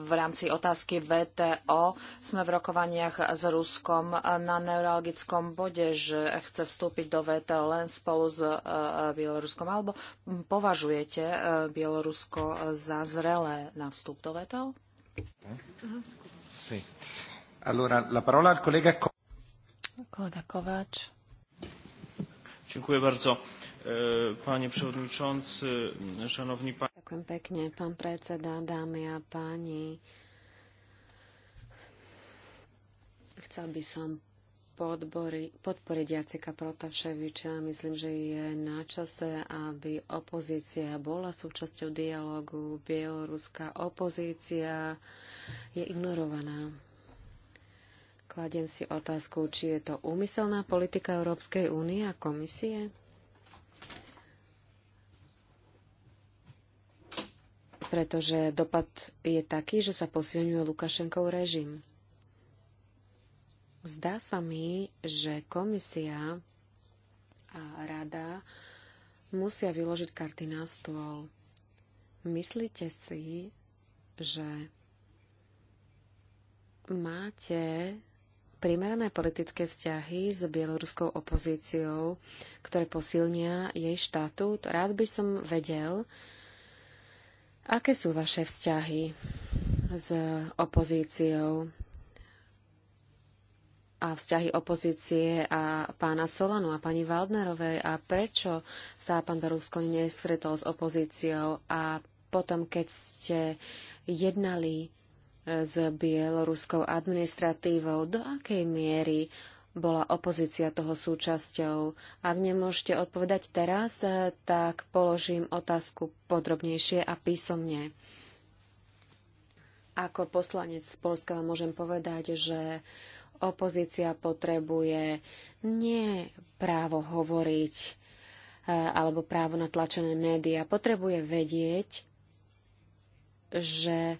S1: v rámci otázky VTO sme v rokovaniach s Ruskom na neurologickom bode, že chce vstúpiť do VTO len spolu s e, Bieloruskom, alebo považujete e, Bielorusko za zrelé na vstup do VTO? Sí. Allora, la parola al collega
S2: Kolega Kováč.
S1: Dziękuję bardzo. Panie Przewodniczący, Szanowni Panie.
S3: Ďakujem pekne, pán predseda, dámy a páni. Chcel by som podbori, podporiť Jacika Protaševiča. Myslím, že je na čase, aby opozícia bola súčasťou dialogu. Bieloruská opozícia je ignorovaná. Kladiem si otázku, či je to úmyselná politika Európskej únie a komisie? pretože dopad je taký, že sa posilňuje Lukašenkov režim. Zdá sa mi, že komisia a rada musia vyložiť karty na stôl. Myslíte si, že máte primerané politické vzťahy s bieloruskou opozíciou, ktoré posilnia jej štatút? Rád by som vedel, Aké sú vaše vzťahy s opozíciou a vzťahy opozície a pána Solanu a pani Waldnerovej a prečo sa pán Berlusko nestretol s opozíciou a potom, keď ste jednali s bieloruskou administratívou, do akej miery bola opozícia toho súčasťou. Ak nemôžete odpovedať teraz, eh, tak položím otázku podrobnejšie a písomne. Ako poslanec z Polska vám môžem povedať, že opozícia potrebuje nie právo hovoriť eh, alebo právo na tlačené médiá. Potrebuje vedieť, že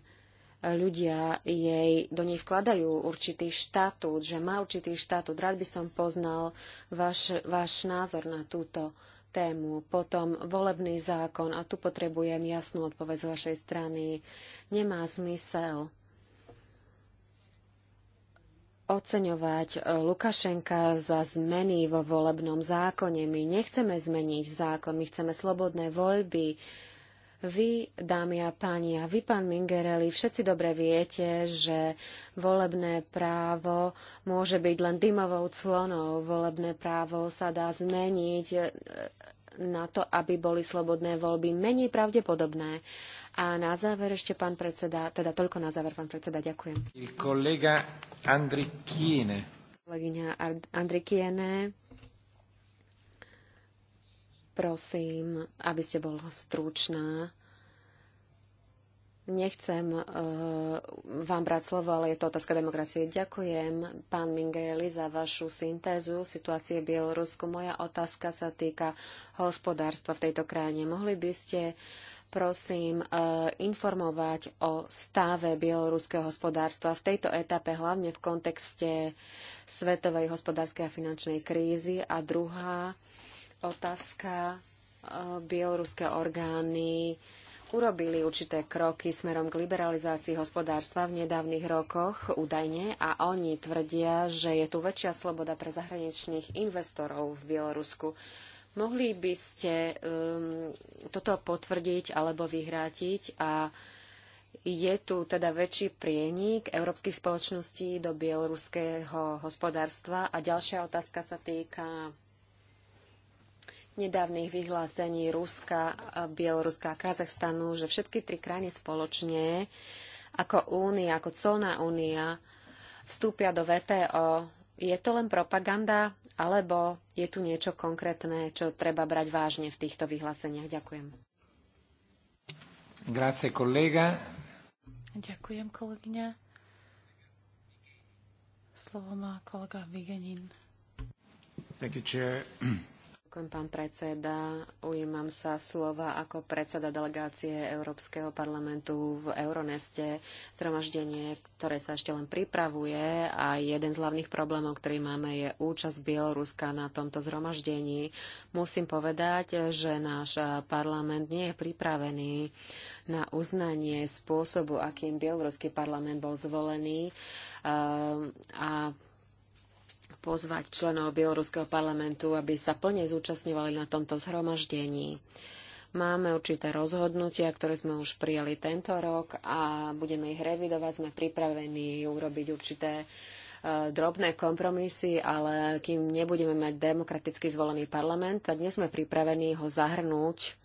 S3: ľudia jej do nej vkladajú určitý štatút, že má určitý štatút. Rád by som poznal váš, váš názor na túto tému, potom volebný zákon a tu potrebujem jasnú odpoveď z vašej strany. Nemá zmysel oceňovať e, Lukašenka za zmeny vo volebnom zákone. My nechceme zmeniť zákon, my chceme slobodné voľby, vy, dámy a páni, a vy, pán Mingereli, všetci dobre viete, že volebné právo môže byť len dymovou clonou. Volebné právo sa dá zmeniť e, na to, aby boli slobodné voľby menej pravdepodobné. A na záver ešte pán predseda, teda toľko na záver, pán predseda, ďakujem.
S1: Il kolega Kiene.
S3: Kolegyňa Andrikiene, prosím, aby ste bola stručná. Nechcem uh, vám brať slovo, ale je to otázka demokracie. Ďakujem, pán Mingeli, za vašu syntézu situácie v Bielorusku. Moja otázka sa týka hospodárstva v tejto krajine. Mohli by ste, prosím, uh, informovať o stave bieloruského hospodárstva v tejto etape, hlavne v kontekste svetovej hospodárskej a finančnej krízy? A druhá otázka, uh, bieloruské orgány uh, urobili určité kroky smerom k liberalizácii hospodárstva v nedávnych rokoch údajne a oni tvrdia, že je tu väčšia sloboda pre zahraničných investorov v Bielorusku. Mohli by ste um, toto potvrdiť alebo vyhrátiť a je tu teda väčší prienik európskych spoločností do bieloruského hospodárstva. A ďalšia otázka sa týka nedávnych vyhlásení Ruska, Bieloruska a Kazachstanu, že všetky tri krajiny spoločne ako únia, ako colná únia vstúpia do VTO. Je to len propaganda, alebo je tu niečo konkrétne, čo treba brať vážne v týchto vyhláseniach?
S2: Ďakujem.
S1: Grazie, kolega.
S2: Ďakujem, kolegyňa. Slovo má kolega Vigenin.
S1: Thank you, chair.
S3: Ďakujem, pán predseda. Ujímam sa slova ako predseda delegácie Európskeho parlamentu v Euroneste, zhromaždenie, ktoré sa ešte len pripravuje a jeden z hlavných problémov, ktorý máme, je účasť Bieloruska na tomto zhromaždení. Musím povedať, že náš parlament nie je pripravený na uznanie spôsobu, akým Bieloruský parlament bol zvolený a pozvať členov Bieloruského parlamentu, aby sa plne zúčastňovali na tomto zhromaždení. Máme určité rozhodnutia, ktoré sme už prijali tento rok a budeme ich revidovať. Sme pripravení urobiť určité e, drobné kompromisy, ale kým nebudeme mať demokraticky zvolený parlament, tak dnes sme pripravení ho zahrnúť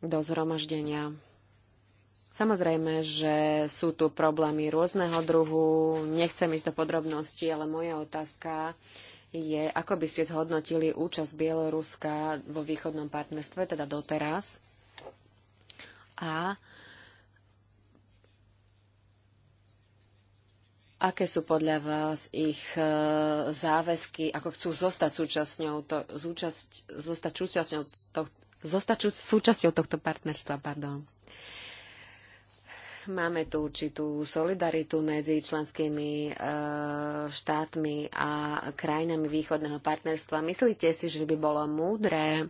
S3: do zhromaždenia. Samozrejme, že sú tu problémy rôzneho druhu. Nechcem ísť do podrobností, ale moja otázka je, ako by ste zhodnotili účasť Bieloruska vo východnom partnerstve, teda doteraz. A aké sú podľa vás ich e, záväzky, ako chcú zostať súčasťou, to, zúčasť, zostať súčasťou, to, zostať súčasťou tohto partnerstva. Pardon. Uh, Máme tu určitú solidaritu medzi členskými e, štátmi a krajinami východného partnerstva. Myslíte si, že by bolo múdre,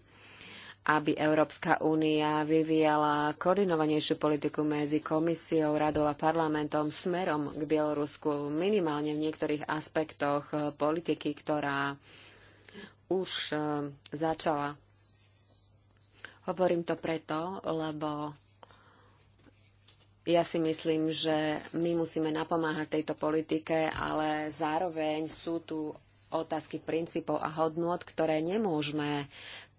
S3: aby Európska únia vyvíjala koordinovanejšiu politiku medzi komisiou, radou a parlamentom smerom k Bielorusku, minimálne v niektorých aspektoch e, politiky, ktorá už e, začala. Hovorím to preto, lebo ja si myslím, že my musíme napomáhať tejto politike, ale zároveň sú tu otázky princípov a hodnôt, ktoré nemôžeme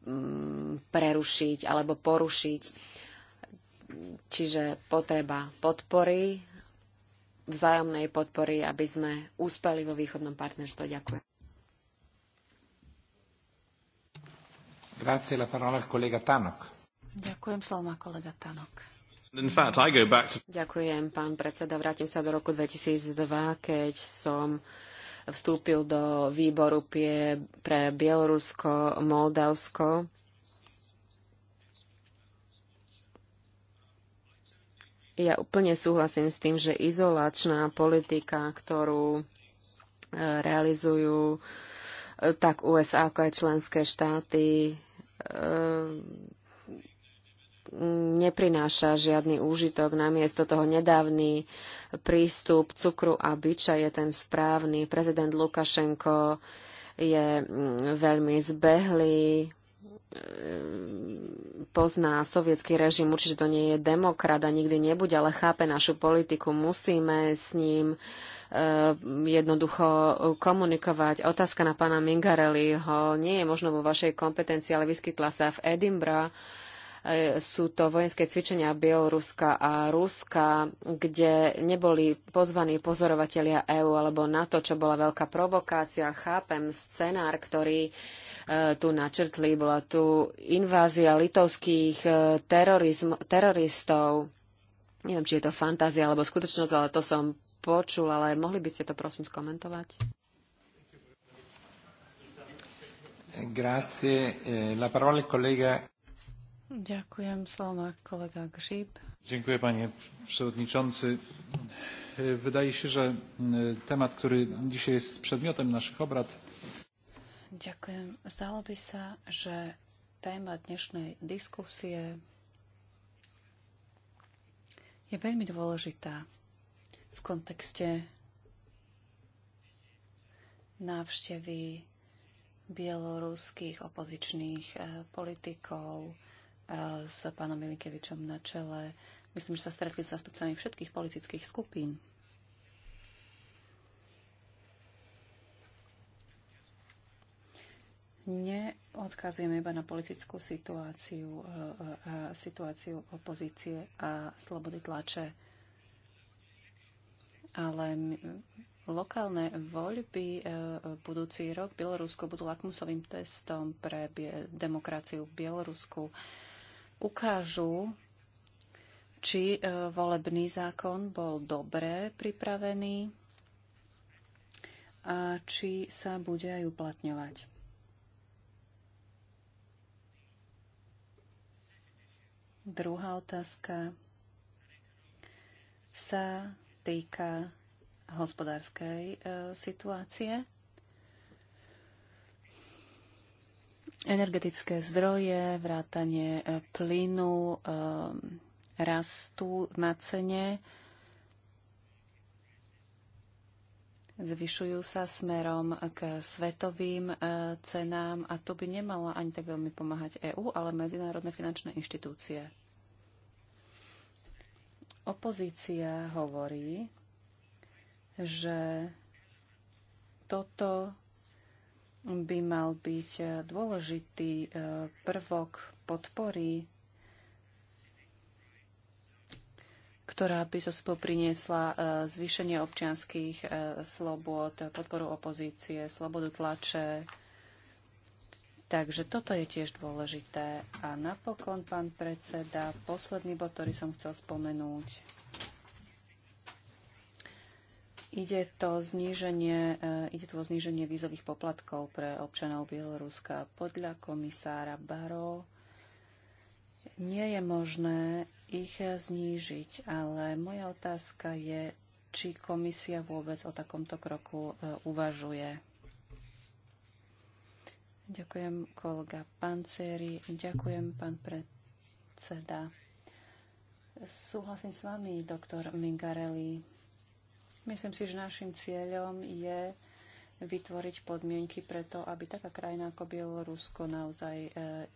S3: mm, prerušiť alebo porušiť. Čiže potreba podpory, vzájomnej podpory, aby sme úspeli vo východnom
S2: partnerstve. Ďakujem.
S1: Grazie, la parola al collega Tanok.
S2: Ďakujem, slovo kolega Tanok.
S1: Ďakujem,
S3: pán predseda. Vrátim sa do roku 2002, keď som vstúpil do výboru pre Bielorusko, Moldavsko. Ja úplne súhlasím s tým, že izolačná politika, ktorú e, realizujú e, tak USA, ako aj členské štáty, e, neprináša žiadny úžitok. Namiesto toho nedávny prístup cukru a byča je ten správny. Prezident Lukašenko je mm, veľmi zbehlý, mm, pozná sovietský režim, určite to nie je demokrat a nikdy nebude, ale chápe našu politiku. Musíme s ním eh, jednoducho komunikovať. Otázka na pána Mingareliho nie je možno vo vašej kompetencii, ale vyskytla sa v Edinburgh E, sú to vojenské cvičenia Bieloruska a Ruska, kde neboli pozvaní pozorovatelia EÚ alebo NATO, čo bola veľká provokácia. Chápem scenár, ktorý e, tu načrtli. Bola tu invázia litovských e, terorizm, teroristov. Neviem, či je to fantázia alebo skutočnosť, ale to som počul, ale mohli by ste to prosím skomentovať?
S1: Grazie. La parola il collega
S2: Ďakujem, slovo kolega Grzyb.
S1: Dziękuję panie przewodniczący. Wydaje się, że temat, który dzisiaj jest przedmiotem naszych obrad.
S2: Ďakujem. Zdalo by sa, že téma dnešnej diskusie je veľmi dôležitá v kontexte návštevy bieloruských opozičných eh, politikov s pánom Milinkevičom na čele. Myslím, že sa stretli s zastupcami všetkých politických skupín. Neodkazujeme iba na politickú situáciu, e, e, a situáciu opozície a slobody tlače, ale lokálne voľby e, budúci rok Bielorusko budú lakmusovým testom pre demokraciu v Bielorusku ukážu, či e, volebný zákon bol dobre pripravený a či sa bude aj uplatňovať. Druhá otázka sa týka hospodárskej e, situácie. energetické zdroje, vrátanie e, plynu, e, rastu na cene. Zvyšujú sa smerom k svetovým e, cenám a to by nemala ani tak veľmi pomáhať EÚ, ale medzinárodné finančné inštitúcie. Opozícia hovorí, že toto by mal byť e, dôležitý e, prvok podpory, ktorá by so sebou priniesla e, zvýšenie občianských slobod, podporu opozície, slobodu tlače. Takže toto je tiež dôležité. A napokon, pán predseda, posledný bod, ktorý som chcel spomenúť Ide, to zníženie, e, ide tu o zníženie vízových poplatkov pre občanov Bieloruska. Podľa komisára Baro nie je možné ich znížiť, ale moja otázka je, či komisia vôbec o takomto kroku e, uvažuje. Ďakujem kolega Panceri, ďakujem pán predseda. Súhlasím s vami, doktor Mingarelli Myslím si, že našim cieľom je vytvoriť podmienky preto, aby taká krajina ako Bielorusko naozaj e,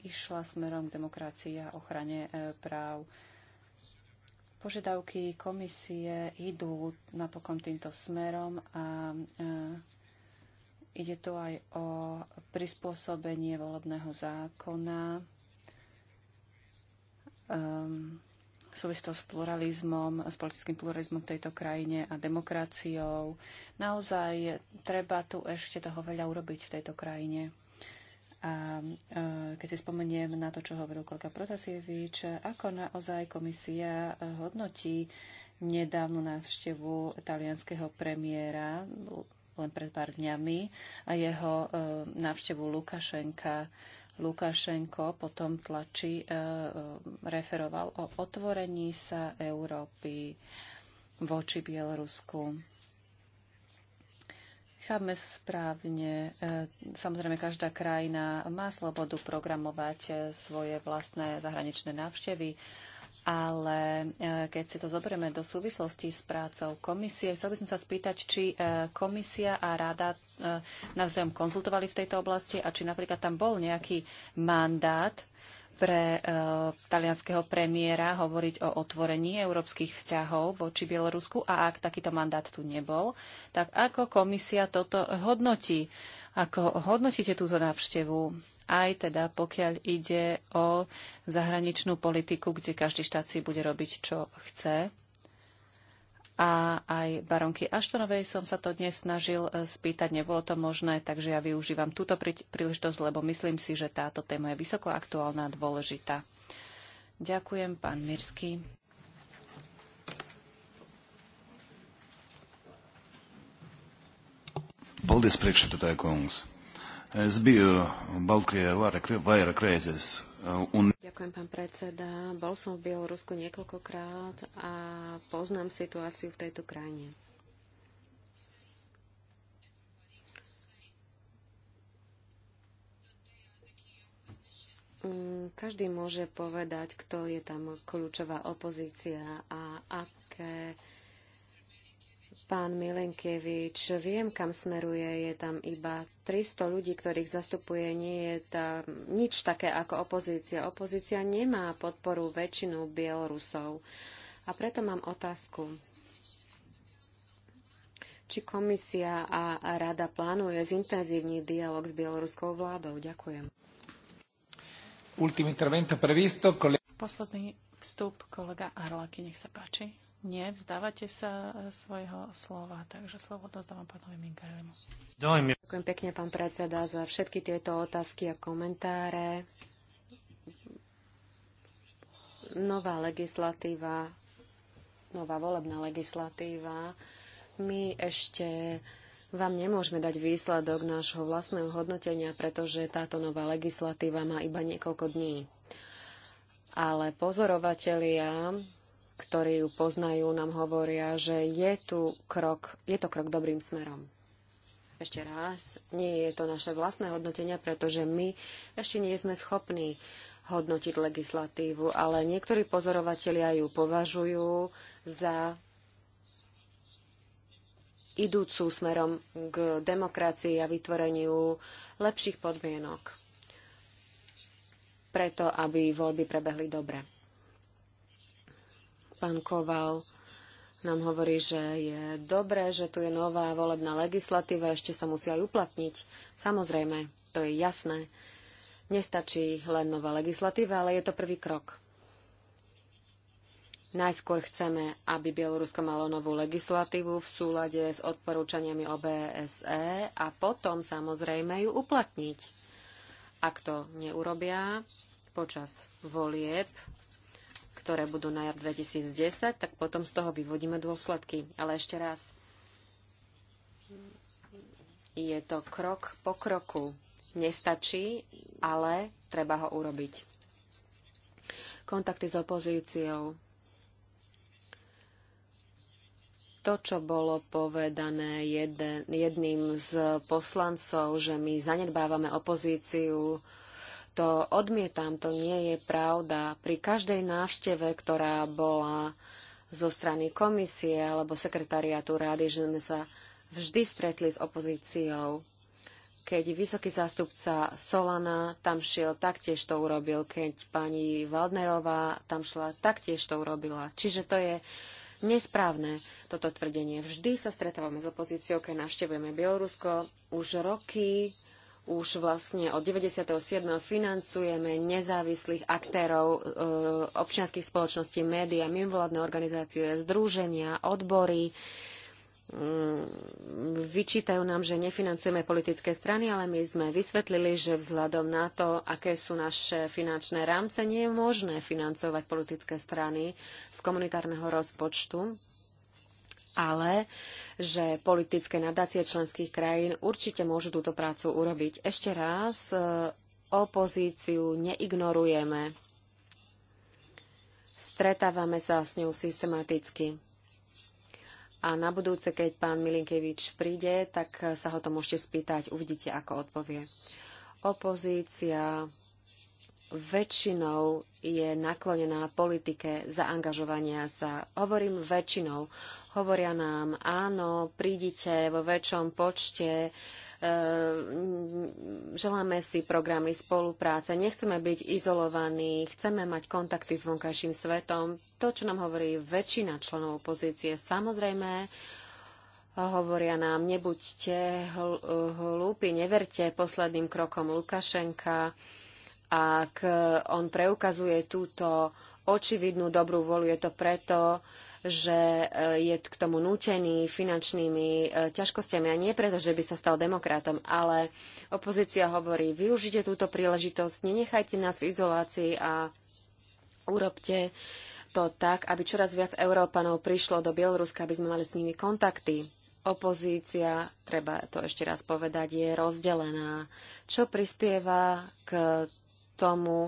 S2: išla smerom k demokracii a ochrane e, práv. Požiadavky komisie idú napokon týmto smerom a e, ide tu aj o prispôsobenie volebného zákona. Um, Súvisí to s pluralizmom, s politickým pluralizmom v tejto krajine a demokraciou. Naozaj treba tu ešte toho veľa urobiť v tejto krajine. A e, keď si spomeniem na to, čo hovoril kolega Protasievič, ako naozaj komisia hodnotí nedávnu návštevu talianského premiéra len pred pár dňami a jeho e, návštevu Lukašenka Lukašenko potom tlači e, e, referoval o otvorení sa Európy voči Bielorusku. Chápme správne, e, samozrejme každá krajina má slobodu programovať svoje vlastné zahraničné návštevy, ale e, keď si to zoberieme do súvislosti s prácou komisie, chcel by som sa spýtať, či e, komisia a rada e, navzájom konzultovali v tejto oblasti a či napríklad tam bol nejaký mandát pre e, talianského premiéra hovoriť o otvorení európskych vzťahov voči Bielorusku a ak takýto mandát tu nebol, tak ako komisia toto hodnotí? Ako hodnotíte túto návštevu? Aj teda pokiaľ ide o zahraničnú politiku, kde každý štát si bude robiť, čo chce. A aj baronky Aštonovej som sa to dnes snažil eh, spýtať, nebolo to možné, takže ja využívam túto príležitosť, lebo myslím si, že táto téma je vysoko aktuálna a dôležitá. Ďakujem, pán Mirsky.
S1: Paldies priekšsēdētāja kungs. Es biju Baltkrievijā vairāk reizes. Uh, un...
S3: Ďakujem, pán predseda. Bol som v Bielorusku niekoľkokrát a poznám situáciu v tejto krajine. Mm, každý môže povedať, kto je tam kľúčová opozícia a aké Pán Milenkevič, viem, kam smeruje. Je tam iba 300 ľudí, ktorých zastupuje. Nie je tam nič také ako opozícia. Opozícia nemá podporu väčšinu Bielorusov. A preto mám otázku či komisia a rada plánuje zintenzívny dialog s bieloruskou vládou. Ďakujem.
S2: Posledný vstup, kolega Arlaky, nech sa páči. Nie, vzdávate sa e, svojho slova, takže slovo zdávam pánovi Minkaremu.
S1: Ďakujem
S3: pekne, pán predseda, za všetky tieto otázky a komentáre. Nová legislatíva, nová volebná legislatíva. My ešte vám nemôžeme dať výsledok nášho vlastného hodnotenia, pretože táto nová legislatíva má iba niekoľko dní. Ale pozorovatelia ktorí ju poznajú, nám hovoria, že je tu krok, je to krok dobrým smerom. Ešte raz, nie je to naše vlastné hodnotenie, pretože my ešte nie sme schopní hodnotiť legislatívu, ale niektorí pozorovatelia ju považujú za idúcu smerom k demokracii a vytvoreniu lepších podmienok preto, aby voľby prebehli dobre. Pán Koval nám hovorí, že je dobré, že tu je nová volebná legislatíva, ešte sa musí aj uplatniť. Samozrejme, to je jasné. Nestačí len nová legislatíva, ale je to prvý krok. Najskôr chceme, aby Bielorusko malo novú legislatívu v súlade s odporúčaniami OBSE a potom samozrejme ju uplatniť. Ak to neurobia počas volieb, ktoré budú na jar 2010, tak potom z toho vyvodíme dôsledky. Ale ešte raz, je to krok po kroku. Nestačí, ale treba ho urobiť. Kontakty s opozíciou. To, čo bolo povedané jedným z poslancov, že my zanedbávame opozíciu, to odmietam, to nie je pravda. Pri každej návšteve, ktorá bola zo strany komisie alebo sekretariatu rady, že sme sa vždy stretli s opozíciou. Keď vysoký zástupca Solana tam šiel, taktiež to urobil. Keď pani Valdnerová tam šla, taktiež to urobila. Čiže to je nesprávne, toto tvrdenie. Vždy sa stretávame s opozíciou, keď navštevujeme Bielorusko. Už roky už vlastne od 97. financujeme nezávislých aktérov, e, občianských spoločností, médiá, mimovládne organizácie, združenia, odbory. Mm, vyčítajú nám, že nefinancujeme politické strany, ale my sme vysvetlili, že vzhľadom na to, aké sú naše finančné rámce, nie je možné financovať politické strany z komunitárneho rozpočtu ale že politické nadácie členských krajín určite môžu túto prácu urobiť. Ešte raz, e, opozíciu neignorujeme. Stretávame sa s ňou systematicky. A na budúce, keď pán Milinkevič príde, tak sa ho to môžete spýtať. Uvidíte, ako odpovie. Opozícia väčšinou je naklonená politike zaangažovania sa. Hovorím väčšinou. Hovoria nám, áno, prídite vo väčšom počte, e, želáme si programy spolupráce, nechceme byť izolovaní, chceme mať kontakty s vonkajším svetom. To, čo nám hovorí väčšina členov opozície, samozrejme, hovoria nám, nebuďte hlúpi, neverte posledným krokom Lukašenka. Ak on preukazuje túto očividnú dobrú volu, je to preto, že eh, je k tomu nútený finančnými eh, ťažkosťami a nie preto, že by sa stal demokratom, ale opozícia hovorí, využite túto príležitosť, nenechajte nás v izolácii a urobte to tak, aby čoraz viac Európanov prišlo do Bieloruska, aby sme mali s nimi kontakty. Opozícia, treba to ešte raz povedať, je rozdelená, čo prispieva k tomu,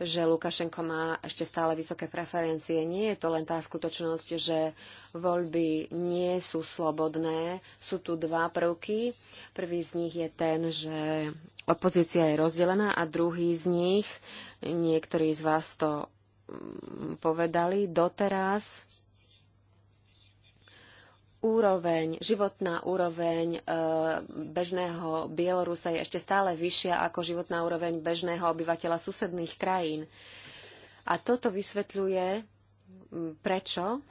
S3: že Lukašenko má ešte stále vysoké preferencie. Nie je to len tá skutočnosť, že voľby nie sú slobodné. Sú tu dva prvky. Prvý z nich je ten, že opozícia je rozdelená a druhý z nich, niektorí z vás to mm, povedali, doteraz úroveň, životná úroveň e, bežného Bielorusa je ešte stále vyššia ako životná úroveň bežného obyvateľa susedných krajín. A toto vysvetľuje, prečo,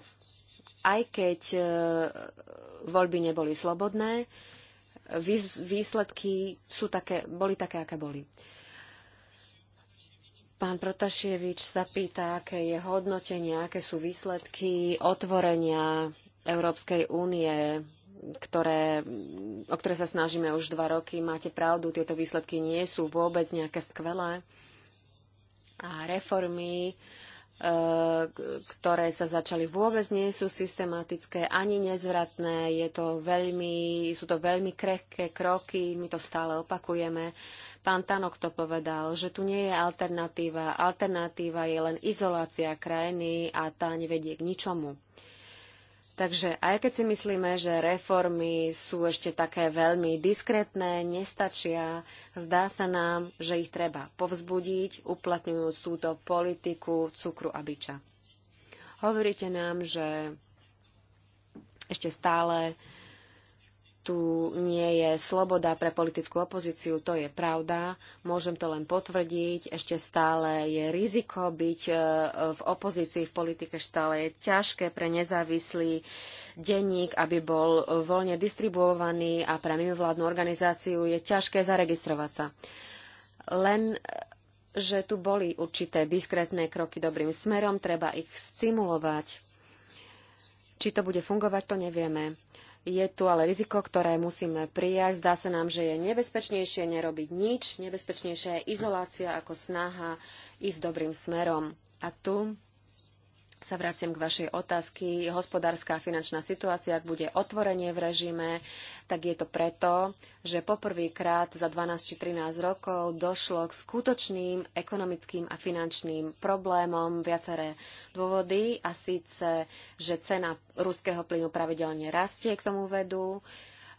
S3: aj keď e, voľby neboli slobodné, výsledky sú také, boli také, aké boli. Pán Protaševič sa pýta, aké je hodnotenie, aké sú výsledky otvorenia Európskej únie, ktoré, o ktoré sa snažíme už dva roky. Máte pravdu, tieto výsledky nie sú vôbec nejaké skvelé. A reformy, e, ktoré sa začali vôbec nie sú systematické ani nezvratné. Je to veľmi, sú to veľmi krehké kroky, my to stále opakujeme. Pán Tanok to povedal, že tu nie je alternatíva. Alternatíva je len izolácia krajiny a tá nevedie k ničomu. Takže aj keď si myslíme, že reformy sú ešte také veľmi diskrétne, nestačia, zdá sa nám, že ich treba povzbudiť, uplatňujúc túto politiku cukru a biča. Hovoríte nám, že ešte stále tu nie je sloboda pre politickú opozíciu, to je pravda, môžem to len potvrdiť, ešte stále je riziko byť e, v opozícii v politike, stále je ťažké pre nezávislý denník, aby bol voľne distribuovaný a pre mimovládnu organizáciu je ťažké zaregistrovať sa. Len e, že tu boli určité diskrétne kroky dobrým smerom, treba ich stimulovať. Či to bude fungovať, to nevieme. Je tu ale riziko, ktoré musíme prijať. Zdá sa nám, že je nebezpečnejšie nerobiť nič, nebezpečnejšia je izolácia ako snaha ísť dobrým smerom. A tu sa vraciam k vašej otázky. Hospodárska a finančná situácia, ak bude otvorenie v režime, tak je to preto, že poprvýkrát za 12 či 13 rokov došlo k skutočným ekonomickým a finančným problémom viaceré dôvody a síce, že cena ruského plynu pravidelne rastie, k tomu vedu.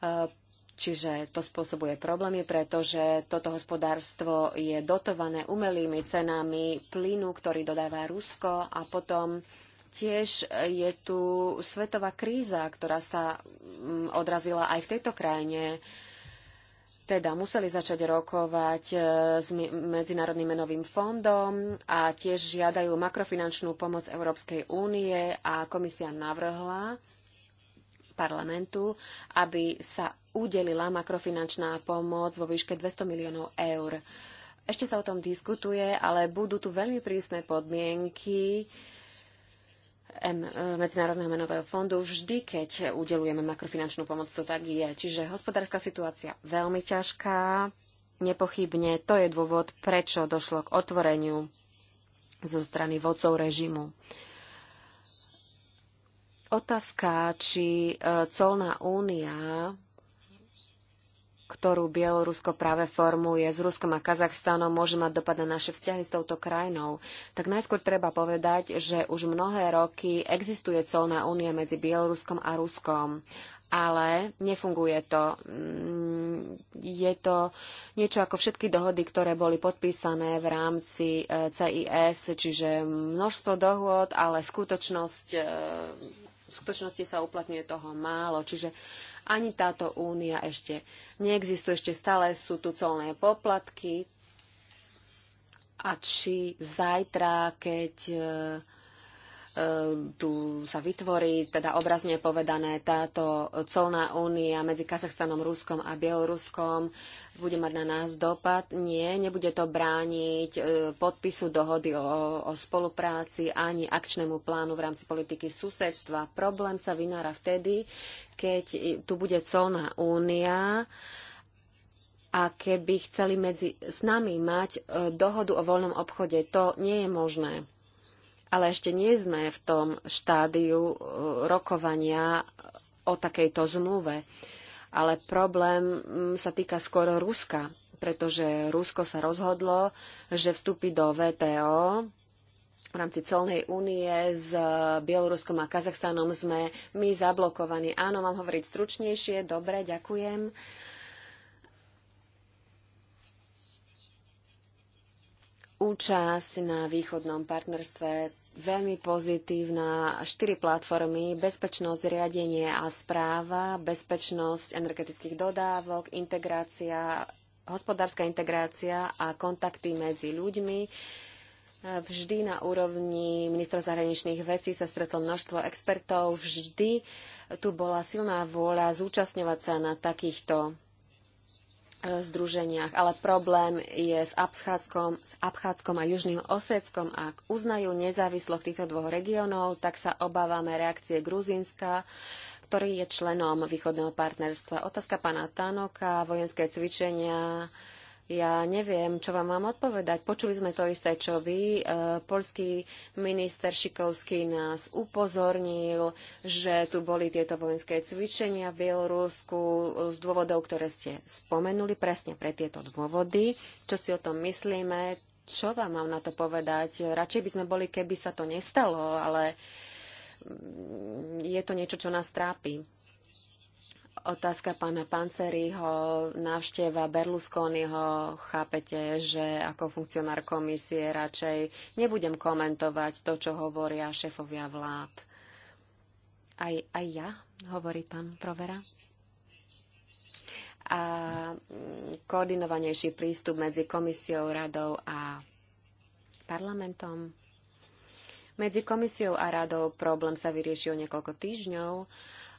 S3: E, Čiže to spôsobuje problémy, pretože toto hospodárstvo je dotované umelými cenami plynu, ktorý dodáva Rusko a potom tiež je tu svetová kríza, ktorá sa mm, odrazila aj v tejto krajine. Teda museli začať rokovať e, s Medzinárodným menovým fondom a tiež žiadajú makrofinančnú pomoc Európskej únie a komisia navrhla parlamentu, aby sa udelila makrofinančná pomoc vo výške 200 miliónov eur. Ešte sa o tom diskutuje, ale budú tu veľmi prísne podmienky Medzinárodného menového fondu. Vždy, keď udelujeme makrofinančnú pomoc, to tak je. Čiže hospodárska situácia veľmi ťažká. Nepochybne to je dôvod, prečo došlo k otvoreniu zo strany vodcov režimu. Otázka, či e, colná únia, ktorú Bielorusko práve formuje s Ruskom a Kazachstanom, môže mať dopad na naše vzťahy s touto krajinou, tak najskôr treba povedať, že už mnohé roky existuje colná únia medzi Bieloruskom a Ruskom. Ale nefunguje to. Mm, je to niečo ako všetky dohody, ktoré boli podpísané v rámci e, CIS, čiže množstvo dohôd, ale skutočnosť e, v skutočnosti sa uplatňuje toho málo. Čiže ani táto únia ešte neexistuje, ešte stále sú tu colné poplatky. A či zajtra, keď e, E, tu sa vytvorí, teda obrazne povedané, táto colná únia medzi Kazachstanom, Ruskom a Bieloruskom bude mať na nás dopad? Nie, nebude to brániť e, podpisu dohody o, o spolupráci ani akčnému plánu v rámci politiky susedstva. Problém sa vynára vtedy, keď tu bude colná únia a keby chceli medzi s nami mať e, dohodu o voľnom obchode, to nie je možné ale ešte nie sme v tom štádiu e, rokovania o takejto zmluve. Ale problém mm, sa týka skoro Ruska, pretože Rusko sa rozhodlo, že vstúpi do VTO, v rámci celnej únie s Bieloruskom a Kazachstanom sme my zablokovaní. Áno, mám hovoriť stručnejšie, dobre, ďakujem. Účasť na východnom partnerstve veľmi pozitívna. Štyri platformy, bezpečnosť, riadenie a správa, bezpečnosť energetických dodávok, integrácia, hospodárska integrácia a kontakty medzi ľuďmi. Vždy na úrovni ministrov zahraničných vecí sa stretlo množstvo expertov. Vždy tu bola silná vôľa zúčastňovať sa na takýchto Eh, združeniach, ale problém je s Abchádskom, s Abchádskom a Južným Oseckom. Ak uznajú nezávislosť týchto dvoch regiónov, tak sa obávame reakcie Gruzínska, ktorý je členom východného partnerstva. Otázka pána Tanoka, vojenské cvičenia ja neviem, čo vám mám odpovedať. Počuli sme to isté, čo vy. E, polský minister Šikovský nás upozornil, že tu boli tieto vojenské cvičenia v Bielorusku z dôvodov, ktoré ste spomenuli, presne pre tieto dôvody. Čo si o tom myslíme? Čo vám mám na to povedať? Radšej by sme boli, keby sa to nestalo, ale
S2: mm,
S3: je to niečo, čo nás trápi. Otázka pána Panceriho, návšteva Berlusconiho, chápete, že ako funkcionár komisie radšej nebudem komentovať to, čo hovoria šefovia vlád. Aj, aj ja, hovorí pán Provera. A mm, koordinovanejší prístup medzi komisiou, radou a parlamentom. Medzi komisiou a radou problém sa vyriešil niekoľko týždňov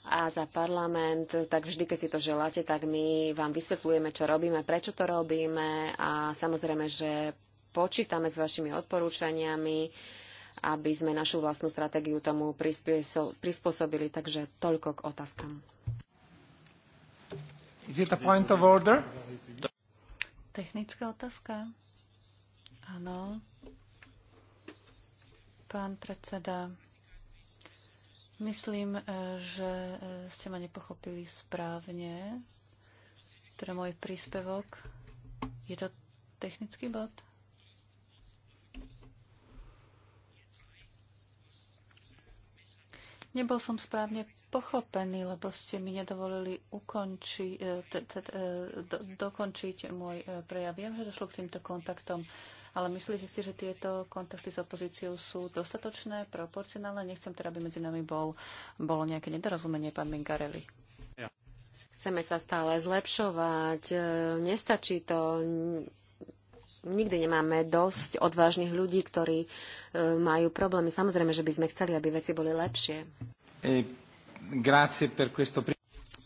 S3: a za parlament, tak vždy, keď si to želáte, tak my vám vysvetlujeme, čo robíme, prečo to robíme a samozrejme, že počítame s vašimi odporúčaniami, aby sme našu vlastnú stratégiu tomu prispôsobili. Takže
S2: toľko k otázkam. Is it a point of order? Technická otázka. Áno. Pán predseda, Myslím, eh, že eh, ste ma nepochopili správne. Teda môj príspevok. Je to technický bod? Nebol som správne pochopený, lebo ste mi nedovolili ukonči, eh, t, t, t, do, dokončiť môj prejav. Viem, že došlo k týmto kontaktom ale myslíte si, že tieto kontakty s opozíciou sú dostatočné, proporcionálne? Nechcem teda, aby medzi nami bol, bolo nejaké nedorozumenie, pán Mingarelli. Ja. Chceme sa stále zlepšovať. E,
S3: nestačí to nikdy nemáme dosť odvážnych ľudí, ktorí e, majú problémy. Samozrejme, že by sme chceli, aby veci boli lepšie.
S2: E,
S1: grazie per questo...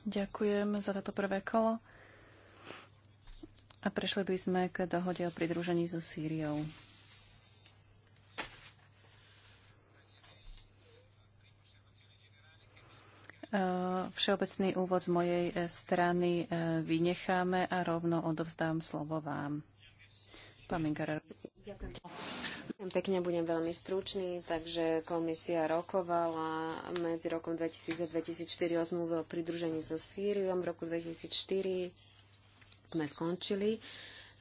S2: Ďakujem za toto prvé kolo. A prešli by sme k dohode o pridružení so Sýriou. E, všeobecný úvod z mojej e, strany e, vynecháme a rovno odovzdám slovo vám. Pán Minkarer. Ďakujem pekne,
S3: budem veľmi stručný. Takže komisia rokovala medzi rokom 2000 a 2004 o zmluve o pridružení so Sýriom. V roku 2004 sme skončili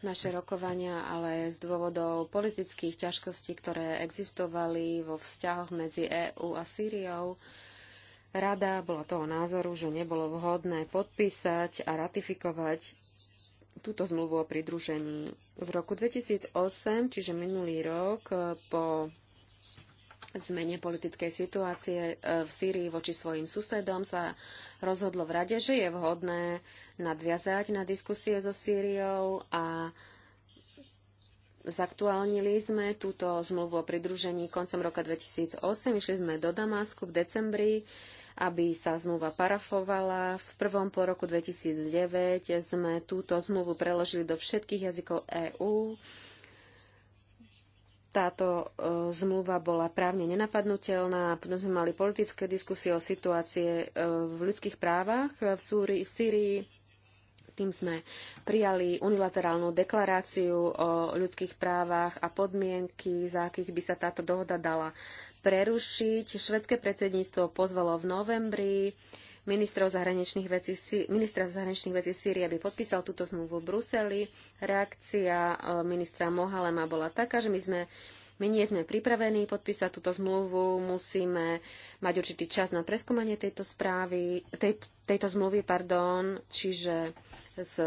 S3: naše rokovania, ale z dôvodov politických ťažkostí, ktoré existovali vo vzťahoch medzi EÚ a Sýriou, Rada bola toho názoru, že nebolo vhodné podpísať a ratifikovať túto zmluvu o pridružení. V roku 2008, čiže minulý rok, po zmene politickej situácie e, v Sýrii voči svojim susedom sa rozhodlo v rade, že je vhodné nadviazať na diskusie so Sýriou a zaktuálnili sme túto zmluvu o pridružení koncom roka 2008. Išli sme do Damásku v decembri, aby sa zmluva parafovala. V prvom po roku 2009 sme túto zmluvu preložili do všetkých jazykov EÚ táto e, zmluva bola právne nenapadnutelná. Potom sme mali politické diskusie o situácie e, v ľudských právach v, Súrii, v Sýrii. Tým sme prijali unilaterálnu deklaráciu o ľudských právach a podmienky, za akých by sa táto dohoda dala prerušiť. Švedské predsedníctvo pozvalo v novembri ministrov zahraničných vecí, ministra zahraničných vecí Sýrie by podpísal túto zmluvu v Bruseli. Reakcia e, ministra Mohalema bola taká, že my sme my nie sme pripravení podpísať túto zmluvu, musíme mať určitý čas na preskúmanie tejto správy, tej, tejto zmluvy, pardon, čiže s,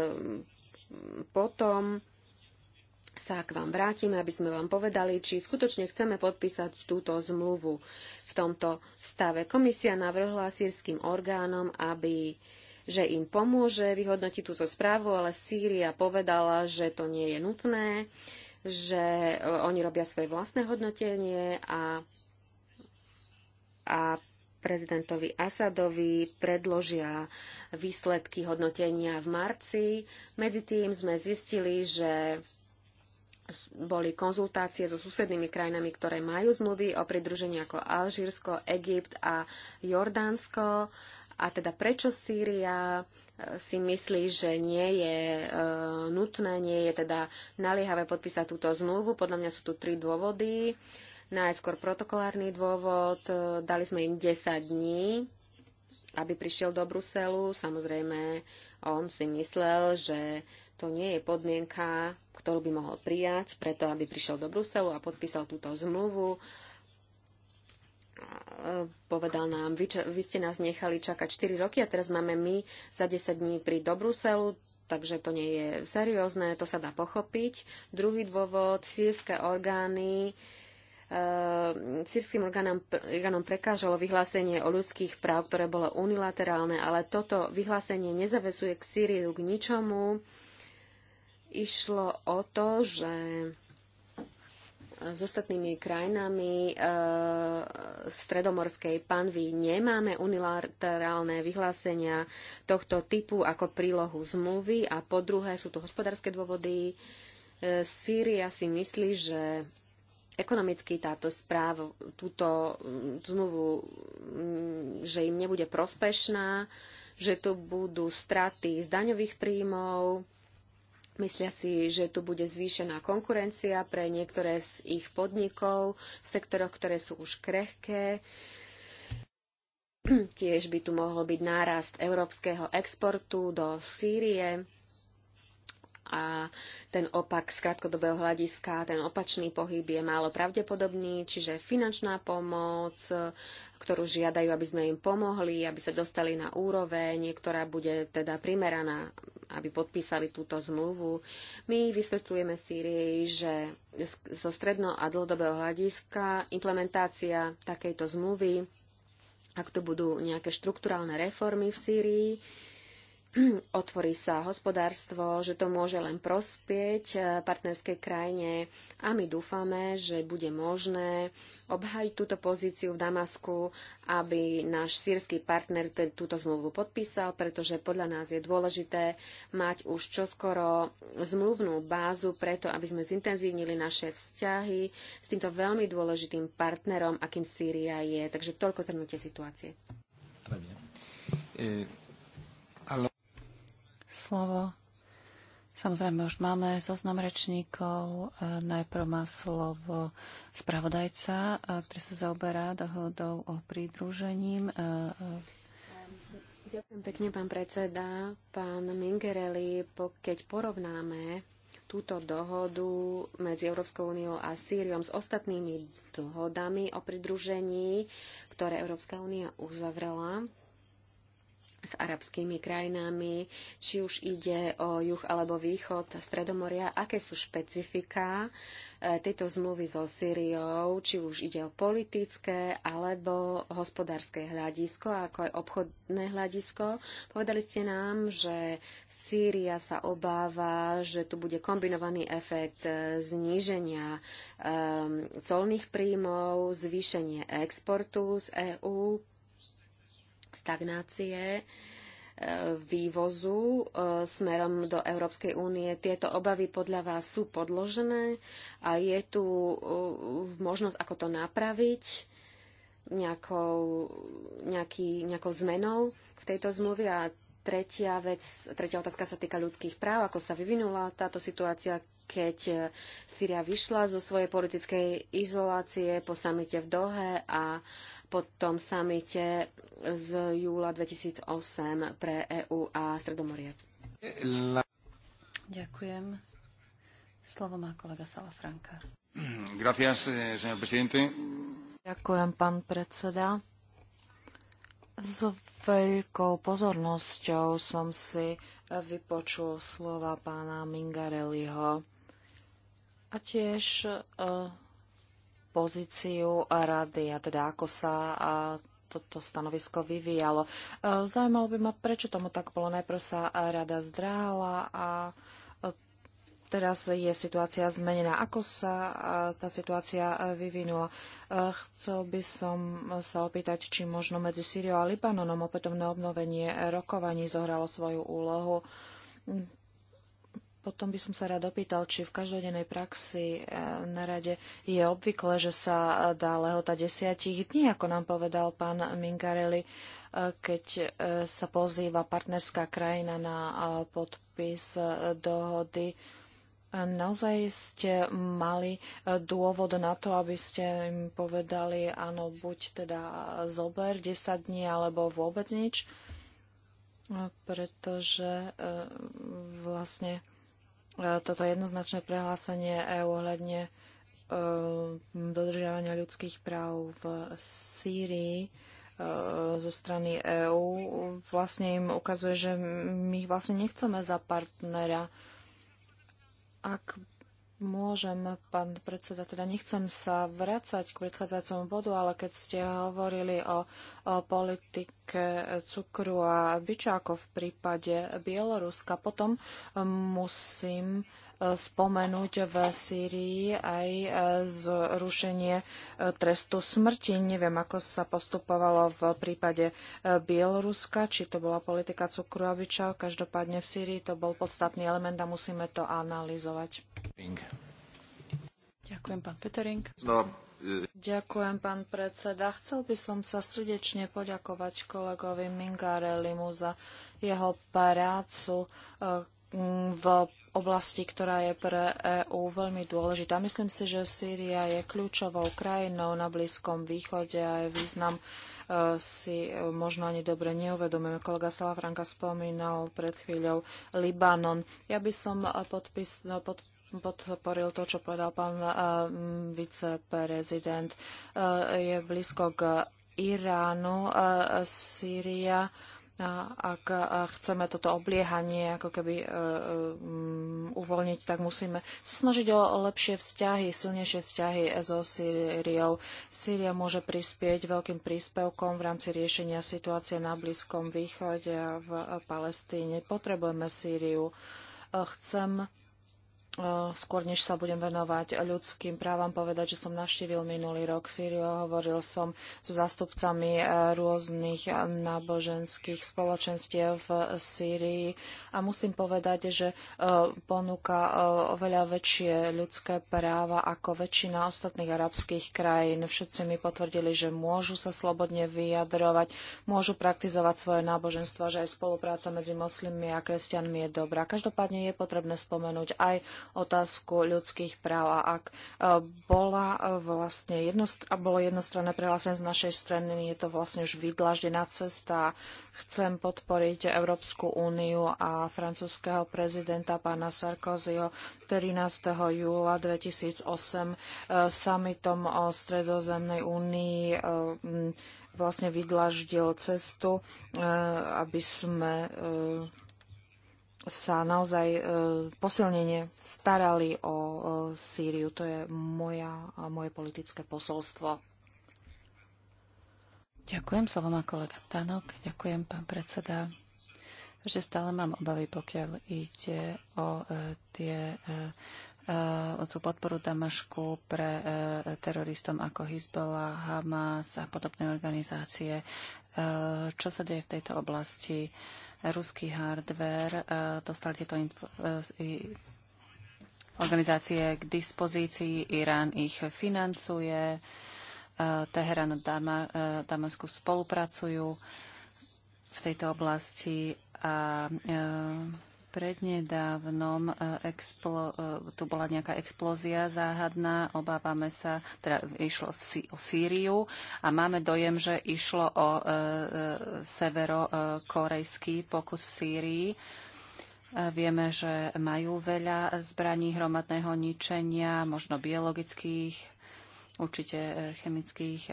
S3: potom sa k vám vrátime, aby sme vám povedali, či skutočne chceme podpísať túto zmluvu. V tomto stave komisia navrhla sírským orgánom, aby že im pomôže vyhodnotiť túto správu, ale Sýria povedala, že to nie je nutné, že e, oni robia svoje vlastné hodnotenie a, a prezidentovi Asadovi predložia výsledky hodnotenia v marci. Medzi tým sme zistili, že boli konzultácie so susednými krajinami, ktoré majú zmluvy o pridružení ako Alžírsko, Egypt a Jordánsko. A teda prečo Sýria e, si myslí, že nie je e, nutné, nie je teda naliehavé podpísať túto zmluvu. Podľa mňa sú tu tri dôvody. Najskôr protokolárny dôvod. E, dali sme im 10 dní, aby prišiel do Bruselu. Samozrejme, on si myslel, že to nie je podmienka, ktorú by mohol prijať, preto aby prišiel do Bruselu a podpísal túto zmluvu. Povedal nám, vy, čo, vy ste nás nechali čakať 4 roky a teraz máme my za 10 dní prísť do Bruselu, takže to nie je seriózne, to sa dá pochopiť. Druhý dôvod, sírske orgány, Uh, sírským orgánom, orgánom prekážalo vyhlásenie o ľudských práv, ktoré bolo unilaterálne, ale toto vyhlásenie nezavesuje k Sýriu k ničomu. Išlo o to, že s ostatnými krajinami e, stredomorskej panvy nemáme unilaterálne vyhlásenia tohto typu ako prílohu zmluvy a po druhé sú tu hospodárske dôvody. E, Sýria si myslí, že ekonomicky táto správa, túto mm, zmluvu, mm, že im nebude prospešná, že tu budú straty z daňových príjmov, Myslia si, že tu bude zvýšená konkurencia pre niektoré z ich podnikov v sektoroch, ktoré sú už krehké. Tiež by tu mohol byť nárast európskeho exportu do Sýrie a ten opak z krátkodobého hľadiska, ten opačný pohyb je málo pravdepodobný, čiže finančná pomoc, e, ktorú žiadajú, aby sme im pomohli, aby sa dostali na úroveň, ktorá bude teda primeraná, aby podpísali túto zmluvu. My vysvetľujeme Sýrii, že zo stredno- a dlhodobého hľadiska implementácia takejto zmluvy, ak tu budú nejaké štruktúrálne reformy v Sýrii, [clears throat] otvorí sa hospodárstvo, že to môže len prospieť eh, partnerskej krajine a my dúfame, že bude možné obhajiť túto pozíciu v Damasku, aby náš sírsky partner túto zmluvu podpísal, pretože podľa nás je dôležité mať už čoskoro zmluvnú bázu preto, aby sme zintenzívnili naše vzťahy s týmto veľmi dôležitým partnerom, akým Sýria je. Takže toľko zhrnutie situácie
S2: slovo. Samozrejme, už máme zoznam rečníkov. E, najprv má slovo spravodajca, e, ktorý sa zaoberá dohodou o pridružením. E,
S3: Ďakujem pekne, pán predseda. Pán Mingerelli, keď porovnáme túto dohodu medzi Európskou úniou a Sýriom s ostatnými dohodami o pridružení, ktoré Európska únia uzavrela s arabskými krajinami, či už ide o juh alebo východ Stredomoria, aké sú špecifiká e, tejto zmluvy so Syriou, či už ide o politické alebo hospodárske hľadisko, ako aj obchodné hľadisko. Povedali ste nám, že Sýria sa obáva, že tu bude kombinovaný efekt e, zníženia um, colných príjmov, zvýšenie exportu z EÚ stagnácie e, vývozu e, smerom do Európskej únie. Tieto obavy podľa vás sú podložené a je tu e, možnosť, ako to napraviť nejakou, nejaký, nejakou zmenou v tejto zmluve. A tretia vec, tretia otázka sa týka ľudských práv, ako sa vyvinula táto situácia, keď Syria vyšla zo svojej politickej izolácie po samite v Dohe a po tom samite z júla 2008 pre EÚ a Stredomorie.
S2: Ďakujem. Slovo má kolega Salafranka. Gracias, eh, señor presidente.
S1: Ďakujem, pán predseda. S veľkou pozornosťou som si vypočul slova pána Mingareliho a tiež uh, pozíciu rady a teda ako sa toto stanovisko vyvíjalo. E, zaujímalo by ma, prečo tomu tak bolo. Najprv sa rada zdrála, a e, teraz je situácia zmenená. Ako sa e, tá situácia vyvinula? Chcel by som sa opýtať, či možno medzi Syriou a Libanonom opätovné obnovenie rokovaní zohralo svoju úlohu. Potom by som sa rád opýtal, či v každodennej praxi e, na rade je obvykle, že sa dá lehota desiatich dní, ako nám povedal pán Mingarelli, e, keď e, sa pozýva partnerská krajina na podpis dohody. Naozaj ste mali dôvod na to, aby ste im povedali, áno, buď teda zober 10 dní alebo vôbec nič, pretože vlastne E, toto jednoznačné prehlásenie EÚ ohľadne e, dodržiavania ľudských práv v Sýrii e, zo strany EÚ vlastne im ukazuje, že my ich vlastne nechceme za partnera. Ak Môžem, pán predseda, teda nechcem sa vrácať k predchádzajúcemu bodu, ale keď ste hovorili o, o politike cukru a byčákov v prípade Bieloruska, potom musím spomenúť v Sýrii aj e, zrušenie e, trestu smrti. Neviem, ako sa postupovalo v prípade e, Bieloruska, či to bola politika Cukroviča. Každopádne v Sýrii to bol podstatný element a musíme to analyzovať. Ďakujem, pán Petering. No. Ďakujem, pán predseda. Chcel by som sa srdečne poďakovať kolegovi Mingarelimu za jeho prácu, v oblasti, ktorá je pre EÚ veľmi dôležitá. Myslím si, že Sýria je kľúčovou krajinou na Blízkom východe a je význam e, si možno ani dobre neuvedomujeme. Kolega Salafranka spomínal pred chvíľou Libanon. Ja by som e, podpis, no, pod, podporil to, čo povedal pán e, viceprezident. Je blízko k Iránu, Sýria ak e, chceme toto obliehanie ako keby e, e, uvoľniť, tak musíme sa snažiť o lepšie vzťahy, silnejšie vzťahy so Sýriou. Sýria môže prispieť veľkým príspevkom v rámci riešenia situácie na Blízkom východe a v Palestíne. Potrebujeme Sýriu. Chcem E, skôr než sa budem venovať ľudským právam, povedať, že som navštívil minulý rok Sýriu a hovoril som so zástupcami e, rôznych náboženských spoločenstiev v Sýrii a musím povedať, že e, ponúka oveľa väčšie ľudské práva ako väčšina ostatných arabských krajín. Všetci mi potvrdili, že môžu sa slobodne vyjadrovať, môžu praktizovať svoje náboženstvo, že aj spolupráca medzi moslimmi a kresťanmi je dobrá. Každopádne je potrebné spomenúť aj otázku ľudských práv. A ak e, bola e, vlastne jednost, a bolo jednostranné prehlásenie z našej strany, je to vlastne už vydlaždená cesta. Chcem podporiť Európsku úniu a francúzského prezidenta pána Sarkozyho 13. júla 2008 e, summitom o Stredozemnej únii vlastne vydlaždil cestu, aby sme sa naozaj e, posilnenie starali o e, Sýriu. To je moja, moje politické posolstvo.
S2: Ďakujem, slovo má kolega Tanok. Ďakujem, pán predseda. Že stále mám obavy, pokiaľ ide o e, tie o tú podporu Damašku pre teroristom ako Hezbollah, Hamas a podobné organizácie. Čo sa deje v tejto oblasti? ruský hardware e, dostali tieto e, organizácie k dispozícii, Irán ich financuje, e, Teherán a Dama, Damasku spolupracujú v tejto oblasti a prednedávnom e, explo, e, tu bola nejaká explózia záhadná, obávame sa, teda išlo v o Sýriu a máme dojem, že išlo o e, e severokorejský pokus v Sýrii. Vieme, že majú veľa zbraní hromadného ničenia, možno biologických, určite chemických. E,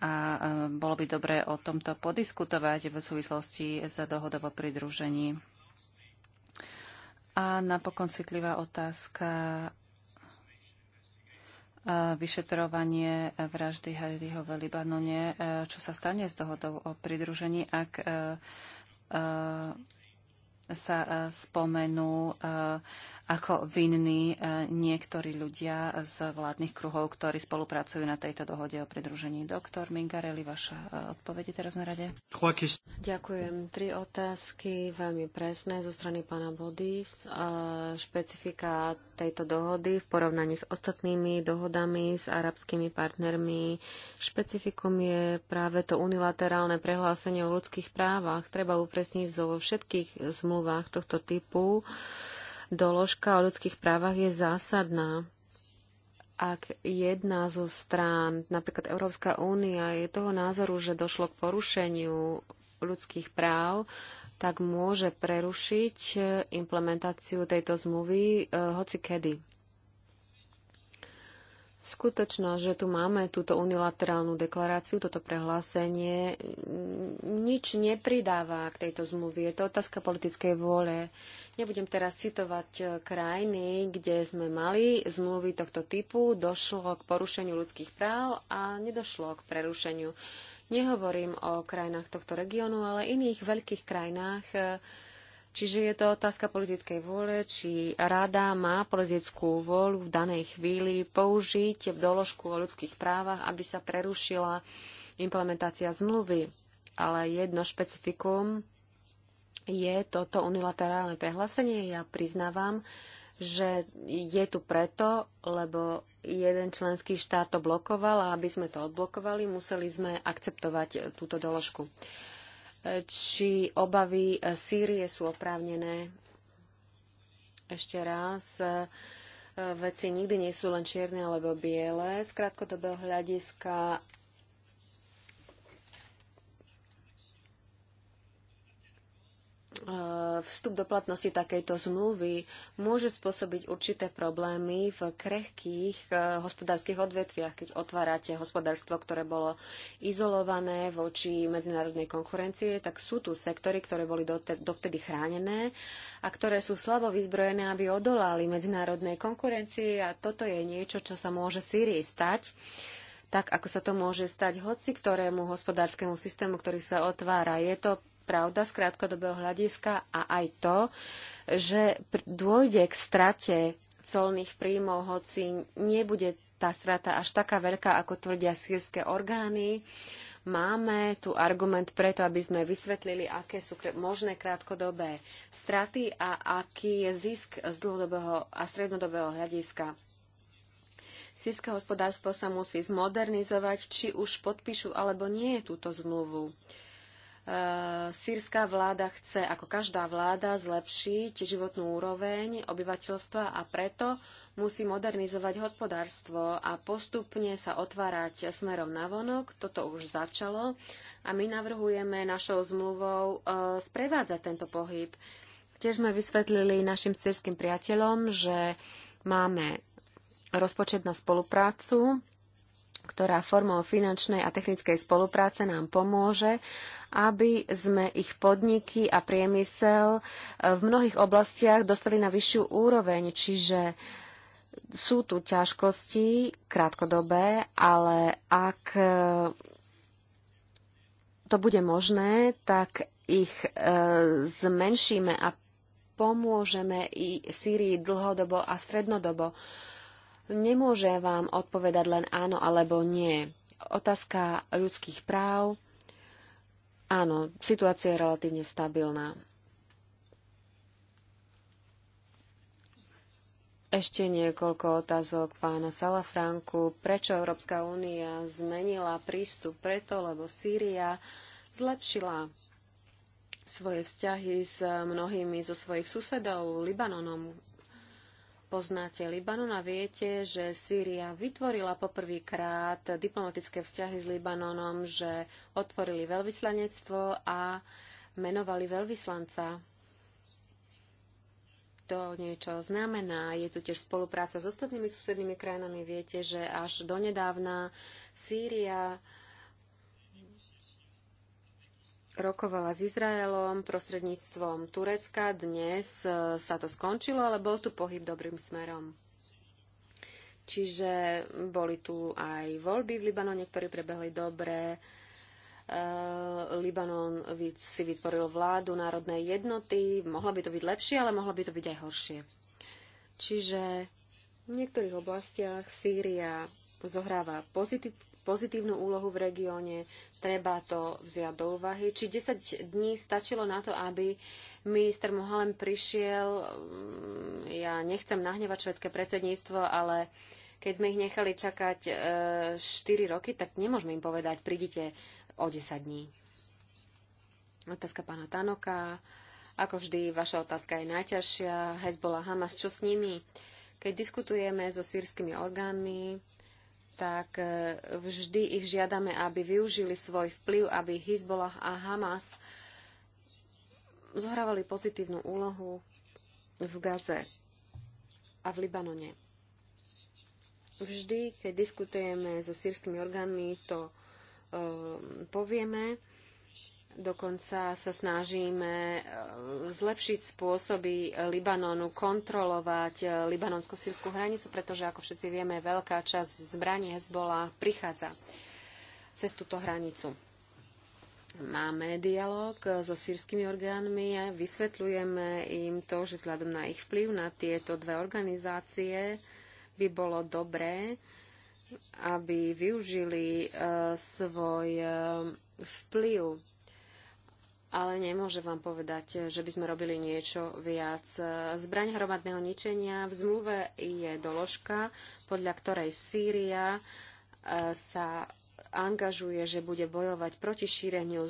S2: a e, bolo by dobré o tomto podiskutovať v súvislosti s dohodou o pridružení. A napokon citlivá otázka e, vyšetrovanie vraždy Haridiho v Libanone. E, čo sa stane s dohodou o pridružení, ak sa e, spomenú e, ako vinní e, niektorí ľudia z vládnych kruhov, ktorí spolupracujú na tejto dohode o pridružení. Doktor Mingarelli, vaša odpovede teraz na rade. Ďakujem. Tri otázky, veľmi presné zo strany pána Body.
S3: Špecifika tejto dohody v porovnaní s ostatnými dohodami s arabskými partnermi. Špecifikum je práve to unilaterálne prehlásenie o ľudských právach. Treba upresniť zo všetkých zmluv zmluvách tohto typu doložka o ľudských právach je zásadná. Ak jedna zo strán, napríklad Európska únia, je toho názoru, že došlo k porušeniu ľudských práv, tak môže prerušiť implementáciu tejto zmluvy eh, hoci kedy skutočnosť, že tu máme túto unilaterálnu deklaráciu, toto prehlásenie, nič nepridáva k tejto zmluvi. Je to otázka politickej vôle. Nebudem teraz citovať e, krajiny, kde sme mali zmluvy tohto typu, došlo k porušeniu ľudských práv a nedošlo k prerušeniu. Nehovorím o krajinách tohto regiónu, ale iných veľkých krajinách, e, Čiže je to otázka politickej vôle, či rada má politickú vôľu v danej chvíli použiť v doložku o ľudských právach, aby sa prerušila implementácia zmluvy. Ale jedno špecifikum je toto unilaterálne prehlásenie. Ja priznávam, že je tu preto, lebo jeden členský štát to blokoval a aby sme to odblokovali, museli sme akceptovať túto doložku. Uh, či obavy Sýrie sú oprávnené. Ešte raz, veci nikdy nie sú len čierne alebo biele. Z krátkodobého hľadiska E, vstup do platnosti takejto zmluvy môže spôsobiť určité problémy v krehkých e, hospodárskych odvetviach, keď otvárate hospodárstvo, ktoré bolo izolované voči medzinárodnej konkurencie, tak sú tu sektory, ktoré boli dovtedy chránené a ktoré sú slabo vyzbrojené, aby odolali medzinárodnej konkurencii a toto je niečo, čo sa môže Sýrii stať tak ako sa to môže stať hoci ktorému hospodárskemu systému, ktorý sa otvára. Je to pravda z krátkodobého hľadiska a aj to, že dôjde k strate colných príjmov, hoci nebude tá strata až taká veľká, ako tvrdia sírske orgány. Máme tu argument preto, aby sme vysvetlili, aké sú možné krátkodobé straty a aký je zisk z dlhodobého a strednodobého hľadiska. Sírske hospodárstvo sa musí zmodernizovať, či už podpíšu alebo nie túto zmluvu. E, sírska vláda chce, ako každá vláda, zlepšiť životnú úroveň obyvateľstva a preto musí modernizovať hospodárstvo a postupne sa otvárať smerom na vonok. Toto už začalo a my navrhujeme našou zmluvou e, sprevádzať tento pohyb. Tiež sme vysvetlili našim sírskym priateľom, že máme rozpočet na spoluprácu ktorá formou finančnej a technickej spolupráce nám pomôže, aby sme ich podniky a priemysel e, v mnohých oblastiach dostali na vyššiu úroveň. Čiže sú tu ťažkosti krátkodobé, ale ak e, to bude možné, tak ich e, zmenšíme a pomôžeme i Sýrii dlhodobo a strednodobo. Nemôže vám odpovedať len áno alebo nie. Otázka ľudských práv. Áno, situácia je relatívne stabilná. Ešte niekoľko otázok pána Salafranku. Prečo Európska únia zmenila prístup? Preto, lebo Sýria zlepšila svoje vzťahy s mnohými zo svojich susedov, Libanonom, poznáte Libanon a viete, že Sýria vytvorila poprvýkrát diplomatické vzťahy s Libanonom, že otvorili veľvyslanectvo a menovali veľvyslanca. To niečo znamená. Je tu tiež spolupráca s ostatnými susednými krajinami. Viete, že až donedávna Sýria rokovala s Izraelom prostredníctvom Turecka. Dnes e, sa to skončilo, ale bol tu pohyb dobrým smerom. Čiže boli tu aj voľby v Libanone, ktoré prebehli dobre. E, Libanon si vytvoril vládu národnej jednoty. Mohlo by to byť lepšie, ale mohlo by to byť aj horšie. Čiže v niektorých oblastiach Sýria zohráva pozití- pozitívnu úlohu v regióne, treba to vziať do úvahy. Či 10 dní stačilo na to, aby minister Mohalem prišiel, mm, ja nechcem nahnevať švedské predsedníctvo, ale keď sme ich nechali čakať 4 e, roky, tak nemôžeme im povedať, prídite o 10 dní. Otázka pána Tanoka. Ako vždy, vaša otázka je najťažšia. Hezbollah Hamas, čo s nimi? Keď diskutujeme so sírskymi orgánmi, tak e, vždy ich žiadame, aby využili svoj vplyv, aby Hezbollah a Hamas zohrávali pozitívnu úlohu v Gaze a v Libanone. Vždy, keď diskutujeme so sírskymi orgánmi, to um, povieme. Dokonca sa snažíme e, zlepšiť spôsoby Libanonu, kontrolovať e, libanonsko-sírskú hranicu, pretože, ako všetci vieme, veľká časť zbraní Hezbola prichádza cez túto hranicu. Máme dialog e, so sírskymi orgánmi vysvetľujeme im to, že vzhľadom na ich vplyv na tieto dve organizácie by bolo dobré, aby využili svoj vplyv ale nemôže vám povedať, že by sme robili niečo viac. Zbraň hromadného ničenia v zmluve je doložka, podľa ktorej Sýria e, sa angažuje, že bude bojovať proti šíreniu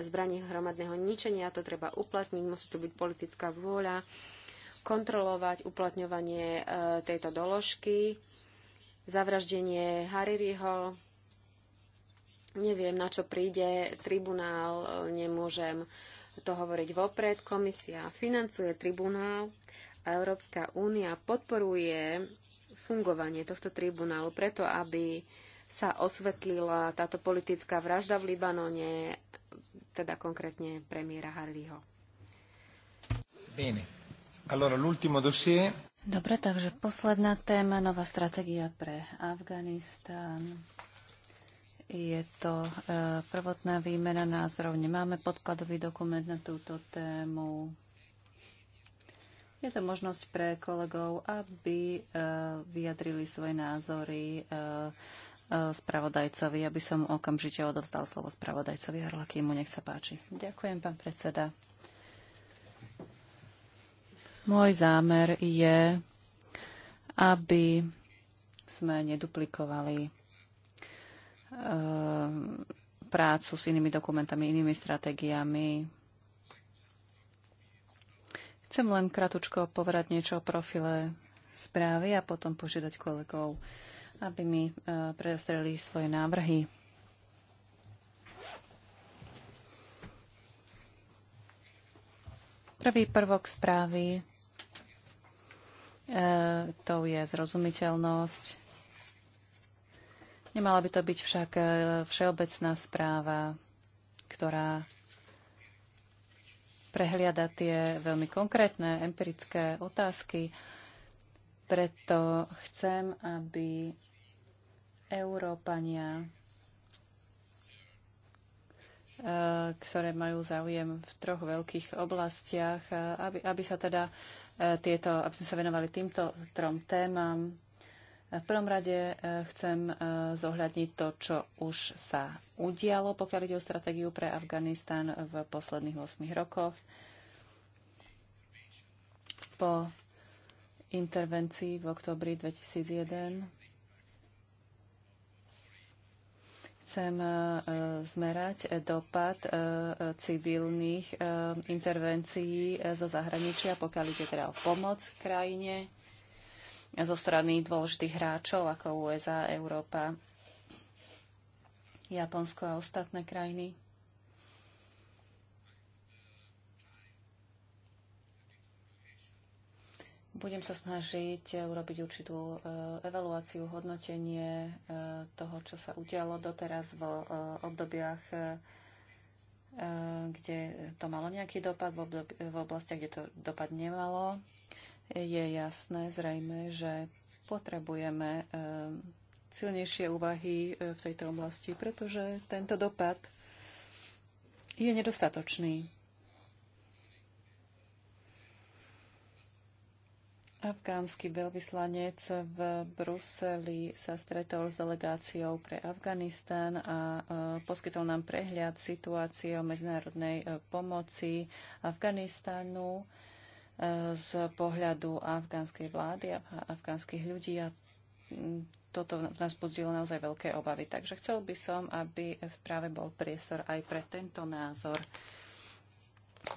S3: zbraní hromadného ničenia. To treba uplatniť, musí tu byť politická vôľa kontrolovať uplatňovanie e, tejto doložky, zavraždenie Haririho, Neviem, na čo príde tribunál, e, nemôžem to hovoriť vopred. Komisia financuje tribunál a Európska únia podporuje fungovanie tohto tribunálu preto, aby sa osvetlila táto politická vražda v Libanone, teda
S2: konkrétne premiéra Harliho. Allora, Dobre, takže posledná téma, nová stratégia pre Afganistán. Je to e, prvotná výmena názorov. Nemáme podkladový dokument na túto tému. Je to možnosť pre kolegov, aby e, vyjadrili svoje názory e, spravodajcovi. aby som okamžite odovzdal slovo spravodajcovi Harlakýmu, Nech sa páči. Ďakujem, pán predseda. Môj zámer je, aby sme neduplikovali Ehm, prácu s inými dokumentami, inými stratégiami. Chcem len kratučko povedať niečo o profile správy a potom požiadať kolegov, aby mi e, predostreli svoje návrhy. Prvý prvok správy e, to je zrozumiteľnosť Nemala by to byť však e, všeobecná správa, ktorá prehliada tie veľmi konkrétne empirické otázky. Preto chcem, aby Európania, e, ktoré majú záujem v troch veľkých oblastiach, e, aby, aby sa teda tieto, aby sme sa venovali týmto trom témam, v prvom rade e, chcem e, zohľadniť to, čo už sa udialo, pokiaľ ide o stratégiu pre Afganistan v posledných 8 rokoch. Po intervencii v oktobri 2001 chcem e, zmerať dopad civilných intervencií zo zahraničia, pokiaľ ide teda o pomoc krajine zo strany dôležitých hráčov ako USA, Európa, Japonsko a ostatné krajiny. Budem sa snažiť eh, urobiť určitú eh, evaluáciu, hodnotenie eh, toho, čo sa udialo doteraz v obdobiach, kde to malo nejaký dopad, v, v oblastiach, kde to dopad nemalo je jasné zrejme, že potrebujeme eh, silnejšie úvahy eh, v tejto oblasti, pretože tento dopad je nedostatočný. Afgánsky veľvyslanec v Bruseli sa stretol s delegáciou pre Afganistan a eh, poskytol nám prehľad situácie o medzinárodnej pomoci Afganistanu z pohľadu afgánskej vlády a afgánskych ľudí a mm, toto v nás budilo naozaj veľké obavy. Takže chcel by som, aby v práve bol priestor aj pre tento názor.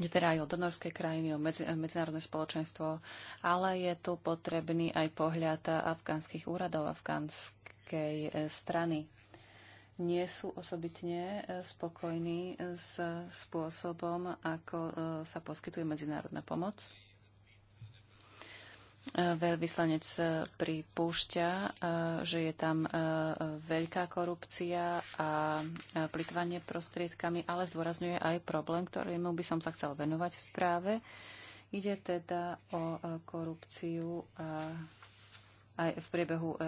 S2: Je teda aj o donorské krajiny, o medzinárodné spoločenstvo, ale je tu potrebný aj pohľad afgánskych úradov, afgánskej e, strany. Nie sú osobitne e, spokojní s spôsobom, ako e, sa poskytuje medzinárodná pomoc veľvyslanec eh, pripúšťa, eh, že je tam eh, veľká korupcia a plitvanie prostriedkami, ale zdôrazňuje aj problém, ktorému by som sa chcel venovať v správe. Ide teda o korupciu a aj v priebehu,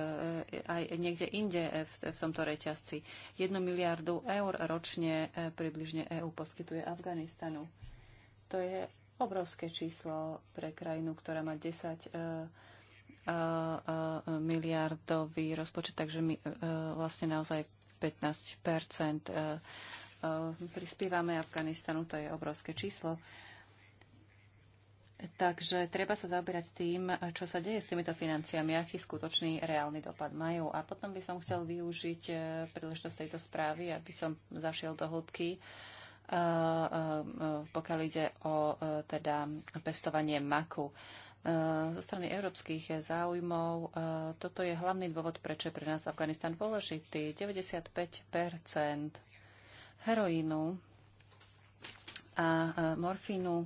S2: aj niekde inde v, v tomto reťazci. 1 miliardu eur ročne približne EÚ poskytuje Afganistanu. To je obrovské číslo pre krajinu, ktorá má 10 e, e, e, miliardový rozpočet, takže my vlastne naozaj 15 prispievame Afganistanu, to je obrovské číslo. Takže treba sa zaoberať tým, čo sa deje s týmito financiami, aký skutočný reálny dopad majú. A potom by som chcel využiť príležitosť tejto správy, aby som zašiel do hĺbky E, e, e, pokiaľ ide o teda pestovanie maku. Zo strany európskych záujmov toto je hlavný dôvod, prečo je pre nás Afganistan dôležitý. 95 heroínu a morfínu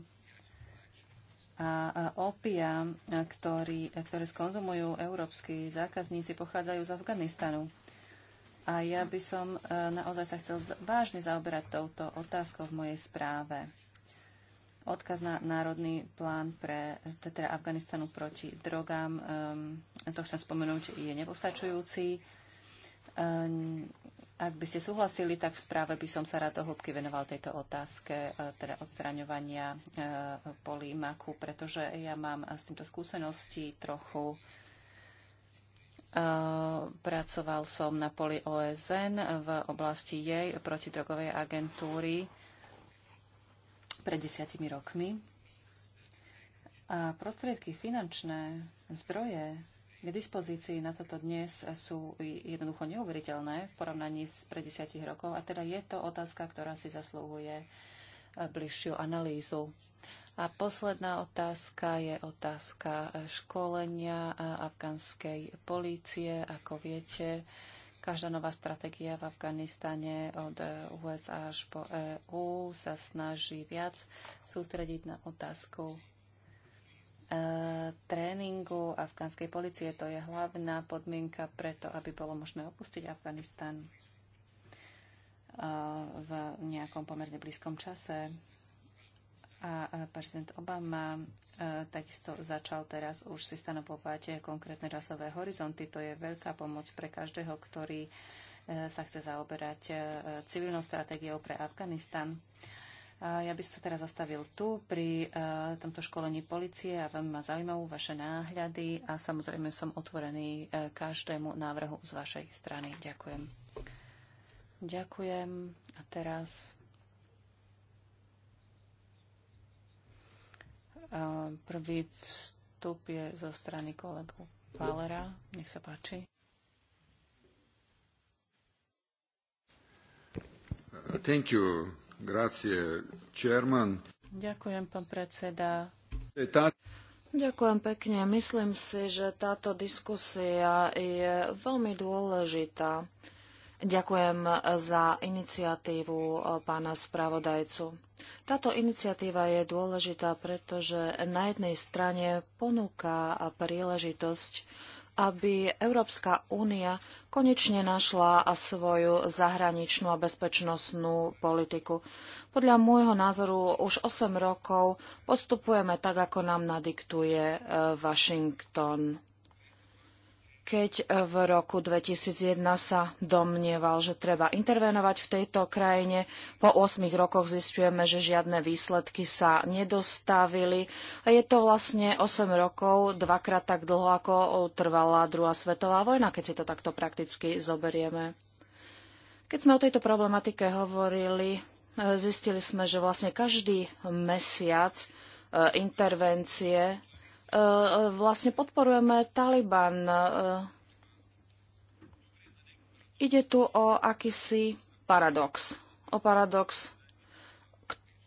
S2: a opia, ktorý, ktoré skonzumujú európsky zákazníci, pochádzajú z Afganistanu. A ja by som e, naozaj sa chcel vážne zaoberať touto otázkou v mojej správe. Odkaz na Národný plán pre teda Afganistanu proti drogám, e, to chcem spomenúť, je nepostačujúci. E, ak by ste súhlasili, tak v správe by som sa rád do hĺbky venoval tejto otázke, teda odstraňovania polímaku, pretože ja mám s týmto skúsenosti trochu. Eh, pracoval som na poli OSN v oblasti jej protidrogovej agentúry pred desiatimi rokmi. A prostriedky finančné, zdroje k dispozícii na toto dnes sú jednoducho neuveriteľné v porovnaní s pred desiatich rokov. A teda je to otázka, ktorá si zaslúhuje eh, bližšiu analýzu. A posledná otázka je otázka školenia afgánskej polície. Ako viete, každá nová stratégia v Afganistane od USA až po EU sa snaží viac sústrediť na otázku e, tréningu afgánskej policie. To je hlavná podmienka preto, aby bolo možné opustiť Afganistan e, v nejakom pomerne blízkom čase a prezident Obama takisto začal teraz už si stanovovať konkrétne časové horizonty. To je veľká pomoc pre každého, ktorý e, sa chce zaoberať e, civilnou stratégiou pre Afganistan. Ja by som sa teraz zastavil tu pri e, tomto školení policie a veľmi ma zaujímavú vaše náhľady a samozrejme som otvorený každému návrhu z vašej strany. Ďakujem. Ďakujem. A teraz Prvý vstup je zo strany kolegu Valera. Nech sa páči.
S1: Thank you. Grazie,
S3: chairman.
S2: Ďakujem, pán predseda. Ďakujem pekne.
S1: Myslím si, že táto diskusia je veľmi dôležitá. Ďakujem za iniciatívu e, pána spravodajcu. Táto iniciatíva je dôležitá, pretože na jednej strane ponúka príležitosť, aby Európska únia konečne našla svoju zahraničnú a bezpečnostnú politiku. Podľa môjho názoru už 8 rokov postupujeme tak, ako nám nadiktuje e, Washington keď e, v roku 2001 sa domnieval, že treba intervenovať v tejto krajine. Po 8 rokoch zistujeme, že žiadne výsledky sa nedostavili. A je to vlastne 8 rokov, dvakrát tak dlho, ako trvala druhá svetová vojna, keď si to takto prakticky zoberieme. Keď sme o tejto problematike hovorili, e, zistili sme, že vlastne každý mesiac e, intervencie Eh, vlastne podporujeme Taliban. Eh, ide tu o akýsi paradox. O paradox,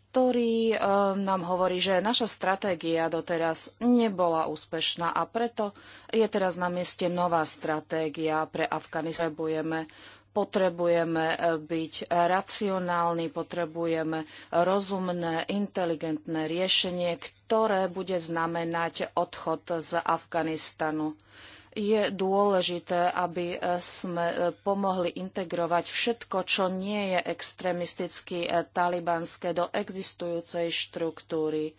S1: ktorý eh, nám hovorí, že naša stratégia doteraz nebola úspešná a preto je teraz na mieste nová stratégia pre Afganistan. Trebujeme Potrebujeme eh, byť racionálni, potrebujeme rozumné, inteligentné riešenie, ktoré bude znamenať odchod z Afganistanu je dôležité, aby eh, sme eh, pomohli integrovať všetko, čo nie je extremisticky talibanské do existujúcej štruktúry.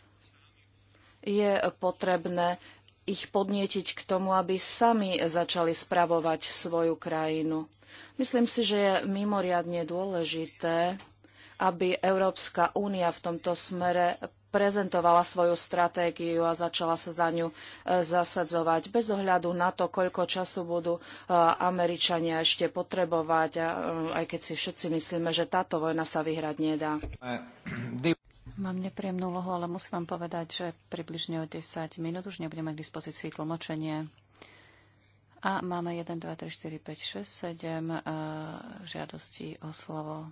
S1: Je potrebné ich podnietiť k tomu, aby sami začali spravovať svoju krajinu. Myslím si, že je mimoriadne dôležité, aby Európska únia v tomto smere prezentovala svoju stratégiu a začala sa za ňu e, zasadzovať bez ohľadu na to, koľko času budú e, Američania ešte potrebovať,
S2: e, aj keď si všetci myslíme, že táto vojna sa vyhrať nedá. Mám nepríjemnú úlohu, ale musím vám povedať, že približne o 10 minút už nebudeme k dispozícii tlmočenie. A máme 1, 2, 3, 4, 5, 6, 7 žiadostí o slovo.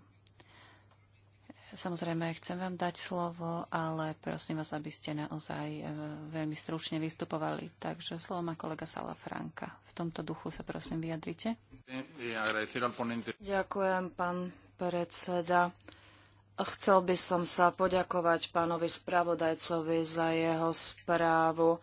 S2: Samozrejme, chcem vám dať slovo, ale prosím vás, aby ste naozaj eh, veľmi stručne vystupovali. Takže slovo má kolega Sala Franka. V tomto duchu sa prosím vyjadrite. Ďakujem, pán predseda. Chcel by som sa
S1: poďakovať pánovi spravodajcovi za jeho správu.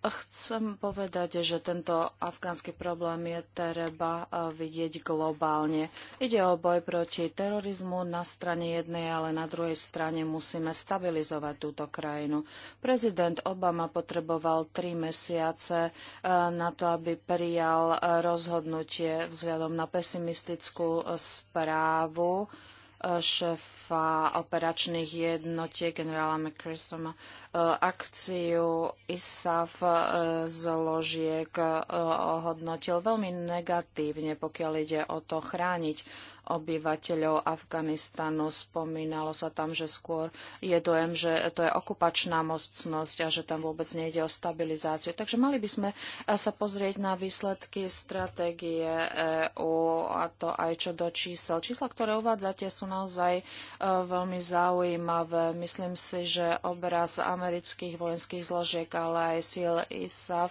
S1: Chcem povedať, že tento afgánsky problém je treba eh, vidieť globálne. Ide o boj proti terorizmu na strane jednej, ale na druhej strane musíme stabilizovať túto krajinu. Prezident Obama potreboval tri mesiace eh, na to, aby prijal eh, rozhodnutie vzhľadom na pesimistickú správu šéfa operačných jednotiek generála McChrystoma eh, akciu ISAF eh, zložiek eh, hodnotil veľmi negatívne, pokiaľ ide o to chrániť obyvateľov Afganistanu. Spomínalo sa tam, že skôr je dojem, že to je okupačná mocnosť a že tam vôbec nejde o stabilizáciu. Takže mali by sme eh, sa pozrieť na výsledky stratégie EU eh, a to aj čo do čísel. Čísla, ktoré uvádzate, sú naozaj eh, veľmi zaujímavé. Myslím si, že obraz amerických vojenských zložiek, ale aj síl ISAF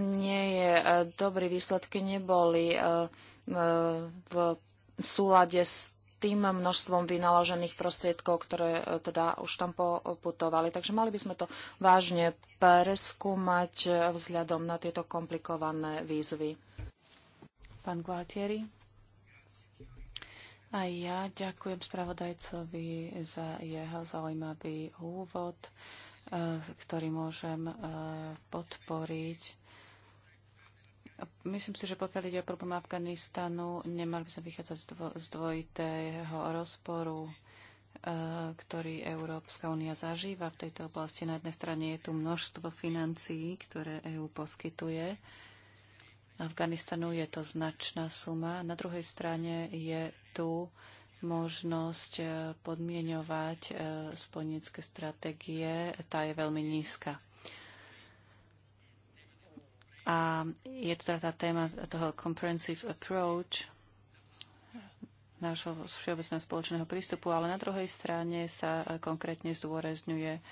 S1: nie je dobrý. Výsledky neboli v súlade s tým množstvom vynaložených prostriedkov, ktoré e, teda už tam poputovali. Takže mali by sme to vážne preskúmať e, vzhľadom na tieto komplikované výzvy. Pán Gualtieri.
S2: A ja ďakujem spravodajcovi za jeho zaujímavý úvod, e, ktorý môžem podporiť Myslím si, že pokiaľ ide o problém Afganistanu, nemali by sme vychádzať z, dvojitého rozporu, eh, ktorý Európska únia zažíva v tejto oblasti. Na jednej strane je tu množstvo financií, ktoré EÚ poskytuje. Afganistanu je to značná suma. Na druhej strane je tu možnosť eh, podmienovať eh, spojenecké stratégie. Tá je veľmi nízka. A je tu teda tá téma toho comprehensive approach, nášho všeobecného spoločného prístupu, ale na druhej strane sa konkrétne zdôrazňuje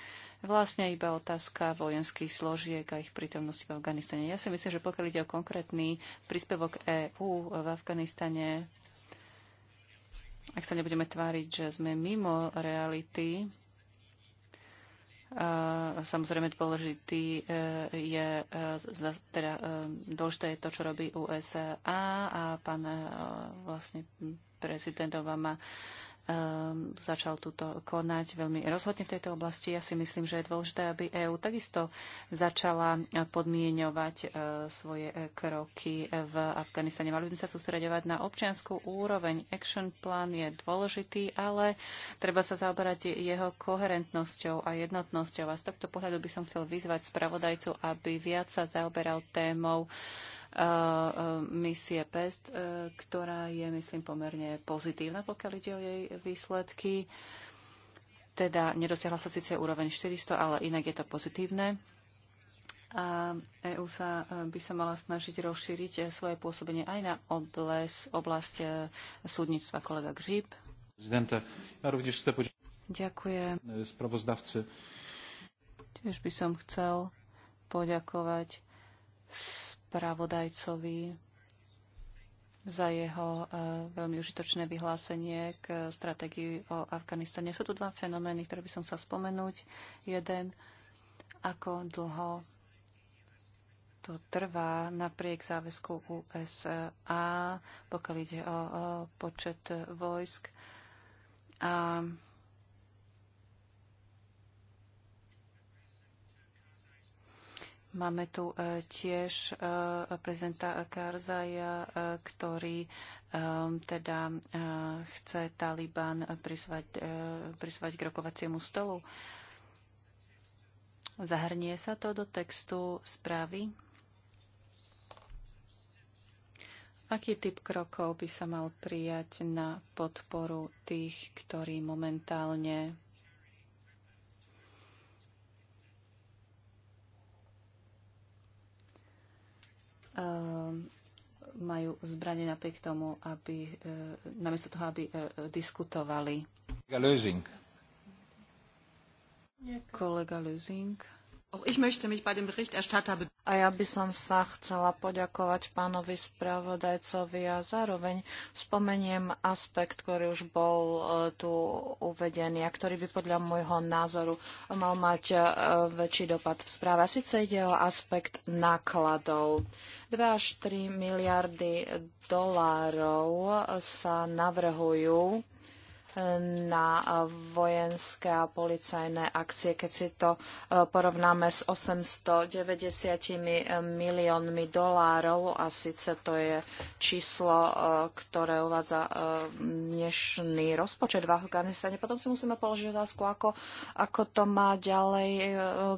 S2: vlastne iba otázka vojenských zložiek a ich prítomnosti v Afganistane. Ja si myslím, že pokiaľ ide o konkrétny príspevok EÚ v Afganistane, ak sa nebudeme tváriť, že sme mimo reality, Samozrejme dôležitý e, je, e, teda e, dôležité je to, čo robí USA a pán vlastne prezident Obama Ehm, začal túto konať veľmi rozhodne v tejto oblasti. Ja si myslím, že je dôležité, aby EÚ takisto začala e, podmienovať e, svoje e, kroky v Afganistane. Mali by sme sa sústredovať na občianskú úroveň. Action plán je dôležitý, ale treba sa zaoberať jeho koherentnosťou a jednotnosťou. A z tohto pohľadu by som chcel vyzvať spravodajcu, aby viac sa zaoberal témou E, e, misie PEST, e, ktorá je, myslím, pomerne pozitívna, pokiaľ ide o jej výsledky. Teda nedosiahla sa síce úroveň 400, ale inak je to pozitívne. A EU sa by sa mala snažiť rozšíriť svoje pôsobenie aj na obles, oblasť súdnictva kolega poď- Ďakujem. Tiež by som chcel poďakovať spravodajcovi za jeho e, veľmi užitočné vyhlásenie k stratégii o Afganistane. Sú tu dva fenomény, ktoré by som chcel spomenúť. Jeden, ako dlho to trvá napriek záväzku USA, pokiaľ ide o, o počet vojsk. A Máme tu e, tiež e, prezidenta Karzaja, e, ktorý teda chce Taliban prizvať, prizvať k rokovaciemu stolu. Zahrnie sa to do textu správy? Aký typ krokov by sa mal prijať na podporu tých, ktorí momentálne Ehm, majú zbranie napriek tomu, aby, ehm, namiesto toho, aby ehm, diskutovali. Kolega Lösing. Kolega Lösing. Auch ich möchte mich bei dem Berichterstatter
S1: a ja by som sa chcela poďakovať pánovi spravodajcovi a zároveň spomeniem aspekt, ktorý už bol e, tu uvedený a ktorý by podľa môjho názoru mal mať e, väčší dopad v správe. A síce ide o aspekt nákladov. 2 až 3 miliardy dolárov sa navrhujú na vojenské a policajné akcie. Keď si to e, porovnáme s 890 miliónmi dolárov, a síce to je číslo, e, ktoré uvádza e, dnešný rozpočet v Afganistane, potom si musíme položiť otázku, ako, ako to má ďalej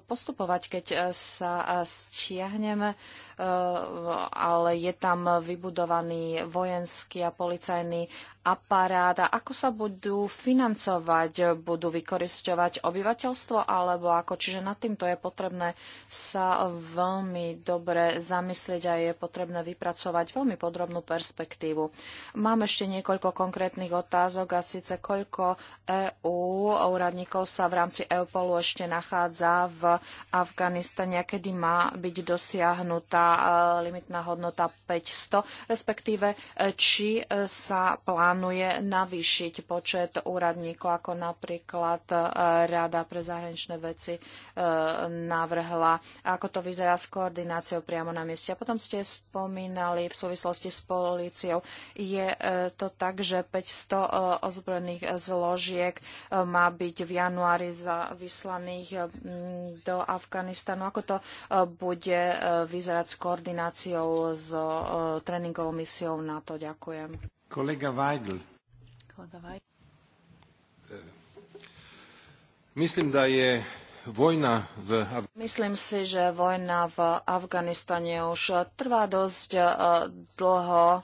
S1: postupovať, keď sa stiahneme Eh, ale je tam vybudovaný vojenský a policajný aparát. A ako sa budú financovať? Budú vykoristovať obyvateľstvo alebo ako? Čiže nad týmto je potrebné sa veľmi dobre zamyslieť a je potrebné vypracovať veľmi podrobnú perspektívu. Mám ešte niekoľko konkrétnych otázok a síce koľko EU úradníkov sa v rámci EUPOLu ešte nachádza v Afganistane a kedy má byť dosiahnutá E, limitná hodnota 500, respektíve e, či e, sa plánuje navýšiť počet úradníkov, ako napríklad Rada pre zahraničné veci navrhla. Ako to vyzerá s koordináciou priamo na mieste? A potom ste spomínali v súvislosti s políciou, je to tak, že 500 ozbrojených zložiek má byť v januári vyslaných do Afganistanu. Ako to bude vyzerať s koordináciou s e, tréningovou misiou NATO. Ďakujem.
S2: Kolega Weigl. Kolega Weigl. E,
S1: myslím, da je vojna v... Myslím si, že vojna v Afganistane už trvá dosť e, dlho.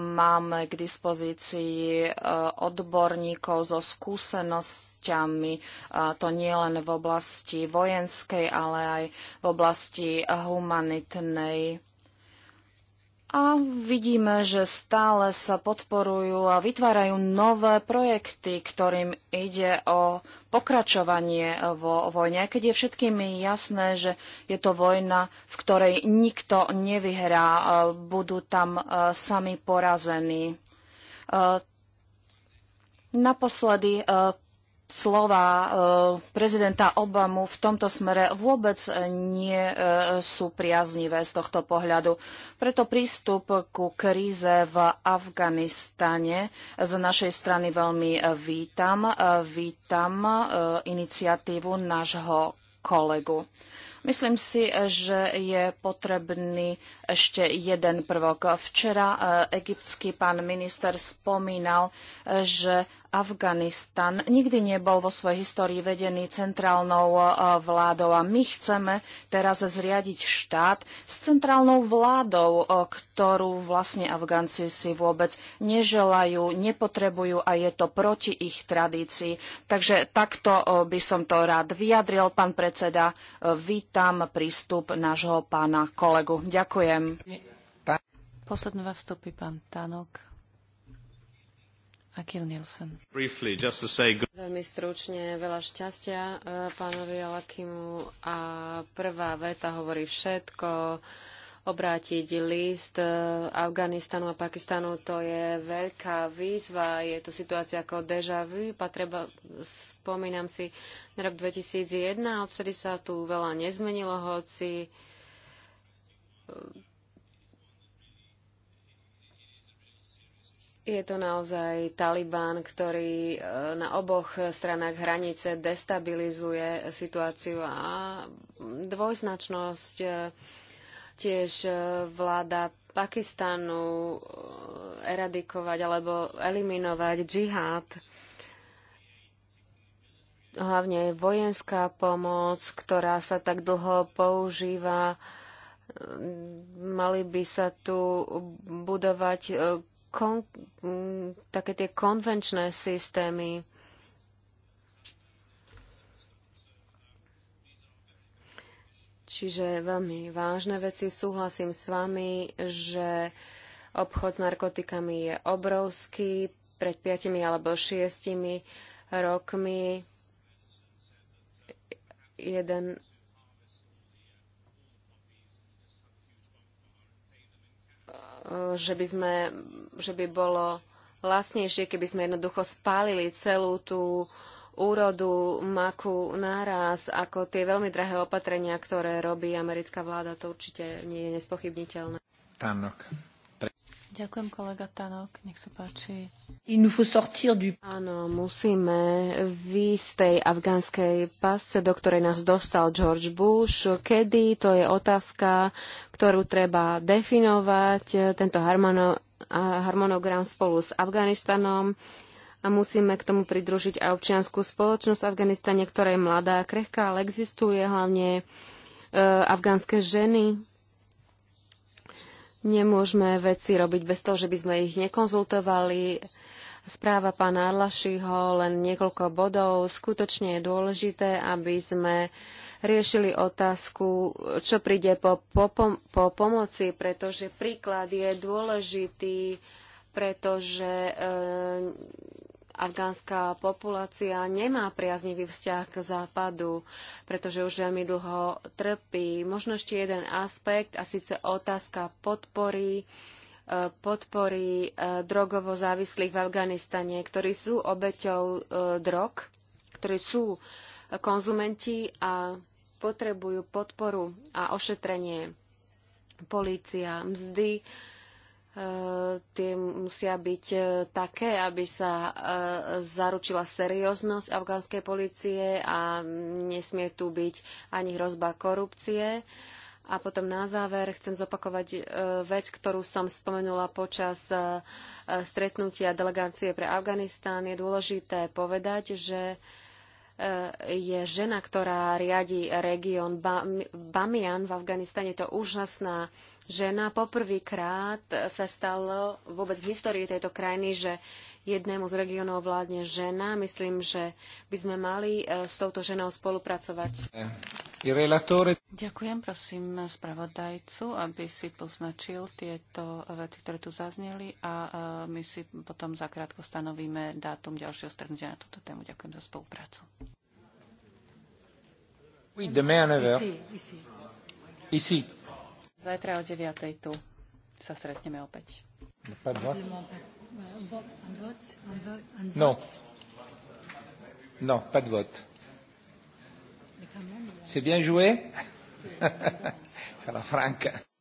S1: Máme k dispozícii e, odborníkov so skúsenosťami, e, to nie len v oblasti vojenskej, ale aj v oblasti humanitnej a vidíme, že stále sa podporujú a vytvárajú nové projekty, ktorým ide o pokračovanie vo vojne. Keď je všetkým jasné, že je to vojna, v ktorej nikto nevyhrá, budú tam e, sami porazení. E, naposledy e, slova eh, prezidenta Obamu v tomto smere vôbec nie eh, sú priaznivé z tohto pohľadu. Preto prístup ku kríze v Afganistane z našej strany veľmi eh, vítam. Vítam iniciatívu nášho kolegu. Myslím si, že je potrebný ešte jeden prvok. Včera egyptský pán minister spomínal, že Afganistan nikdy nebol vo svojej histórii vedený centrálnou e, vládou a my chceme teraz zriadiť štát s centrálnou vládou, e, ktorú vlastne Afganci si vôbec neželajú, nepotrebujú a je to proti ich tradícii. Takže takto e, by som to rád vyjadril. Pán predseda, vítam prístup nášho
S2: pána kolegu. Ďakujem. Posledné vás pán Tanok. Akil Nielsen.
S1: Briefly, just to say...
S3: Veľmi stručne, veľa šťastia e, pánovi Alakimu a prvá veta hovorí všetko. Obrátiť list e, Afganistanu a Pakistanu, to je veľká výzva, je to situácia ako deja vu, patreba, spomínam si na rok 2001, odvtedy sa tu veľa nezmenilo, hoci Je to naozaj Taliban, ktorý e, na oboch stranách hranice destabilizuje situáciu a dvojznačnosť e, tiež e, vláda Pakistanu eradikovať alebo eliminovať džihad. Hlavne vojenská pomoc, ktorá sa tak dlho používa, mali by sa tu budovať kon, také tie konvenčné systémy. Čiže veľmi vážne veci. Súhlasím s vami, že obchod s narkotikami je obrovský. Pred piatimi alebo šiestimi rokmi jeden že by, sme, že by bolo lacnejšie, keby sme jednoducho spálili celú tú úrodu maku náraz, ako tie veľmi drahé opatrenia, ktoré robí americká vláda, to určite nie je nespochybniteľné.
S1: Tánok.
S2: Ďakujem, kolega Tanok, nech sa páči.
S3: Áno, musíme výjsť z tej afgánskej pasce, do ktorej nás dostal George Bush. Kedy? To je otázka, ktorú treba definovať. Tento harmonogram spolu s Afganistanom a musíme k tomu pridružiť aj občianskú spoločnosť v Afganistane, ktorá je mladá a krehká, ale existuje hlavne e, afgánske ženy, Nemôžeme veci robiť bez toho, že by sme ich nekonzultovali. Správa pána Arlašiho, len niekoľko bodov. Skutočne je dôležité, aby sme riešili otázku, čo príde po, po, po pomoci, pretože príklad je dôležitý, pretože e, afgánska populácia nemá priaznivý vzťah k západu, pretože už veľmi dlho trpí. Možno ešte jeden aspekt, a síce otázka podpory e, podpory e, drogovo závislých v Afganistane, ktorí sú obeťou e, drog, ktorí sú konzumenti a potrebujú podporu a ošetrenie. Polícia, mzdy, tie musia byť e, také, aby sa e, zaručila serióznosť afgánskej policie a nesmie tu byť ani hrozba korupcie. A potom na záver chcem zopakovať e, vec, ktorú som spomenula počas stretnutia delegácie pre Afganistán. Je dôležité povedať, že je žena, ktorá riadi región Bamian v Afganistane. Je to úžasná žena. Poprvýkrát sa stalo vôbec v histórii tejto krajiny, že jednému z regionov vládne žena. Myslím, že by sme mali
S2: e, s touto ženou spolupracovať. Ďakujem, prosím spravodajcu, aby si poznačil tieto veci, ktoré tu zazneli a e, my si potom zakrátko stanovíme dátum ďalšieho stretnutia na túto tému. Ďakujem za spoluprácu. Oui, demain à 9h. Ici, ici. Ici. Zajtra o 9. tu sa stretneme opäť. No.
S1: No, pas de vote.
S2: C'est bien joué Salafranca. [laughs]